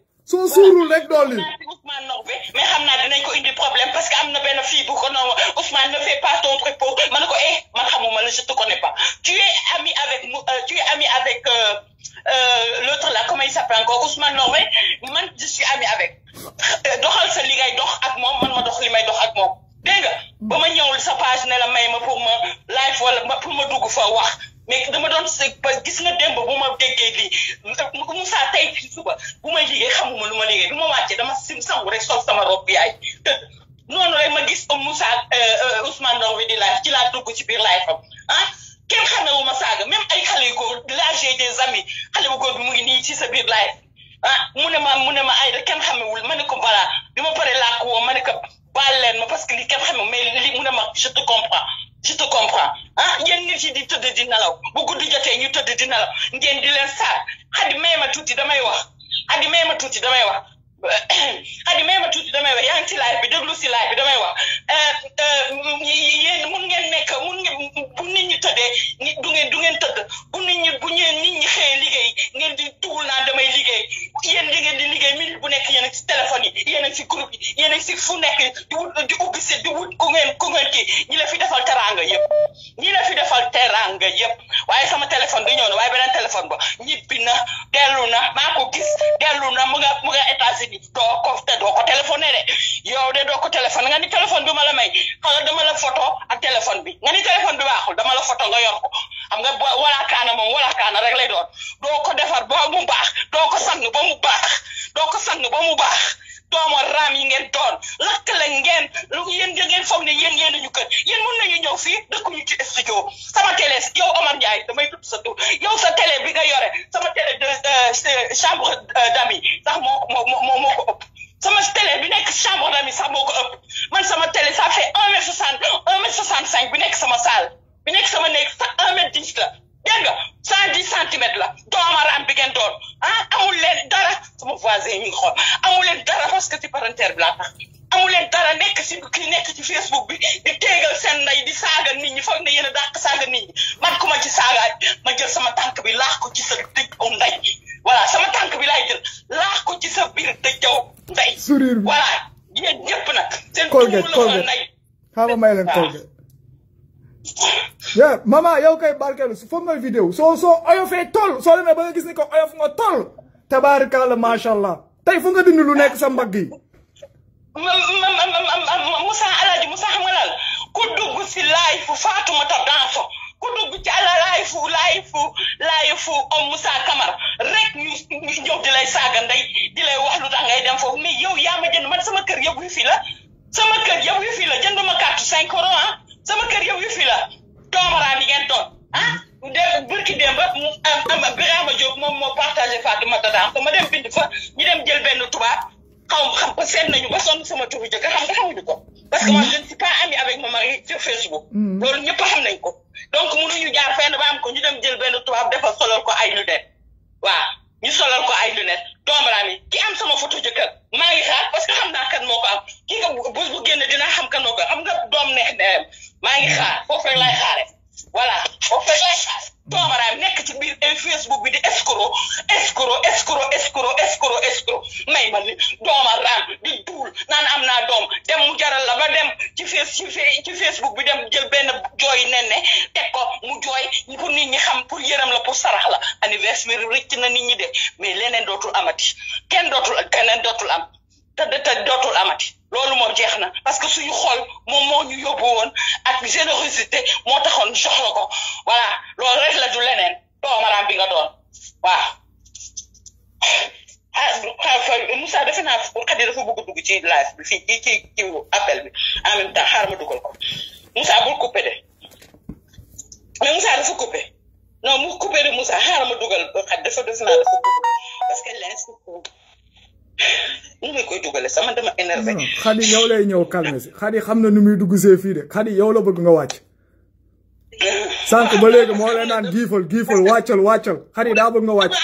Speaker 1: soo suurul rek dolli. Ousmane Nox mais
Speaker 2: xam naa dinañ ko indi problème parce que am na benn fii bu ko noonu Ousmane ne fait pas ton propos ma ne ko eh man xamuma la je te connais pas tu es ami avec euh, tu es ami avec euh, euh, l'autre là comment il s'appelle encore Ousmane Nox bi man je suis ami avec doxal sa li ngay dox ak moom man ma dox li may dox ak moom dégg ma ñëwul sa page la may ma pour ma live wala pour ma dugg fa wax. mais dama doon sëg ba gis nga démb bu ma déggee lii Moussa tey fii suba bu may liggéey xam lu ma liggéey bi ma wàccee dama sim sangu rek sol sama rob bi yaay të noonu rek ma gis Moussa euh, Ousmane Ndong bi di laaj ci laa dugg ci biir laay fam ah kenn xamewu ma saaga même ay xale yu góor la j'ai des amis xale bu góor bi mu ngi nii ci sa biir laay ah mu ne ma mu ne ma ay rek kenn xamewul ma ne ko voilà bi ma paree làkk woo ma ne ko baal leen ma parce que li kenn xame mais li ne ma je te tu te comprends ah yéen nit yi di tëdd di nalaw bu guddi jotee ñu tëdd di nelaw ngeen di leen saar xadi may tuuti damay wax xadi may tuuti damay wax xadi [coughs] may ma tuuti damay wax yaa ngi ci live bi déglu si live bi damay wax yéen eh, eh, mun ngeen nekk mu ngeen bu nit ñi tëddee nit du ngeen du ngeen tëdd bu nit ñi bu ñeen nit ñi xëyee liggéey ngeen di tuul naa damay liggéey yéen di ngeen di liggéey minute bu nekk yéen a si téléphone yi yéen a ngi si groupe yi si fu nekk di wut di ubbi si di wut ku ngeen ku ngeen kii ñi la fi defal teranga yëpp ñi la fi defal teranga yëpp waaye sama téléphone bi ñëw na waaye beneen téléphone ba ñibbi na dellu na maa ko gis dellu na ni doo ko te doo ko téléphoné yow de doo ko téléphone nga ni téléphone bi ma la may xala dama la photo ak téléphone bi nga téléphone bi baaxul dama la photo nga yor ko xam nga boo walaakaana moom walaakaana rek lay doon doo ko defar ba mu baax doo ko sang ba mu baax doo ko sang ba mu baax doomu raam yi ngeen doon lakk la ngeen yéen da ngeen foog ne yéen yéen nañu kër yéen mën nañu ñëw fii dëkkuñu ci studio sama télé yow Omar Ndiaye damay tudd sa tur yow sa télé bi nga yore sama télé de chambre d'ami sax moo moo moo moo ko ëpp sama télé bi nekk chambre d'ami sax moo ko ëpp man sama télé ça fait un mètre soixante un mètre soixante cinq bi nekk sama salle bi nekk sama
Speaker 1: colgate colgate xaaral may leen colgate ah. yeah mama yow kay barkeelu foog nga vidéo soo soo oyofee tool soo demee ba nga gis ni ko oyof nga tool tabaarkalla macha allah tey fu nga dindi lu nekk sa mbagg yi
Speaker 2: Moussa Alaaji Moussa xam ku dugg si laay fu Fatoumata Danso ku dugg ci àlla laay om Moussa Camara rek ñu ñu di lay saaga ndey di lay wax lu tax ngay dem foofu mais yow yaa ma jënd man sama kër yëpp fi la sama kër yow yu fi la jënduma carte cinq euros ah sama kër yow yu fi la toomaraan yi ngeen toog ah de burki démba mu am Birama moom moo partagé Fatoumata Dam ma dem bind fa ñu dem jël benn tubaab xaw xam ko seet nañu ba sonn sama turu jëkk xam nga xamuñu ko parce que moi je ne suis pas amie avec ma mari sur Facebook mm. loolu ñëpp xam nañ ko donc mënuñu jaar fenn ba am ko ñu dem jël benn tubaab defa solol ko ay lu den waaw ñu solal ko ay lunettes doomaraam yi ki am sama photo jëkkër maa ngi xaar parce que xam naa kan moo ko am ki nga bés bu génn dinaa xam kan moo ko xam nga doom neex na maa ngi xaar foofu rek laay xaare voilà foofu rek laay xaare toobaraay nekk ci biir dem Facebook bi di escro escro escro escro escro escro may ma ni dooma raan di duul naan am naa doom dem mu jaral la ba dem ci face ci Facebook bi dem jël benn jooy ne ne teg ko mu jooy pour nit ñi xam pour yërëm la pour sarax la anniversaire rëcc na nit ñi de mais leneen dootul amati kenn dootul keneen dootul am te te dootul amati loolu moom jeex na parce que suñu xol moom moo ñu yóbbu woon ak générosité moo taxoon jox la ko voilà loolu rek la du leneen doo maraam bi nga doon waaw. ah Moussa defe naa xadi dafa bëgg dugg ci live bi fii ci ci ci appel bi en même temps xaar ma dugal ko Moussa bul coupé de mais Moussa dafa coupé non mu coupé de Moussa xaar ma dugal xadi dafa def naa dafa bëgg parce que
Speaker 1: nii lay koy dugale sax man xadi yow lay ñëw calme si xadi xam na nu muy dugg see fii de xadi yow la bëgg nga wàcc. [laughs] sànq ba léegi moo lay naan giifal giifal wàccal wàccal xadi daa bëgg nga wàcc.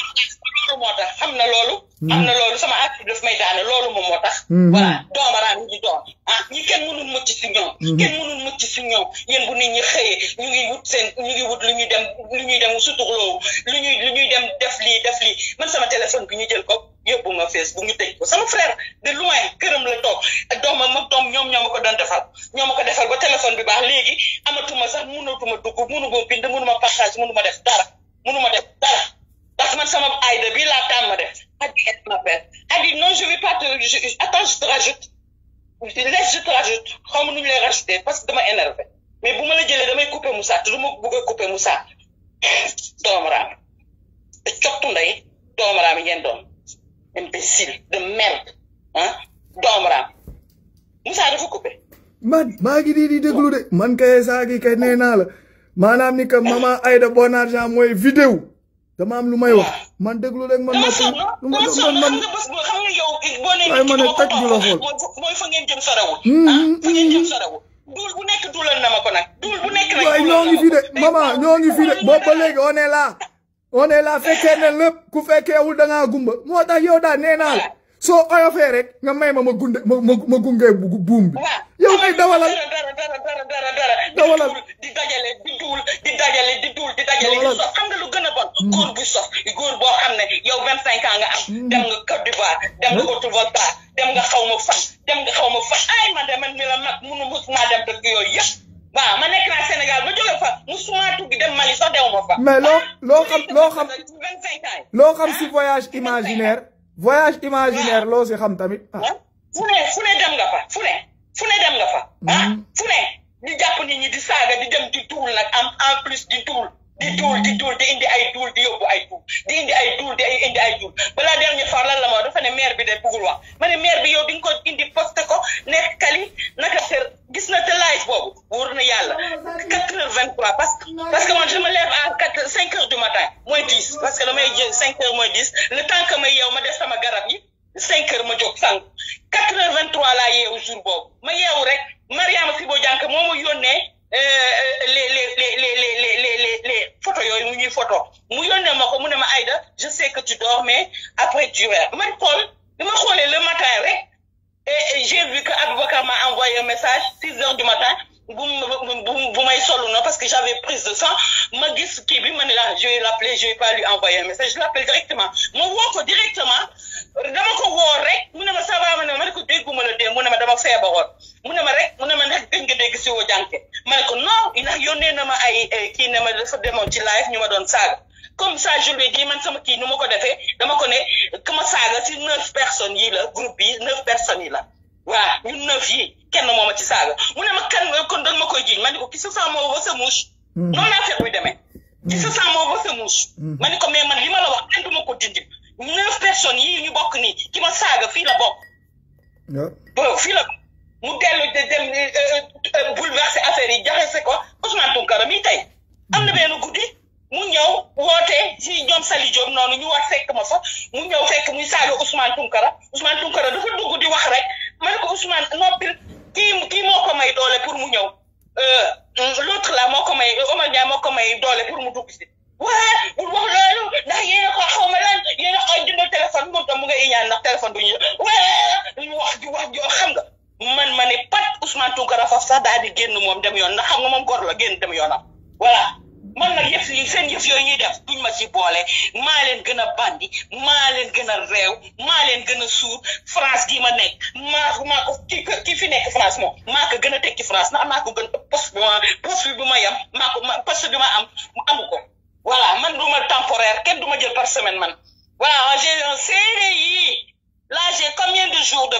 Speaker 1: loolu moo
Speaker 2: tax xam na loolu. Hmm. am na loolu sama activité def may daane loolu moom moo tax. Hmm. voilà doomaraan ñu doon ah ñi kenn mënul mucc si ñoom. Hmm. kenn mënul si ñoom yéen bu nit ñi xëyee ñu ngi wut seen ñu ngi wut lu ñuy dem lu ñuy dem suturloo lu ñuy lu ñuy dem def lii def lii man sama téléphone bi ñu jël ko. yóbbu ma fees bu ñu tëj ko sama frère de loin këram la toog ak ma ak doom ñoom ñoo ma ko doon defal ñoom ma ko defal ba téléphone bi baax léegi amatuma sax mënatuma dugg mënu ma bind mënu ma partage mënu ma def dara mënu ma def dara. Parce que sama m'a aidé, la table, Hadi, elle m'appelle. Hadi, non, je pas te. Je, attends, je te Comme nous les rajouter, parce que dama énervé. Mais vous me le dites, demain, couper Moussa. Tout le monde veut couper Moussa. Domram. Tchotundaï, Domram, Yendom. Imbécile, de merde. Hein? Domram.
Speaker 1: Moussa, il faut couper. man maa ngi di di déglu de man kay saa gi kay nee maanaam ni que maman Aïda Bon Argent mooy vidéo dama lu may wax man déglu rek man noppal lu ma doon man man waaye ma ne taj du la xool. mooy mm-hmm, ah, mm-hmm. ñoo ngi fi de maman ñoo ngi fi de boobu ba léegi on est là on est là fekkee ne lépp ku fekkee wul da ngaa gumba moo tax yow daal naa la. soo oyofee rek nga may ma ma gunde ma ma gunge buum bi. yow ngay dawalal
Speaker 2: dara dara dara dara dara.
Speaker 1: dawalal di dajale
Speaker 2: di duul di dajale di duul di dajale di sof xam nga lu gën a
Speaker 1: bon. Hmm. góor bu
Speaker 2: sof góor boo xam ne yow vingt cinq ans nga am. Hmm. dem nga Côte d'Ivoire dem nga hmm. Haute-Volta dem nga xaw ma fan dem nga xaw ma fan ay man de man mi la mag munu mus maa dem dëkk yooyu yëpp waaw ma nekk naa Sénégal ba jóge fa musuma tukki dem Mali sax dew ma fa. mais loo
Speaker 1: loo xam ah, loo xam loo xam ah, si voyage imaginaire. voyage imaginaire l'eau, c'est xam tamit ah.
Speaker 2: fune fune dem nga fa fune dem ah dem en plus di di duul di duul di indi ay duul di yóbbu ay indi ay duul di indi ay duul balaa la ma wax dafa ne bi de bëggul wax ma ne bi yow di nga ko indi poste ko nekk kali naka ser gis na te live boobu wóor na yàlla quatre heures vingt trois parce que parce que man je me lève à quatre cinq heures du matin moins dix parce que damay cinq heures moins dix le temps que may yeew ma def sama garab yi cinq heures ma jóg sànq quatre heures vingt trois laa yeewu jour boobu ma yeewu rek Mariama Sibo Dianka moo ma yónnee Eh, les les les les les les les photos yooyu mu ñuy photo mu yónnee ma ko mu ne ma Aïda je sais que tu dors mais après tu verras man xool bi ma le matin rek et j'ai vu que Aboubacar m'a envoyé un message six heures du matin vous bu may solu non parce que j'avais prise de sang ma gis kii bi ma la je vais l'appeler je vais pas lui envoyer un message je l'appelle directement Mon woo ko directement dama ko woo rek mon ne ma ça va ma ne ma ne ko dégguma la dee mu ne ma dama feebaroon mu ne ma rek mu ne ma ndax gën si woo jànke ma ko non ndax yónnee na ma ay eh, kii de ma dafa demoon ci live ñu ma doon comme ça je lui ai dit man sama kii nu ma ko defee dama ko ne ku ma neuf personnes yi la groupe bi neuf personnes yi la voilà ñun neuf yi kenn mooma ci saaga mu ne ma kan nga kon danga ma koy jiiñ ko sa mouche noonu laa demee ki se sent moo ba sa mouche mm. ma ko mais ma la wax kenn du ma ko dindi neuf personnes yii ñu bokk nii ki ma saaga fii la bokk fii la mu dellu de dem euh, euh, euh, bouleversé affaire yi jaxase ko Ousmane Tounkara mii tey am na benn guddi mu ñëw woote si ñoom Sali Diop noonu a war fekk ma fa mu ñëw fekk muy saaga Ousmane Tounkara Ousmane Tounkara dafa dugg di wax rek ma ne ko Ousmane noppil kii kii moo ko may doole pour mu ñëw euh, mm, l'autre là moo ko may Omar Dia moo ko may doole pour mu dugg si waa bu wax loolu ndax yéen a ko xaw ma lan yéen a ko jëndal téléphone moom tam mu ngay ñaan ndax téléphone du ñu waa wax ji wax joo xam nga man ma ne pat Ousmane Tounkara faf sax daal génn moom dem yoon ndax xam nga moom góor la génn dem yoonam voilà. man nag yi France gi voilà par semaine man j'ai CDI combien de jours de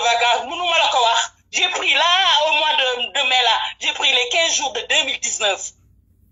Speaker 2: j'ai pris là au mois de mai là j'ai pris les 15 jours de 2019.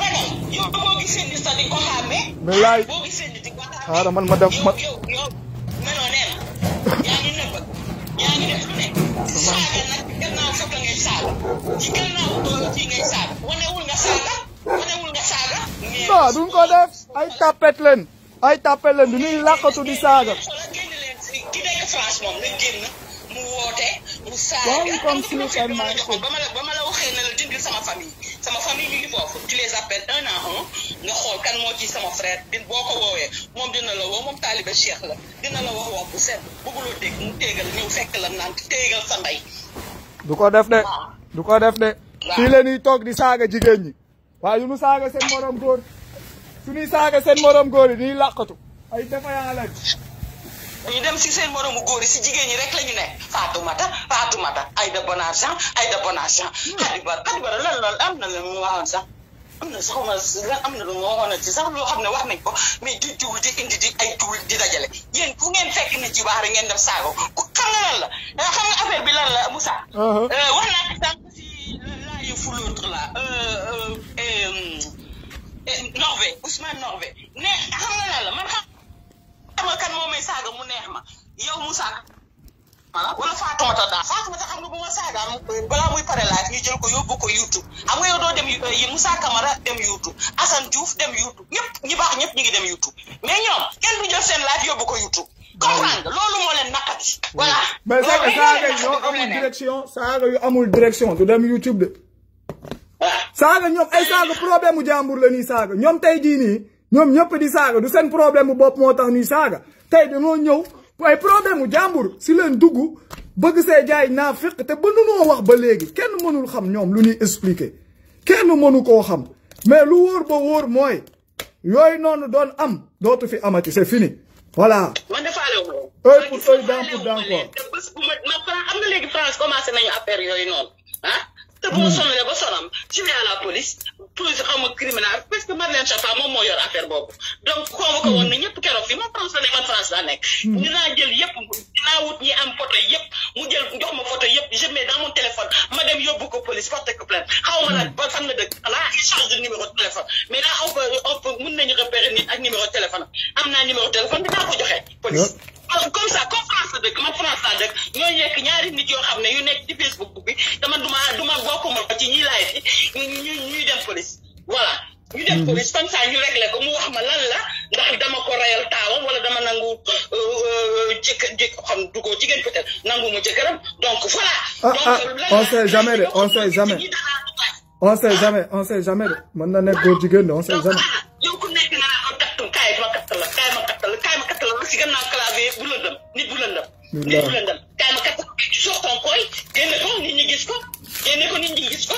Speaker 2: René, yow boo gisee ni sax di ko xàmmee.
Speaker 1: mais laay boo di ko xàmmee. xaaral man ma def ma yow yow meloo neen yaa
Speaker 2: ngi nëbb yaa ngi def ne. saaga nag gannaaw foog ngay saaga ci gannaaw doole ci
Speaker 1: ngay saaga wanewul nga saaga nga saaga. non duñ ko def ay tapet leen ay tapet leen du ñuy làqatu di saaga. ki nekk France moom na génn mu mu saaga. waaw comme si ba ma la ba la
Speaker 2: waxee na la dindil sama famille. sama famille mi ngi foofu tu les appelles un à un nga xool kan moo ci sama frère boo ko woowee moom dina la woo moom taalibe cheikh la dina la wax wax bu set bëgguloo dégg mu téegal ñëw fekk la naan téegal sa ndey
Speaker 1: du ko def de du ko def de fii la ñuy toog di saaga jigéen ñi waaye yu ñu saaga seen morom góor su ñuy saaga seen morom góor yi ñuy ay defayaa lañ
Speaker 2: ñu dem si seen moromu góor yi si jigéen ñi rek la ñu ne Fatoumata Fatoumata Aïda Bon ay Aïda Bon Argent hmm. Khadiba Khadiba loolu loolu am na lu mu waxoon sax am na sax ma am na lu mu waxoon sax loo xam ne wax nañ ko mais di diw di indi ay tuul di dajale yéen fu ngeen fekk ne ci baax rek ngeen def saago ku xam nga la eh, xam nga affaire bi lan la Moussa uh-huh. eh,
Speaker 1: wax naa ko si euh, laayu fu l'autre là euh,
Speaker 2: euh, Norvège Ousmane Norvège ne xam nga lan man xam ma kan moo may saaga mu neex ma yow mu saaga
Speaker 1: wala Fatoumata daal
Speaker 2: Fatoumata xam nga bu ma saagaan balaa muy pare laaj ñu jël ko yóbbu ko yow doo dem yi Moussa Camara dem YouTube Assane Diouf dem YouTube ñëpp ñi baax ñëpp ñi ngi dem YouTube mais ñoom kenn du jël seen laaj yóbbu ko YouTube comprendre nga loolu moo leen naqari
Speaker 1: voilà mais saaga yu amul direction saaga yu amul direction du dem YouTube de ah. saaga ñoom ay saaga problème mu jàmbur la nii saaga ñoom tey jii ñoom ñëpp di saaga du seen problème bu bopp moo tax ñuy saaga tey dañoo ñëw ay problème mu jàmbur si leen dugg bëgg see jaay naa fekk te ba nunoo wax ba léegi kenn mënul xam ñoom lu ñuy expliquer kenn mënu ko xam mais lu wóor ba wóor mooy yooyu noonu doon am dootu fi amati se fini voilà. man de faale pour heure daan pour daan quoi.
Speaker 2: am yooyu noonu ah. te boo hmm. sonné ba sonam ci à la police police xaw ma criminal parce que Marlène Schiappa moom moo yor affaire boobu donc xawma ko woon na ñëpp keroog fii moom France la ne laa nekk hmm. yëpp dinaa ñi am yëpp mu jël jox ma photo yëpp je mets téléphone ma dem yóbbu ko police porté ko plainte xaw ma nag hmm. ba fan la dëkk laa échange de numéro téléphone mais daa on peut on peut mun nañu repérer nit ak numéro téléphone am na numéro téléphone dinaa ko joxe police comme ça comme France la dëkk man France laa dëkk ñoo nekk ñaari nit yoo ne yu nekk ci Facebook bi dama duma duma bokkuma ci ñi laay fi ñu ñuy dem police voilà ñu dem mhm. police comme ça ñu réglé ko wax ma lan la ndax dama ko reyal taawam wala dama nangu euh, euh, jëkk jëkk xam du ko jigéen peut-être nangu mu jëkkëram donc voilà
Speaker 1: ah, donc ah, on sait jamais de on sait jamais on sait on de mën na nekk góor jigéen de on sait
Speaker 2: kaay ma kattan la kaay ma kattan la kaay ma kattan la si gannaaw clavier bu lëndëm nit bu lëndëm. nit bu lëndëm kaay ma kattan sox koy génne ko nit ñi gis ko génne ko nit ñi gis ko.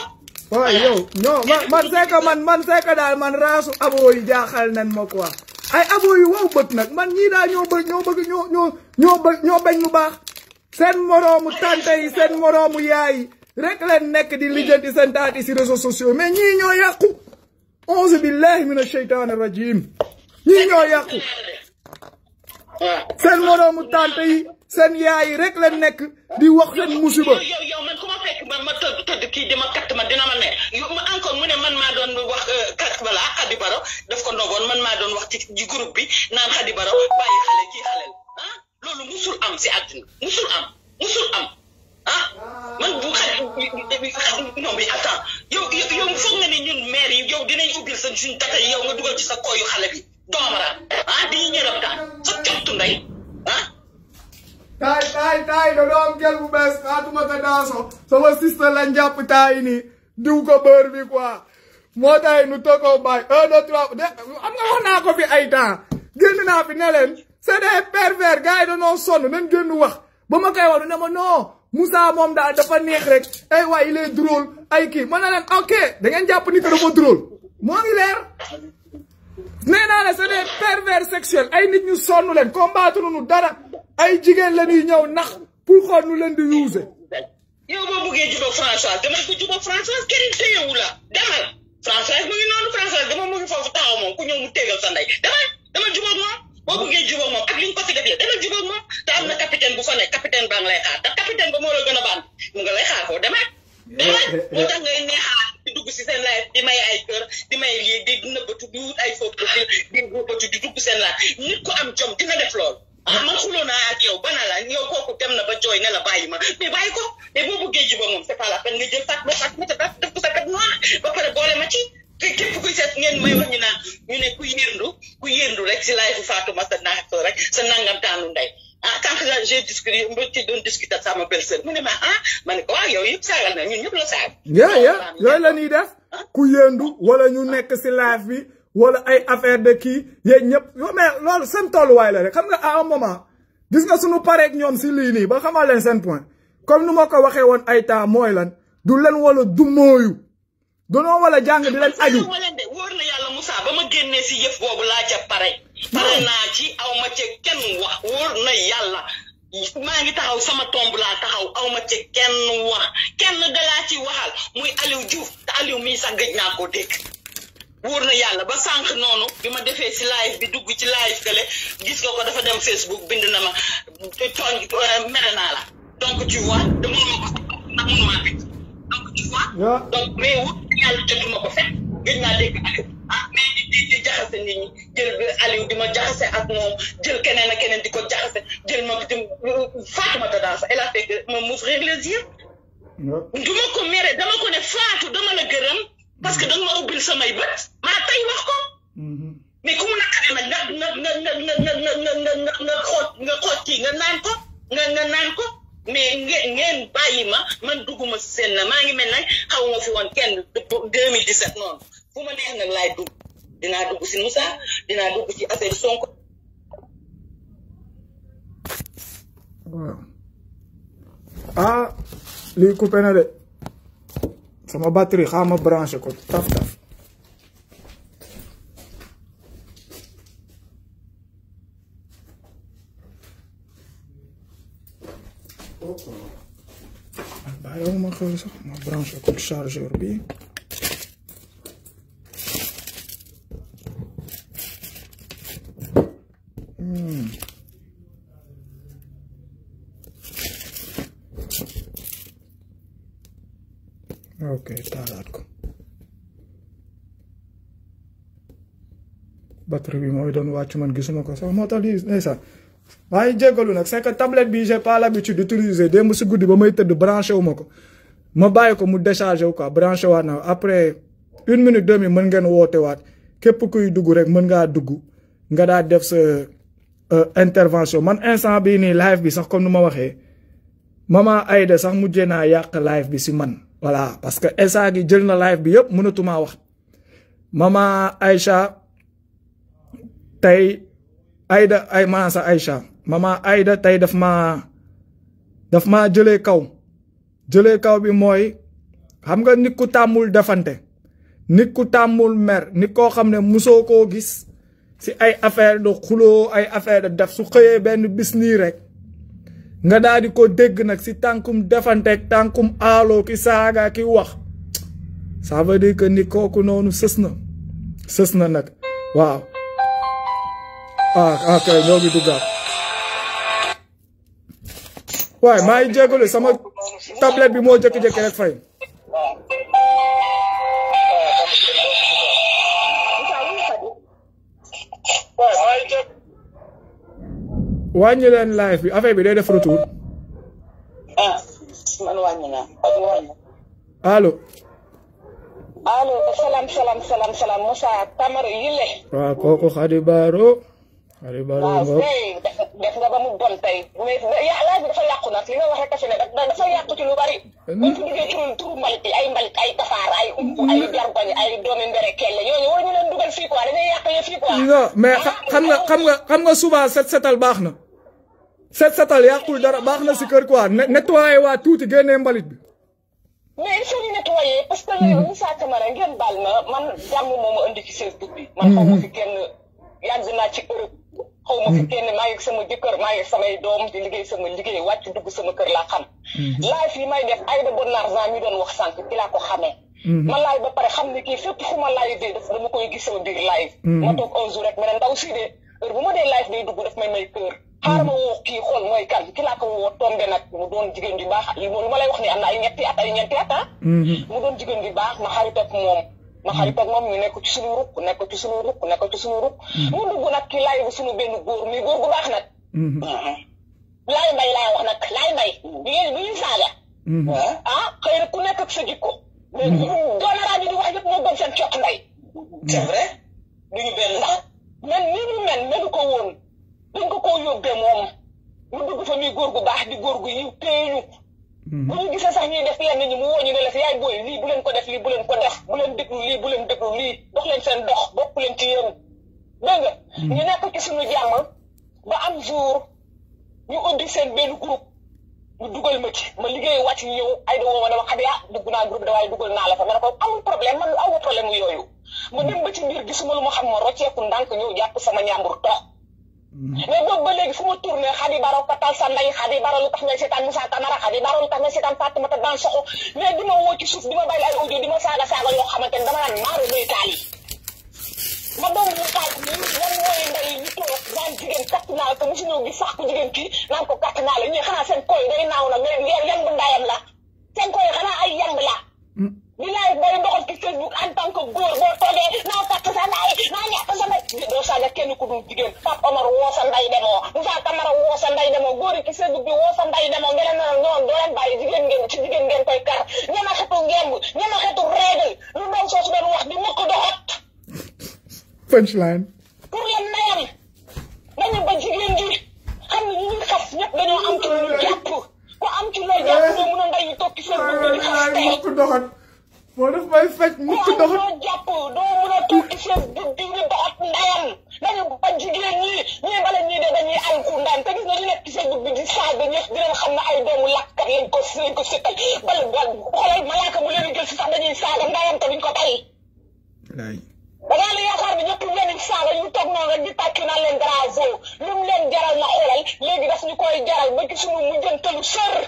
Speaker 1: waaw yow non man man c'est que man man c'est que daal man raasu abo yi jaaxal nañ ma quoi ay abo yu wow bët nag man ñii daal ñoo bëgg ñoo bëgg ñoo ñoo ñoo bëgg ñoo bañ lu baax seen moroomu tante yi seen moroomu yaay yi rek leen nekk di lijjanti seen taati si réseaux sociaux mais ñii ñoo yàqu. auzu billahi mina shaytaani rajim ñii ñoo yàqu seen moroomu tante yi seen yaay rek la nekk di wax seen musiba. yow yow
Speaker 2: man ku ma fekk ma ma tëdd kii di ma kat ma dina ma ne yow ma encore mu ne man maa doon wax euh, kàtt bala Khady Baro daf ko ndogoon man maa doon wax ci groupe bi naan Khady Baro bàyyi xale kii xale ah, loolu musul am si àddina musul am musul am ah man bu xam non mais attends yow yow foog nga ne ñun maire yi yow dinañ ubbil sa suñ tata yi yow nga dugal ci sa kooyu xale bi. doomara ah di ñu ñëw daal
Speaker 1: taay taay taay da doom gel bu bees Fatoumata Danso sama sista lañ jàpp taay nii diw ko bër bi quoi moo tax nu toogoo bàyyi un deux trois de am nga wax naa ay temps génn naa fi ne leen c'est des pervers gars yi dañoo sonn nañ wax ba ma koy wax ne ma non Moussa moom daal dafa neex rek ay eh, waay il est drôle ma ne leen ok da ngeen jàpp ni que dafa moo ngi leer. nee naa la c'est des pervers ay nit ñu sonn leen combattre nu dara ay jigéen la ñuy ñëw nax pour xool nu leen di user.
Speaker 2: yow boo bëggee jubóog François demal ko jubóog François këriñ téyewu la demal François mu ngi noonu François dama mu ngi foofu taxaw moom ku ñëw mu tégal sa ndey demal demal jubóog moom boo bëggee jubóog moom ak li nga ko fi defee demal jubóog moom te am na capitaine bu fa nekk capitaine baa ngi lay xaar te capitaine ba moo la gën a baan nga lay xaar foofu demal. Eh, eh, eh, moo tax ngay neexaat di dugg si seen live di may ay kër di may lii di nëbbatu di wut ay foofu di di nëbbatu dugg seen live nit ko am jom dina def lool. ah man xuloo naa ak yow bana la yow kooku dem na ba jooy ne la bàyyi ma mais bàyyi ko mais boo bëggee juba moom c'est pas la peine nga jël Fatma Fatma te def ko sa pet noir ba pare boole ma ci. te képp kuy seet ngeen may wax naa naan ñu ne ku yéendu ku yéendu rek si live Fatou Massa Ndiaye rek sa nangam taanu ndey. ah quand j'ai discuté ba ci ma ah ma ne ko waaw ah, yow na ñun ñëpp la saag. yaa
Speaker 1: yaa def ah? ku yëndu wala ñu nekk si live bi wala ay affaire de kii yéen ñëpp mais loolu seen tolluwaay la rek xam nga à un moment gis nga suñu pareek ñoom si lii nii ba xamal leen seen point comme nu ma ko waxee woon ay temps mooy lan du leen wala du mooyu danoo wala jàng di leen aju.
Speaker 2: wóor na yàlla musaa ba ma génnee si yëf boobu laa ca pare. pare ci aw ma ci kenn wax wóor na yàlla maa ngi taxaw sama tomb laa taxaw aw ma ci kenn wax kenn dalaa ci waxal muy Aliou Diouf te Aliou mii sax gëj naa koo dégg wóor na yàlla ba sànq noonu bi ma defee si live bi dugg ci live kële gis nga ko dafa dem Facebook bind na ma tooñ euh, mere naa la donc tu vois da mënuma ko ndax mënuma bi donc ko fekk gëj naa dégg Aliou ah mais jaxase nit ñi jël Aliou di ma jaxase ak moom jël keneen a keneen di ko jaxase jël ma di Fatoumata Danso elle a fait que ma m'ouvrir du ma ko mere dama ko ne Fatou dama la gërëm parce que danga ma ubbil samay bët maa tey wax ko. mais ku mu naqaree nag nga kii nga naan ko nga naan ko. mais ngeen ngeen bàyyi ma man dugguma seen na maa ngi mel nag xaw ma fi woon kenn depuis 2017 noonu fu ma neex na laay dugg. dina dugg si Moussa dinaa dugg si
Speaker 1: affaire Sonko. waaw ah lii coupé na de sama batterie xaama branché ko taf taf. bàyyi ma xel sax ma branché ko chargeur bi. Oke, hmm. Okay, tarako. battery bi mooy doon man gisuma sax moo tax lii ndeysaan maa ngi c'est que tablette bi j'ai pas l'habitude d'utiliser démb si guddi ba may tëdd branché ma ko mu quoi minute demi mën ngeen woote waat képp kuy rek nga def Euh, intervention man instant bii nii live bi sax comme nu ma waxee maman ayda sax mujjee naa yàq live bi si man voilà parce que instant gi jël na live bi yëpp mënatumaa wax maman Aïcha tey Aïda ay maanaam sax Aïcha maman Aïda tey daf maa daf maa jëlee kaw jële kaw bi mooy xam nga nit ku tàmmul defante nit ku tàmmul mer nit koo xam ne musoo koo gis si ay affaire de xuloo ay affaire de def su xëyee benn bis nii rek nga daal di ko dégg nag si tànkum defanteeg tànkum aaloo ki saaga ki wax ça veut dire que ni kooku noonu sës na sës na nag waaw ah ok ah, ñoo ngi duggaat waaye maa ngi jégalu sama tablette bi moo jékki-jékki rek fay wàññi leen live bi affaire bi day def retour.
Speaker 2: ah man wàññi naa allo. allo salaam salaam salaam salaam Moussa Camara Yile.
Speaker 1: kooku Khady Baro. Khady Baro
Speaker 2: nga mu bon tey mais bi dafa yàqu nag li nga wax rek a fi dafa yàqu ci lu bari. ay mbalik ay kafaar ay ump ay jargoñ ay doomi mbere kelle ñooñu waruñu leen dugal fii quoi dañuy yàq
Speaker 1: fii quoi. non mais xam nga xam nga xam nga suba set setal baax na. set setal yàqul dara baax na si kër quoi nettoyé waa tuuti génnee mbalit bi.
Speaker 2: mais il faut ñu nettoyé parce que yow Moussa Camara ngeen baal ma man jàmm moo ma indi ci Facebook bi. man xaw ma fi kenn yàgg naa ci Europe. xaw ma fi kenn maa sama jëkkër maa ngi samay doom di liggéey sama liggéey wàcc dugg sama kër laa xam. Mhm. live yi may def ay de bon argent ñu doon wax sànq ki ko xamee. Mhm. ma laay ba pare xam ne kii fépp fu ma laay dee daf dama koy gis sama biir live. Mhm. ma toog un jour rek ma ne ndaw de heure bu ma dee live day xaaral ma woo kii xool mooy kan ki laa ko woo tombe nag mu doon jigéen ji baax li ma lay wax ni am na ay ñetti at ay ñeenti ah. mm-hmm. mu doon jigéen ju baax ma xarit ak moom. ma xarit moom ñu nekk ci suñu rukk nekk ci suñu rukk nekk ci suñu rukk. Mm-hmm. mu dugg nag ki laay bu suñu benn góor mi góor gu baax nag.
Speaker 1: Mm-hmm.
Speaker 2: laay mbay laa wax nag laay mbay. bi ngeen bi ngeen saaga. ah, ah ku nekk ak sa jikko. mais doon naa di wax yëpp moo gën seen mbay. ñuy def yenn ñi mu woñu ne la fi yaay boy lii bu leen ko def lii bu leen ko def bu leen déglu lii bu leen déglu lii dox leen seen dox bokk leen ci yéen dégg nga ñu nekk ci suñu jàmm ba am jour ñu uddi seen benn groupe ñu dugal ma ci ma liggéey wàcc ñu ñëw ay dama ma dama xam dugg naa groupe dugal naa la fa ma ne ko amul problème man problème yooyu ma dem ba ci mbir gisuma lu ma xam ma rocceeku ndànk ñëw jàpp sama ñàmbur mais boobu ba fu ma tourné Khady Baro Patal sa ndey Khady Baro lu tax nga seetaan Moussa Camara Khady Baro lu tax nga seetaan Fatoumata Dansokho mais di ma woo ci suuf di ma bàyyi ay audio di ma saaga saaga yoo xamante ne dama naan maaru muy yi ma doon mu taal yi lan mooy ndey ñu gi sax ko jigéen kii naan ko kàtt naa la ñuy xanaa seen koy day naaw na mais yan yan bu ndaayam la seen koy xanaa ay yamb la mm. li laay bay doxal ci Facebook en tant que toogee naa takk sa ndey naa ñàkk sa ndey doo saaga kenn ku dul jigéen Pape Omar woo sa ndey demoo Moussa Camara woo sa ndey demoo góor yi ci Facebook bi woo sa ndey demoo ngeen ne noonu doo leen bàyyi jigéen ngeen ci jigéen koy kar ñama xetu ngemb ñama xetu réegal lu doon soosu doon wax di mukk doxat punchline pour leen nayal dañu ba jigéen ji xam ne ñu xas ñëpp dañoo am ci lu ñu jàpp ku am ci eh. a
Speaker 1: moo def may faj mukk dox doo
Speaker 2: jàpp doo mën a toog ci chaise bi di ñu doxat ndayam ba jigéen ñi ñii bala ñuy dee dañuy alku ndaan te gis nga nekk ci chaise bi di saaga ñëpp di xam na ay doomu lakkat lañ ko lañ ko sëkkal bala xoolal malaaka mu leen jël si sax dañuy saaga ndayam te duñ ko tey dangaa la yaakaar bi ñëpp leen saaga ñu toog noonu rek di tàccu naan leen drapeau lu mu leen jaral na xoolal léegi daf ñu koy jaral ba ci suñu mujjantalu sër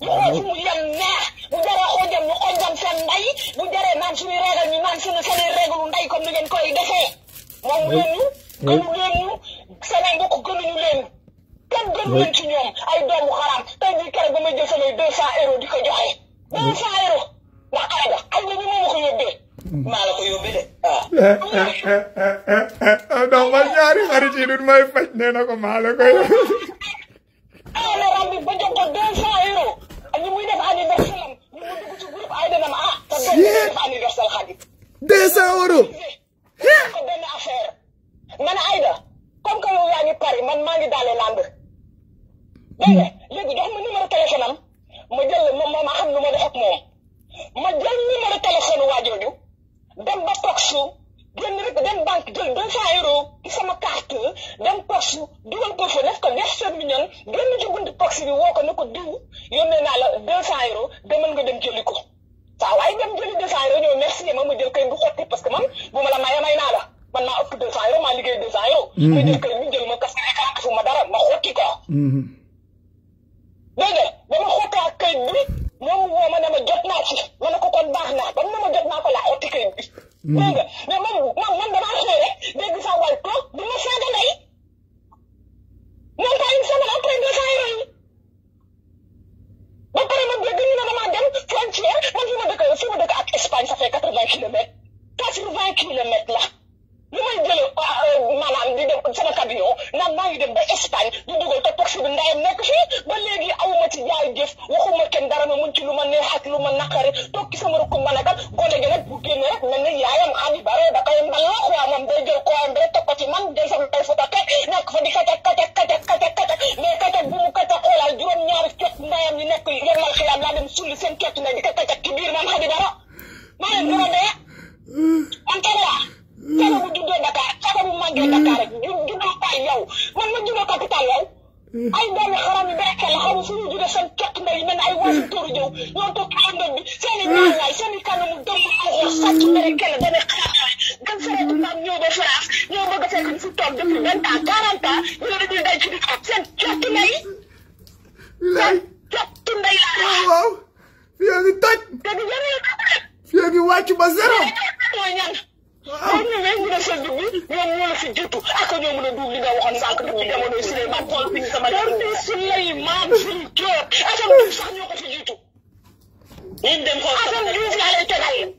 Speaker 2: mu mu yem neex bu jaree xojam ñu xojam seen ndey bu jaree naan suñu régal ñu naan suñu seen i réglu ndey comme ni ngeen koy defee. moom leen ñu seen ay mbokk gënuñu leen. leen ci ñoom ay doomu xaraam tey jii keroog ñu moom la ko ko yóbbee de waaw.
Speaker 1: donc ñaari xarit may faj nee ko maa la ko yóbbee.
Speaker 2: ah ma ràññee ah, ba jox ko deux cent ñi muy def anniversaire am ñu mu dugg ci groupe ay dana ma ah. te benn def anniversaire xarit.
Speaker 1: 200
Speaker 2: comme que yow yaa ngi man maa ngi daale lamb. dégg nga léegi jox ma numéro téléphone ma jël moom moo xam nu ma def moom ma jël numéro téléphone waajooju dem ba toog génn rek dem banque jël deux cent euros sama carte dem poche dugal ko fa def ko def seen mignon génn ci bunt poche bi woo ko ne ko diw naa la deux cent euros demal nga dem jëli ko saa waaye dem jëli deux cent euros merci ma ma jël kay du xotti parce que man bu ma la maye may naa la man maa ëpp deux cent maa liggéey deux cent ma mm-hmm. jël kay ñu jël ma kas defu ma dara ma xotti ko mm-hmm. dégg nga ba ma xotti ak kayit bi moom woo ma ne ma jot naa ci ma ne ko kon baax na ba mu ne ma naa ko Mm-hmm. dégg nga man man man damaa xëy rek dégg sa waay ko oh, di ma saaga ndey moom tamit sama la ba pare man dégg ñu ne damaa dem frontière man fi ma dëkk fi ma dëkk ak Espagne ça fait quatre vingt kilomètres la. Euh, bi may jëlee maanaam di dem sama camion maa ngi dem ba Espagne di dugal ko taxi bi ndayam nekk fii ba léegi awuma ci jaay jëf waxuma kenn dara ma mun ci lu ma ne ak lu ma naqari toog ci sama rukk ma nekkal gone gi nag bu génne rek mel ni yaayam xam yi bare da koy mbalax waa ko ci man day sama day futa teg nekk fa di katak katak katak katak katak mais katak bu mu katak xoolal juróom ñaari cot ndayam yi nekk yomal xiyaam laa dem sulli seen cot na di ko katak ci biir man xam yi dara maa leen gën a dee tey bu juddoo Dakar tey bu màggee mm. Dakar ak ju juddoo Paal yow man ma juddoo capital yow. Mm. ay doomu xaram yi béykat la xam suñu juddoo seen cott mbay yi mel ne ay waasu mm. tóoru jëw ñoo toog àndoon bi seen i ñaanlaay seen i kanamu doomu alxor sàcc mbéy kenn demee xaaral gan fere bu maam ñëw ba France ñoo bëgg a fekk ñu fi toog depuis vingt ans
Speaker 1: quarante ans ñu ne dañuy denc di toog seen cott mbay. seen cott mbay la. waaw oh, waaw fii a ngi toj. te du yëngu yëngu. fii a ngi wàcc ba zéro.
Speaker 2: mooy ñan. léegi nag léegi nag sëñ bi ñoom ñoo la fi jiitu ak ñoo mën a duub li nga waxoon sànq depuis jamono yi Souleymane xool bi sama jamono yi Souleymane suñ joor Assane Diouf sax ñoo ko fi jiitu. ñun dem xool Assane Diouf laa lay tegal.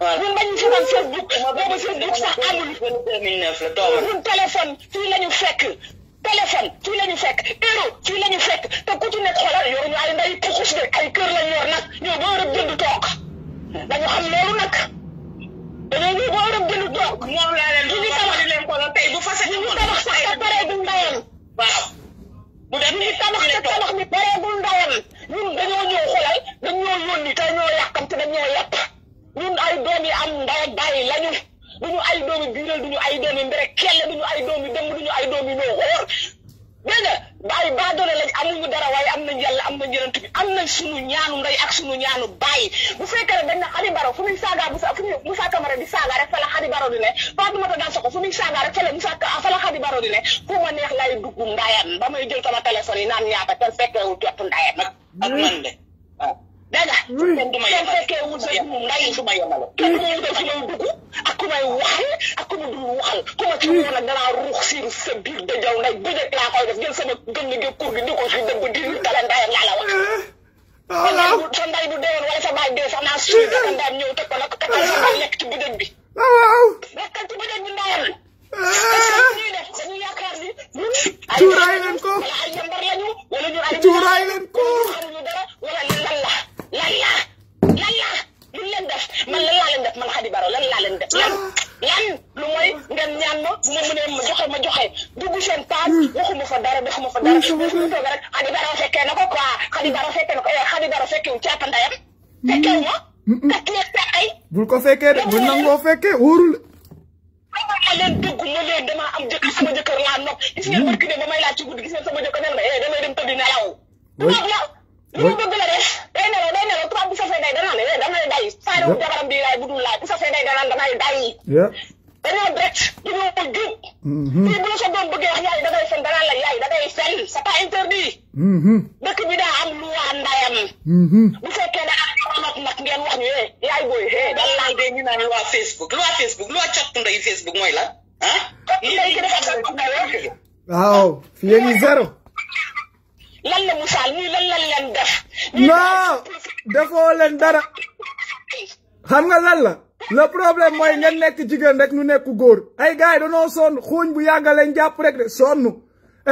Speaker 2: waaw ñun bañ fi doon Facebook boobu Facebook sax amul. 2009 la toog ñun téléphone fii la ñu fekk. téléphone fii la ñu fekk euro fii la ñu fekk te ku ci nekk xoolal yoruñu ay nday puxus de ay kër la ñu yor nag ñoo ba war a jënd toog hmm. dañu xam loolu nag. dañoo ñu booram gënu toog. moom laa leen di leen ko la tey bu fas a. ñu tabax sax te pareegul ndayam. waaw bu dem ñu tabax te tabax mi pareegul ndayam. ñun dañoo ñëw xoolal dañoo yónni te ñoo yàqam te dañoo yàq ñun ay doom yi am ndaw ak bàyyi lañu duñu ay doomi biiral duñu ay doomi mbere kelle duñu ay doomi dëmb duñu ay doomi noo xoor dégg nga ay baadoole lañ amuñu dara waaye am nañ yàlla am nañ yonent bi am na sunu ñaanu ndey ak sunu ñaanu bàyyi bu fekkee ne dañ na Xadi Baro fu muy saaga bu sa fu muy Moussa Camara di saaga rek fa la Xadi Baro di ne Fatoumata Dansogo fu muy saaga rek ma neex lay dugg ba may jël sama téléphone yi naan ñaata te fekkewul jot ndaayam nag ak man de dégg nga kenn fekkee wu sa yëngu ndayi su ma yemale. kenn ku ma su ma a ak ku ma dul ku ma ci woo nag danaa ruux si sa biir dajaw nday bu njëkk laa koy def jël sama gën liggéey kur di ko si dëbb di tala ndayam a la wax. waaw eh, sa nday bu deewoon wala sa baay dee sax naa suy dëkk eh, eh. ndayam ñëw teg ko nag takkal sa baay lekk ci bëjëg bi. Ah, waaw. lekkal ci bëjëg bi
Speaker 1: tuuraay leen ko
Speaker 2: tuuraay leen ko man lan laa leen def man Khady Baro lan laa leen def lan lan lu mooy ngeen ñaan ma ma mu ne ma joxe ma joxe dugg seen paas waxuma fa dara waxuma fa dara toog rek Khady Baro fekkee na ko quoi Khady Baro fekkee na ko yow Khady Baro fekkee wu caapa ndayam fekkee ma kat lekk ay
Speaker 1: bul ko fekkee de bul nangoo fekkee wóorul
Speaker 2: xamal ma ma leen damaa am jëkkër sama jëkkër laa nopp gis ngeen hmm. barki ne damay laaj ci guddi gis ngeen sama jëkkër nen ma eh damay dem tëdd nelaw tubaab la lu mu bëgg la de day nelaw day nelaw tubaab bu safee day danaan eh, damay day saa bu jabaram di laay bu dul laay bu safee day danaan dañoo bett dañoo ko
Speaker 1: jub.
Speaker 2: fii bu la sa doom bëggee wax yaay da ngay fen dara la yaay da ngay fen c'est pas interdit. Mhm. dëkk bi daa am lu waa ndayam. Mhm. Eh, eh, naan loi Facebook Facebook loi cottu Facebook mooy lan ah. lii lii dafa am lu eh?
Speaker 1: waaw fii yéen ñi zéro.
Speaker 2: la Moussa ñii lan lan leen def.
Speaker 1: non defoo leen dara. xam nga le problème mooy ngeen nekk jigéen rek ñu nekk góor ay gars yi danoo xuuñ bu yàgg lañ jàpp rek de sonn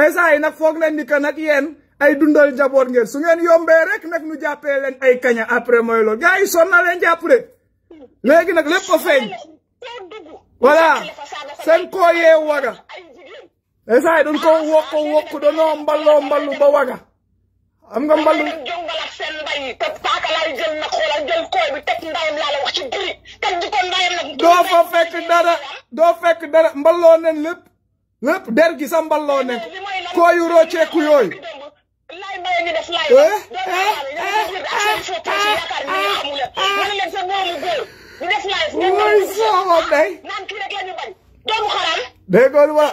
Speaker 1: instant yi nag foog leen ni que nag yéen ay dundal jaboot ngeen su ngeen yombee rek nag ñu jàppee leen ay kaña après mooy loolu gars yi na leen jàpp de léegi nag lépp a feeñ voilà seen koo yee waga instant yi dañ ko wokk wokk danoo mballoo mballu ba waga am nga mbalu bi
Speaker 2: teg ndayam laa la wax
Speaker 1: doo fa fekk dara doo lépp lépp der gi sa mbaloo nen kooyu rocceeku yooyu.
Speaker 2: laay mbaye ñu eh? eh? doo laay eh? leen sa doomu
Speaker 1: góor ah,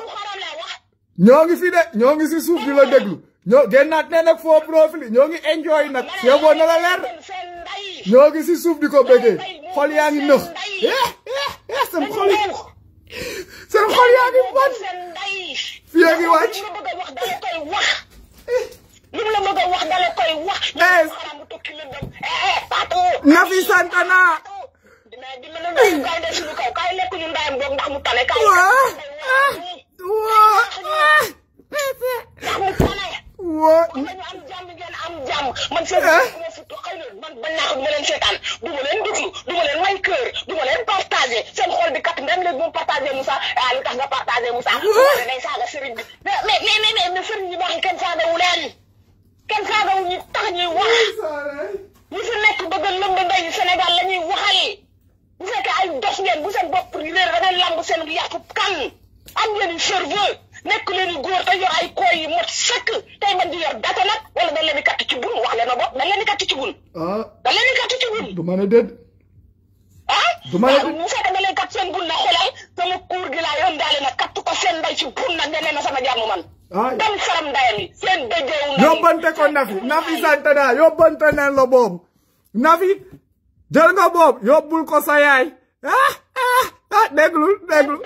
Speaker 1: ñoo ngi fi de ñoo ngi si suuf di la déglu. ñoo génnaat ne nag faux profil ñoo ngi enjoy nag yóbboo na la leer ñoo ngi si suuf di ko bëggee xol yaa ngi nëx eh,
Speaker 2: eh, eh, seen
Speaker 1: xol yaa
Speaker 2: ngi bon fii yaa ngi wàcc. Nafi Santana. waaw waaw. Ah, ah. Won ou courtyard ou ki karons Christ? Moun kise! Moun moun poum tou moun cinde ache ouлем Moun moum kenten nekk leen góor te yor ay kooy yi mot sëkk tey man di yor data nag wala dañ leen di katt ci bun
Speaker 1: wax leen ma bopp dañ ci bun. ah dañ leen ci bun. du ma ne déet. Ah? du ma ne déet
Speaker 2: bu fekkee dañ bun na xoolal sama kuur gi laa na katt ko seen nday bun nag ne na sama jàmm man. ah dem faram ndayam yi seen dëjëw.
Speaker 1: ko Nafi Nafi sant naa yóbbante neen la boobu Nafi jël nga boobu yóbbul ko sa yaay ah ah ah déglul déglul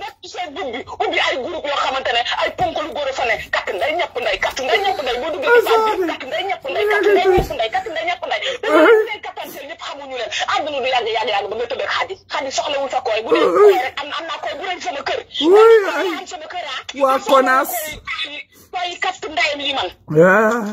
Speaker 2: nekk ci seen dund bi ubbi ay groupe yoo xamante ne ay ponkalu góor a fa ne kat nday ñàpp nday kat nday ñàpp nday boo duggee ci bi kat nday ñàpp nday kat nday ñàpp nday kat nday ñàpp nday dañuy kapanteel ñëpp xamuñu leen àdduna du yàgg yàgg yàgg ba nga tëdd ak xadi xadi soxlawul sa kooy bu dee kooy rek am am naa kooy bu rëñ sama kër
Speaker 1: am sama kër ah waa konaas
Speaker 2: kooy kat li man ah.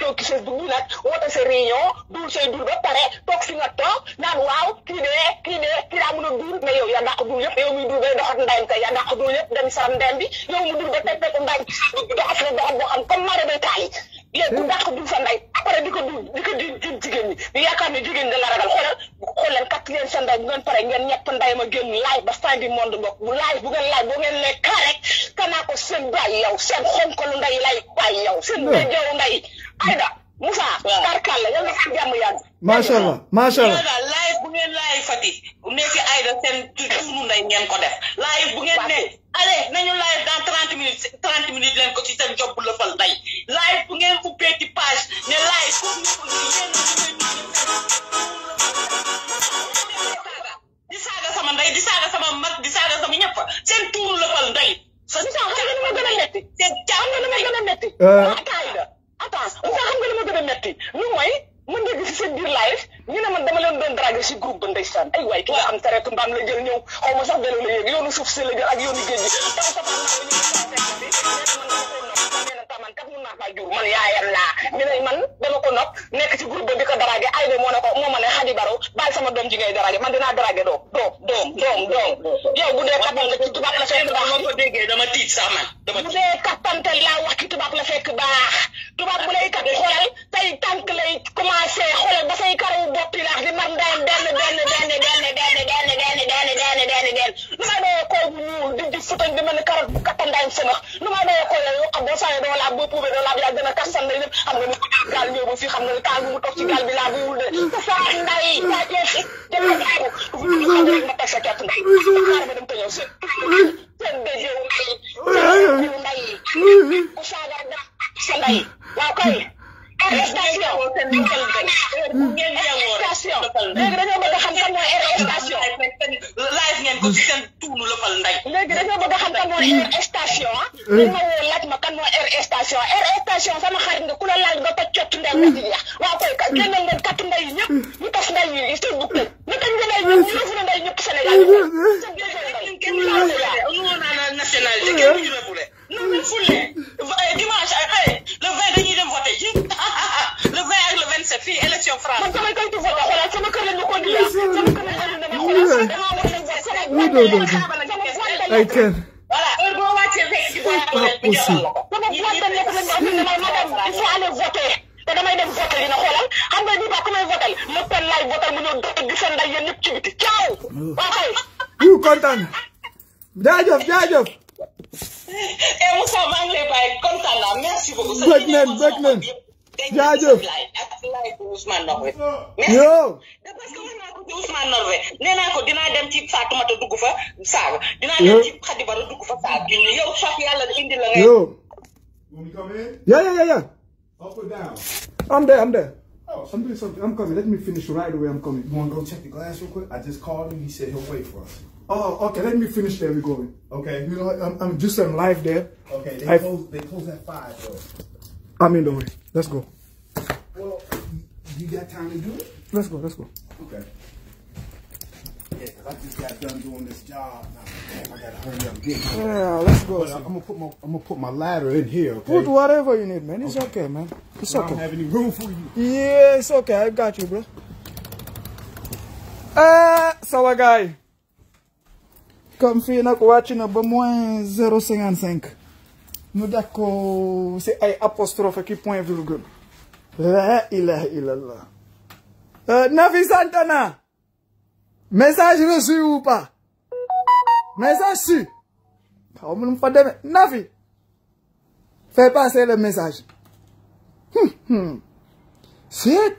Speaker 2: toog sa dugub nag woote sa réunion duul say duul ba pare toog fi nga toog naan waaw kii de kii de kii daa mën a duul mais yow yaa dàq duul yëpp yow miy duul bay doxat ndeyam kay yaa dàq duul yëpp dem saram ndeyam bi yow mu duul ba teg teg ndeyam doxat la doxat boo yéen ku dàq duñ sa ndey après di ko duñ di ko duñ jigéen ñi ñu yaakaar ne jigéen la ragal xoolal xoolal kat leen sa ndey bu ngeen pare ngeen ñepp ndey ma génn laaj ba fin du monde mbokk bu laaj bu ngeen laaj boo ngeen ne kaa rek kanaa ko seen bàyyi yow seen xonkalu ndey lay bàyyi yow seen u eh. ndey ayda Moussa. waaw Tarkal la yàlla na fi jàmm yàgg.
Speaker 1: macha allah macha allah
Speaker 2: live bu ngeen live Fatick nekk Aïda seen tuunu ndey ngeen ko def. live bu ngeen ne allez nañu live dans trente minutes trente minutes leen ko ci seen job bu lëfal ndey bu ngeen ubbee ci page ne live pour ñu di saaga sama ndey di saaga sama mag di saaga sama ñëpp seen tuunu lëfal ndey. seen caa xam nu ma gën a métti. a métti. Euh, attends xam nga li ma gën a metti lu mooy mën nga gis seen biir ñu ne man dama leen doon draguer ci groupe ba ndeysaan ay waay ki nga xam traite mbaam la jël ñëw xaw ma sax vélo la yëg yoonu suuf si la jël ak yoonu géej gi
Speaker 1: jur man yaayam laa ne man
Speaker 2: dama ko nopp nekk ci groupe ba di ko ay de moo ne ko moo ma ne xadi baro sama doom ji ngay man dinaa doom doom doom doom doom yow bu dee kattan la ci tubaab la fekk baax ma ko déggee dama tiit sax man dama bu dee kattante laa wax ci tubaab la fekk baax tubaab bu lay kat tànk lay commencé karaw bopp yi laax di mar daan daan daan daan daan daan daan daan daan daan daan daan nu may doyee koy bu ñuul di di futañ di mel ni karat bu kattandaañ sënax nu may doyee koy yow xam boo sañee doo laab boo puubee doo laab yaa gën a karsan day lépp xam nga ni ko gaal ñëw ba fii xam nga ni taal bi mu toog ci gaal bi laa bu wul de ku faax nday yaa jeexi jël ko jaagu du xam nga ma teg sa kett nday xaar ma dem te ñëw seen seen déjeewu nday seen déjeewu nday ku saagar def sa nday waaw kay arrestation ah, arrestation mm. léegi dañoo bëgg a xam kan mooy arrestation live ngeen ko seen tuunu lëfal nday léegi dañoo bëgg a xam kan mooy arrestation dañ mm. ma woo laaj ma kan mooy arrestation arrestation sama xarit nga ku la laaj nga toj cott ndey nga ci jeex waaw koy mm. génnal leen katt ndey yi ñëpp ñu tas ndey yi seen bukk ñu tañ ndey ñëpp ñu refu na ndey ñëpp Sénégal kenn nationalité kenn ñu refu non mais fulee dimanche ay xëy le 20 dañuy dem voté ji le 20 ak le 27 fii élection France. man damay gëj di voté xoolaat sama kër la ñu ko diya sama kër la ñu demee xoolaat damaa war a voté sama vote la ñu xamal la sama vote la voilà heure boo wàccee fekk di voté bi joxal la ko. sama vote la nekk dañ ma damay madame il faut aller voter te damay dem voté dina xoolal xam nga ñu ba ku may voté le pen laay voté mu ñëw dëgg seen ndey yéen ñëpp ci biti caaw. waaw kay.
Speaker 1: yu kontaan jaajëf jaajëf.
Speaker 2: et Moussa maa merci beaucoup. Ousmane yo
Speaker 1: yeah yeah yeah yeah. up or down. I'm there I'm there. Oh, I'm doing something. I'm coming. Let me finish right away. I'm coming. You want to go check the glass real quick? I just called him. He said he'll wait for us. Oh, okay. Let me finish there. We going. Okay. You know, I'm, I'm just on live there. Okay. They I, close. They close at five. Though. I'm in the way. Let's go. Well, you got time to do it. Let's go. Let's go. Okay. Yeah, cause I just got done doing this job. Now, damn, I gotta hurry up. Get here. Yeah, let's go. But I'm, gonna put my ladder in here. Okay? Put whatever you need, man. It's okay, okay man. It's okay. I don't have any room for you. Yeah, it's okay. I got you, bro. Ah, uh, so I uh, got. comme fii nag wàcc na ba moins zéro cinquante cinq ñu def ko si ay apostrophe ki point virgule la ilaha illallah euh, Nafi Santana message reçu ou pas message su xaw ma nu fa demee Nafi fais passer le message c'est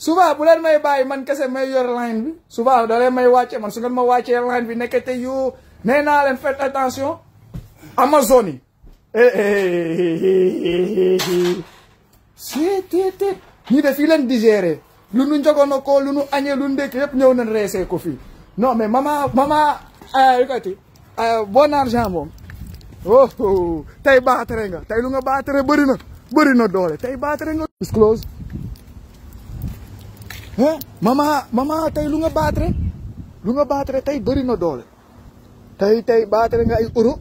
Speaker 1: souvent bu leen may bàyyi man kese may yor line bi souvent da may wàcce man su ngeen ma wàccee line bi nekkete yu nee naa leen faites attention amazon yi eh, eh, eh, seeteeteet ñii de fii leen digéré lu nu njogoon ko lu nu añee lu nu ndékk yëpp ñëw na reesee ko fii non mais mama mama ah, yukati ah, bon argent moom oh, oh. tey baatare nga tey lu nga baatare bëri na bëri na doole tey baatare nga disclose ah mama mama tey lu nga baatere lu nga baatere tey bëri na doole tey tey baatere nga ay euro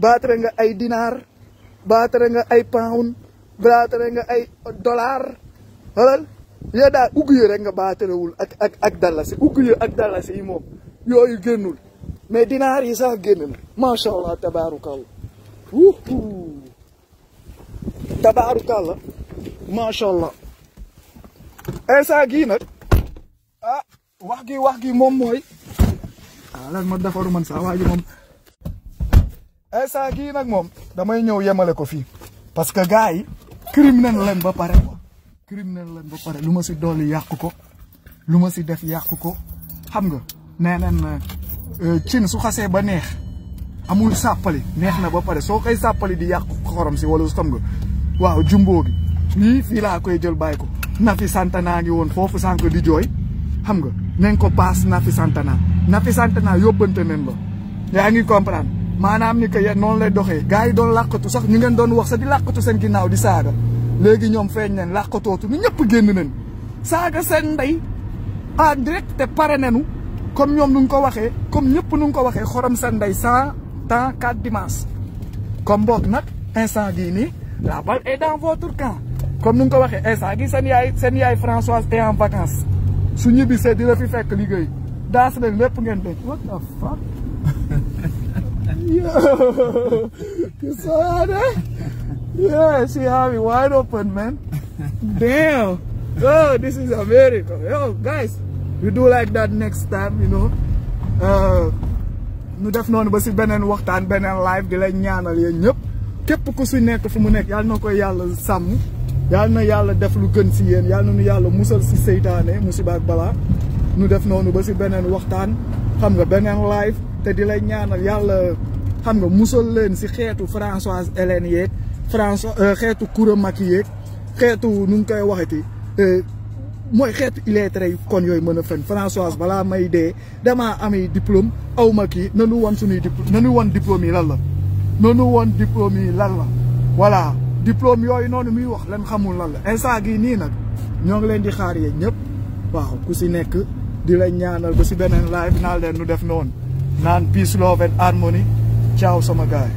Speaker 1: baatere nga ay dinaar baatere nga ay pound baatere nga ay dollar xolal yo daal ugg yi rek nga baaterewul ak ak ak dalasi ugg ak dalasi yi moom yooyu génnul mais dinaar yi sax génn na macha allah tabaarukàlla wuhu tabaarukàlla esa gi nak ah wax gi wax gi mom moy ah lan ma defaru man sa waji mom esa gi nak mom damay ñew yemalé ya ko fi parce que gaay criminel lañ ba pare criminel lañ ba paré luma ci doli dolli ya ko luma ci def yàq ya ko xam nga nee eh, ciin su xasse ba neex amul sapali, neex na ba pare So koy sapali di ko xorom si wala xam nga waaw jumbo gi ni fi la koy jël Nafi naa ngi woon foofu sànq di jooy xam nga nañ ko paas Nafi Santana Nafi Santana yóbbante nañ la yaa ngi comprendre maanaam ni que yéen noonu lay doxee gars yi doon làqatu sax ñu ngeen doon wax sax di làqatu seen ginnaaw di saaga léegi ñoom feeñ nañ làqatootu nu ñëpp génn nañ saaga seen ndey en direct te pare nañu comme ñoom nu ko waxee comme ñëpp nu ko waxee xorom seen ndey cent temps quatre dimanche comme boog nag instant gii nii la e est dans votre comme avons nga ko waxee instant eh, gi seen yaay seen yaay Françoise est en vacances su ñibbisee dina fi fekk liggéey daas leen lépp ngeen what the fuck [laughs] yo you [laughs] saw yeah she how we wide open man damn oh this is America yo guys we do like that next time you know ñu uh, nous noonu ba en beneen bien en live di lay ñaanal yéen ñëpp képp ku si nekk fu mu nekk yàlla na ko yàlla samu. yal na yàlla def lu gën si yeen yal na nu yàlla musal si seytaane musiba ak balaa nu def noonu ba si beneen waxtaan xam nga beneen live te di lay ñaanal yàlla xam nga musal leen si xeetu Françoise Hélène yeeg François euh, xeetu Coura Macky yeeg xeetu nu ngi koy waxeti euh, mooy xeetu illettré yi kon yooyu mën a fen Françoise balaa may dee damaa ami diplôme aw ma nanu woon suñuy diplôme nanu woon diplôme yi lan la nanu diplôme yooyu noonu muy wax lan xamul lan la instant gi nii nag ñoo ngi leen di xaar yéen ñëpp waaw ku si nekk di la ñaanal ku si beneen live naa leen nu def noonu naan peace love and harmony ciao sama gaay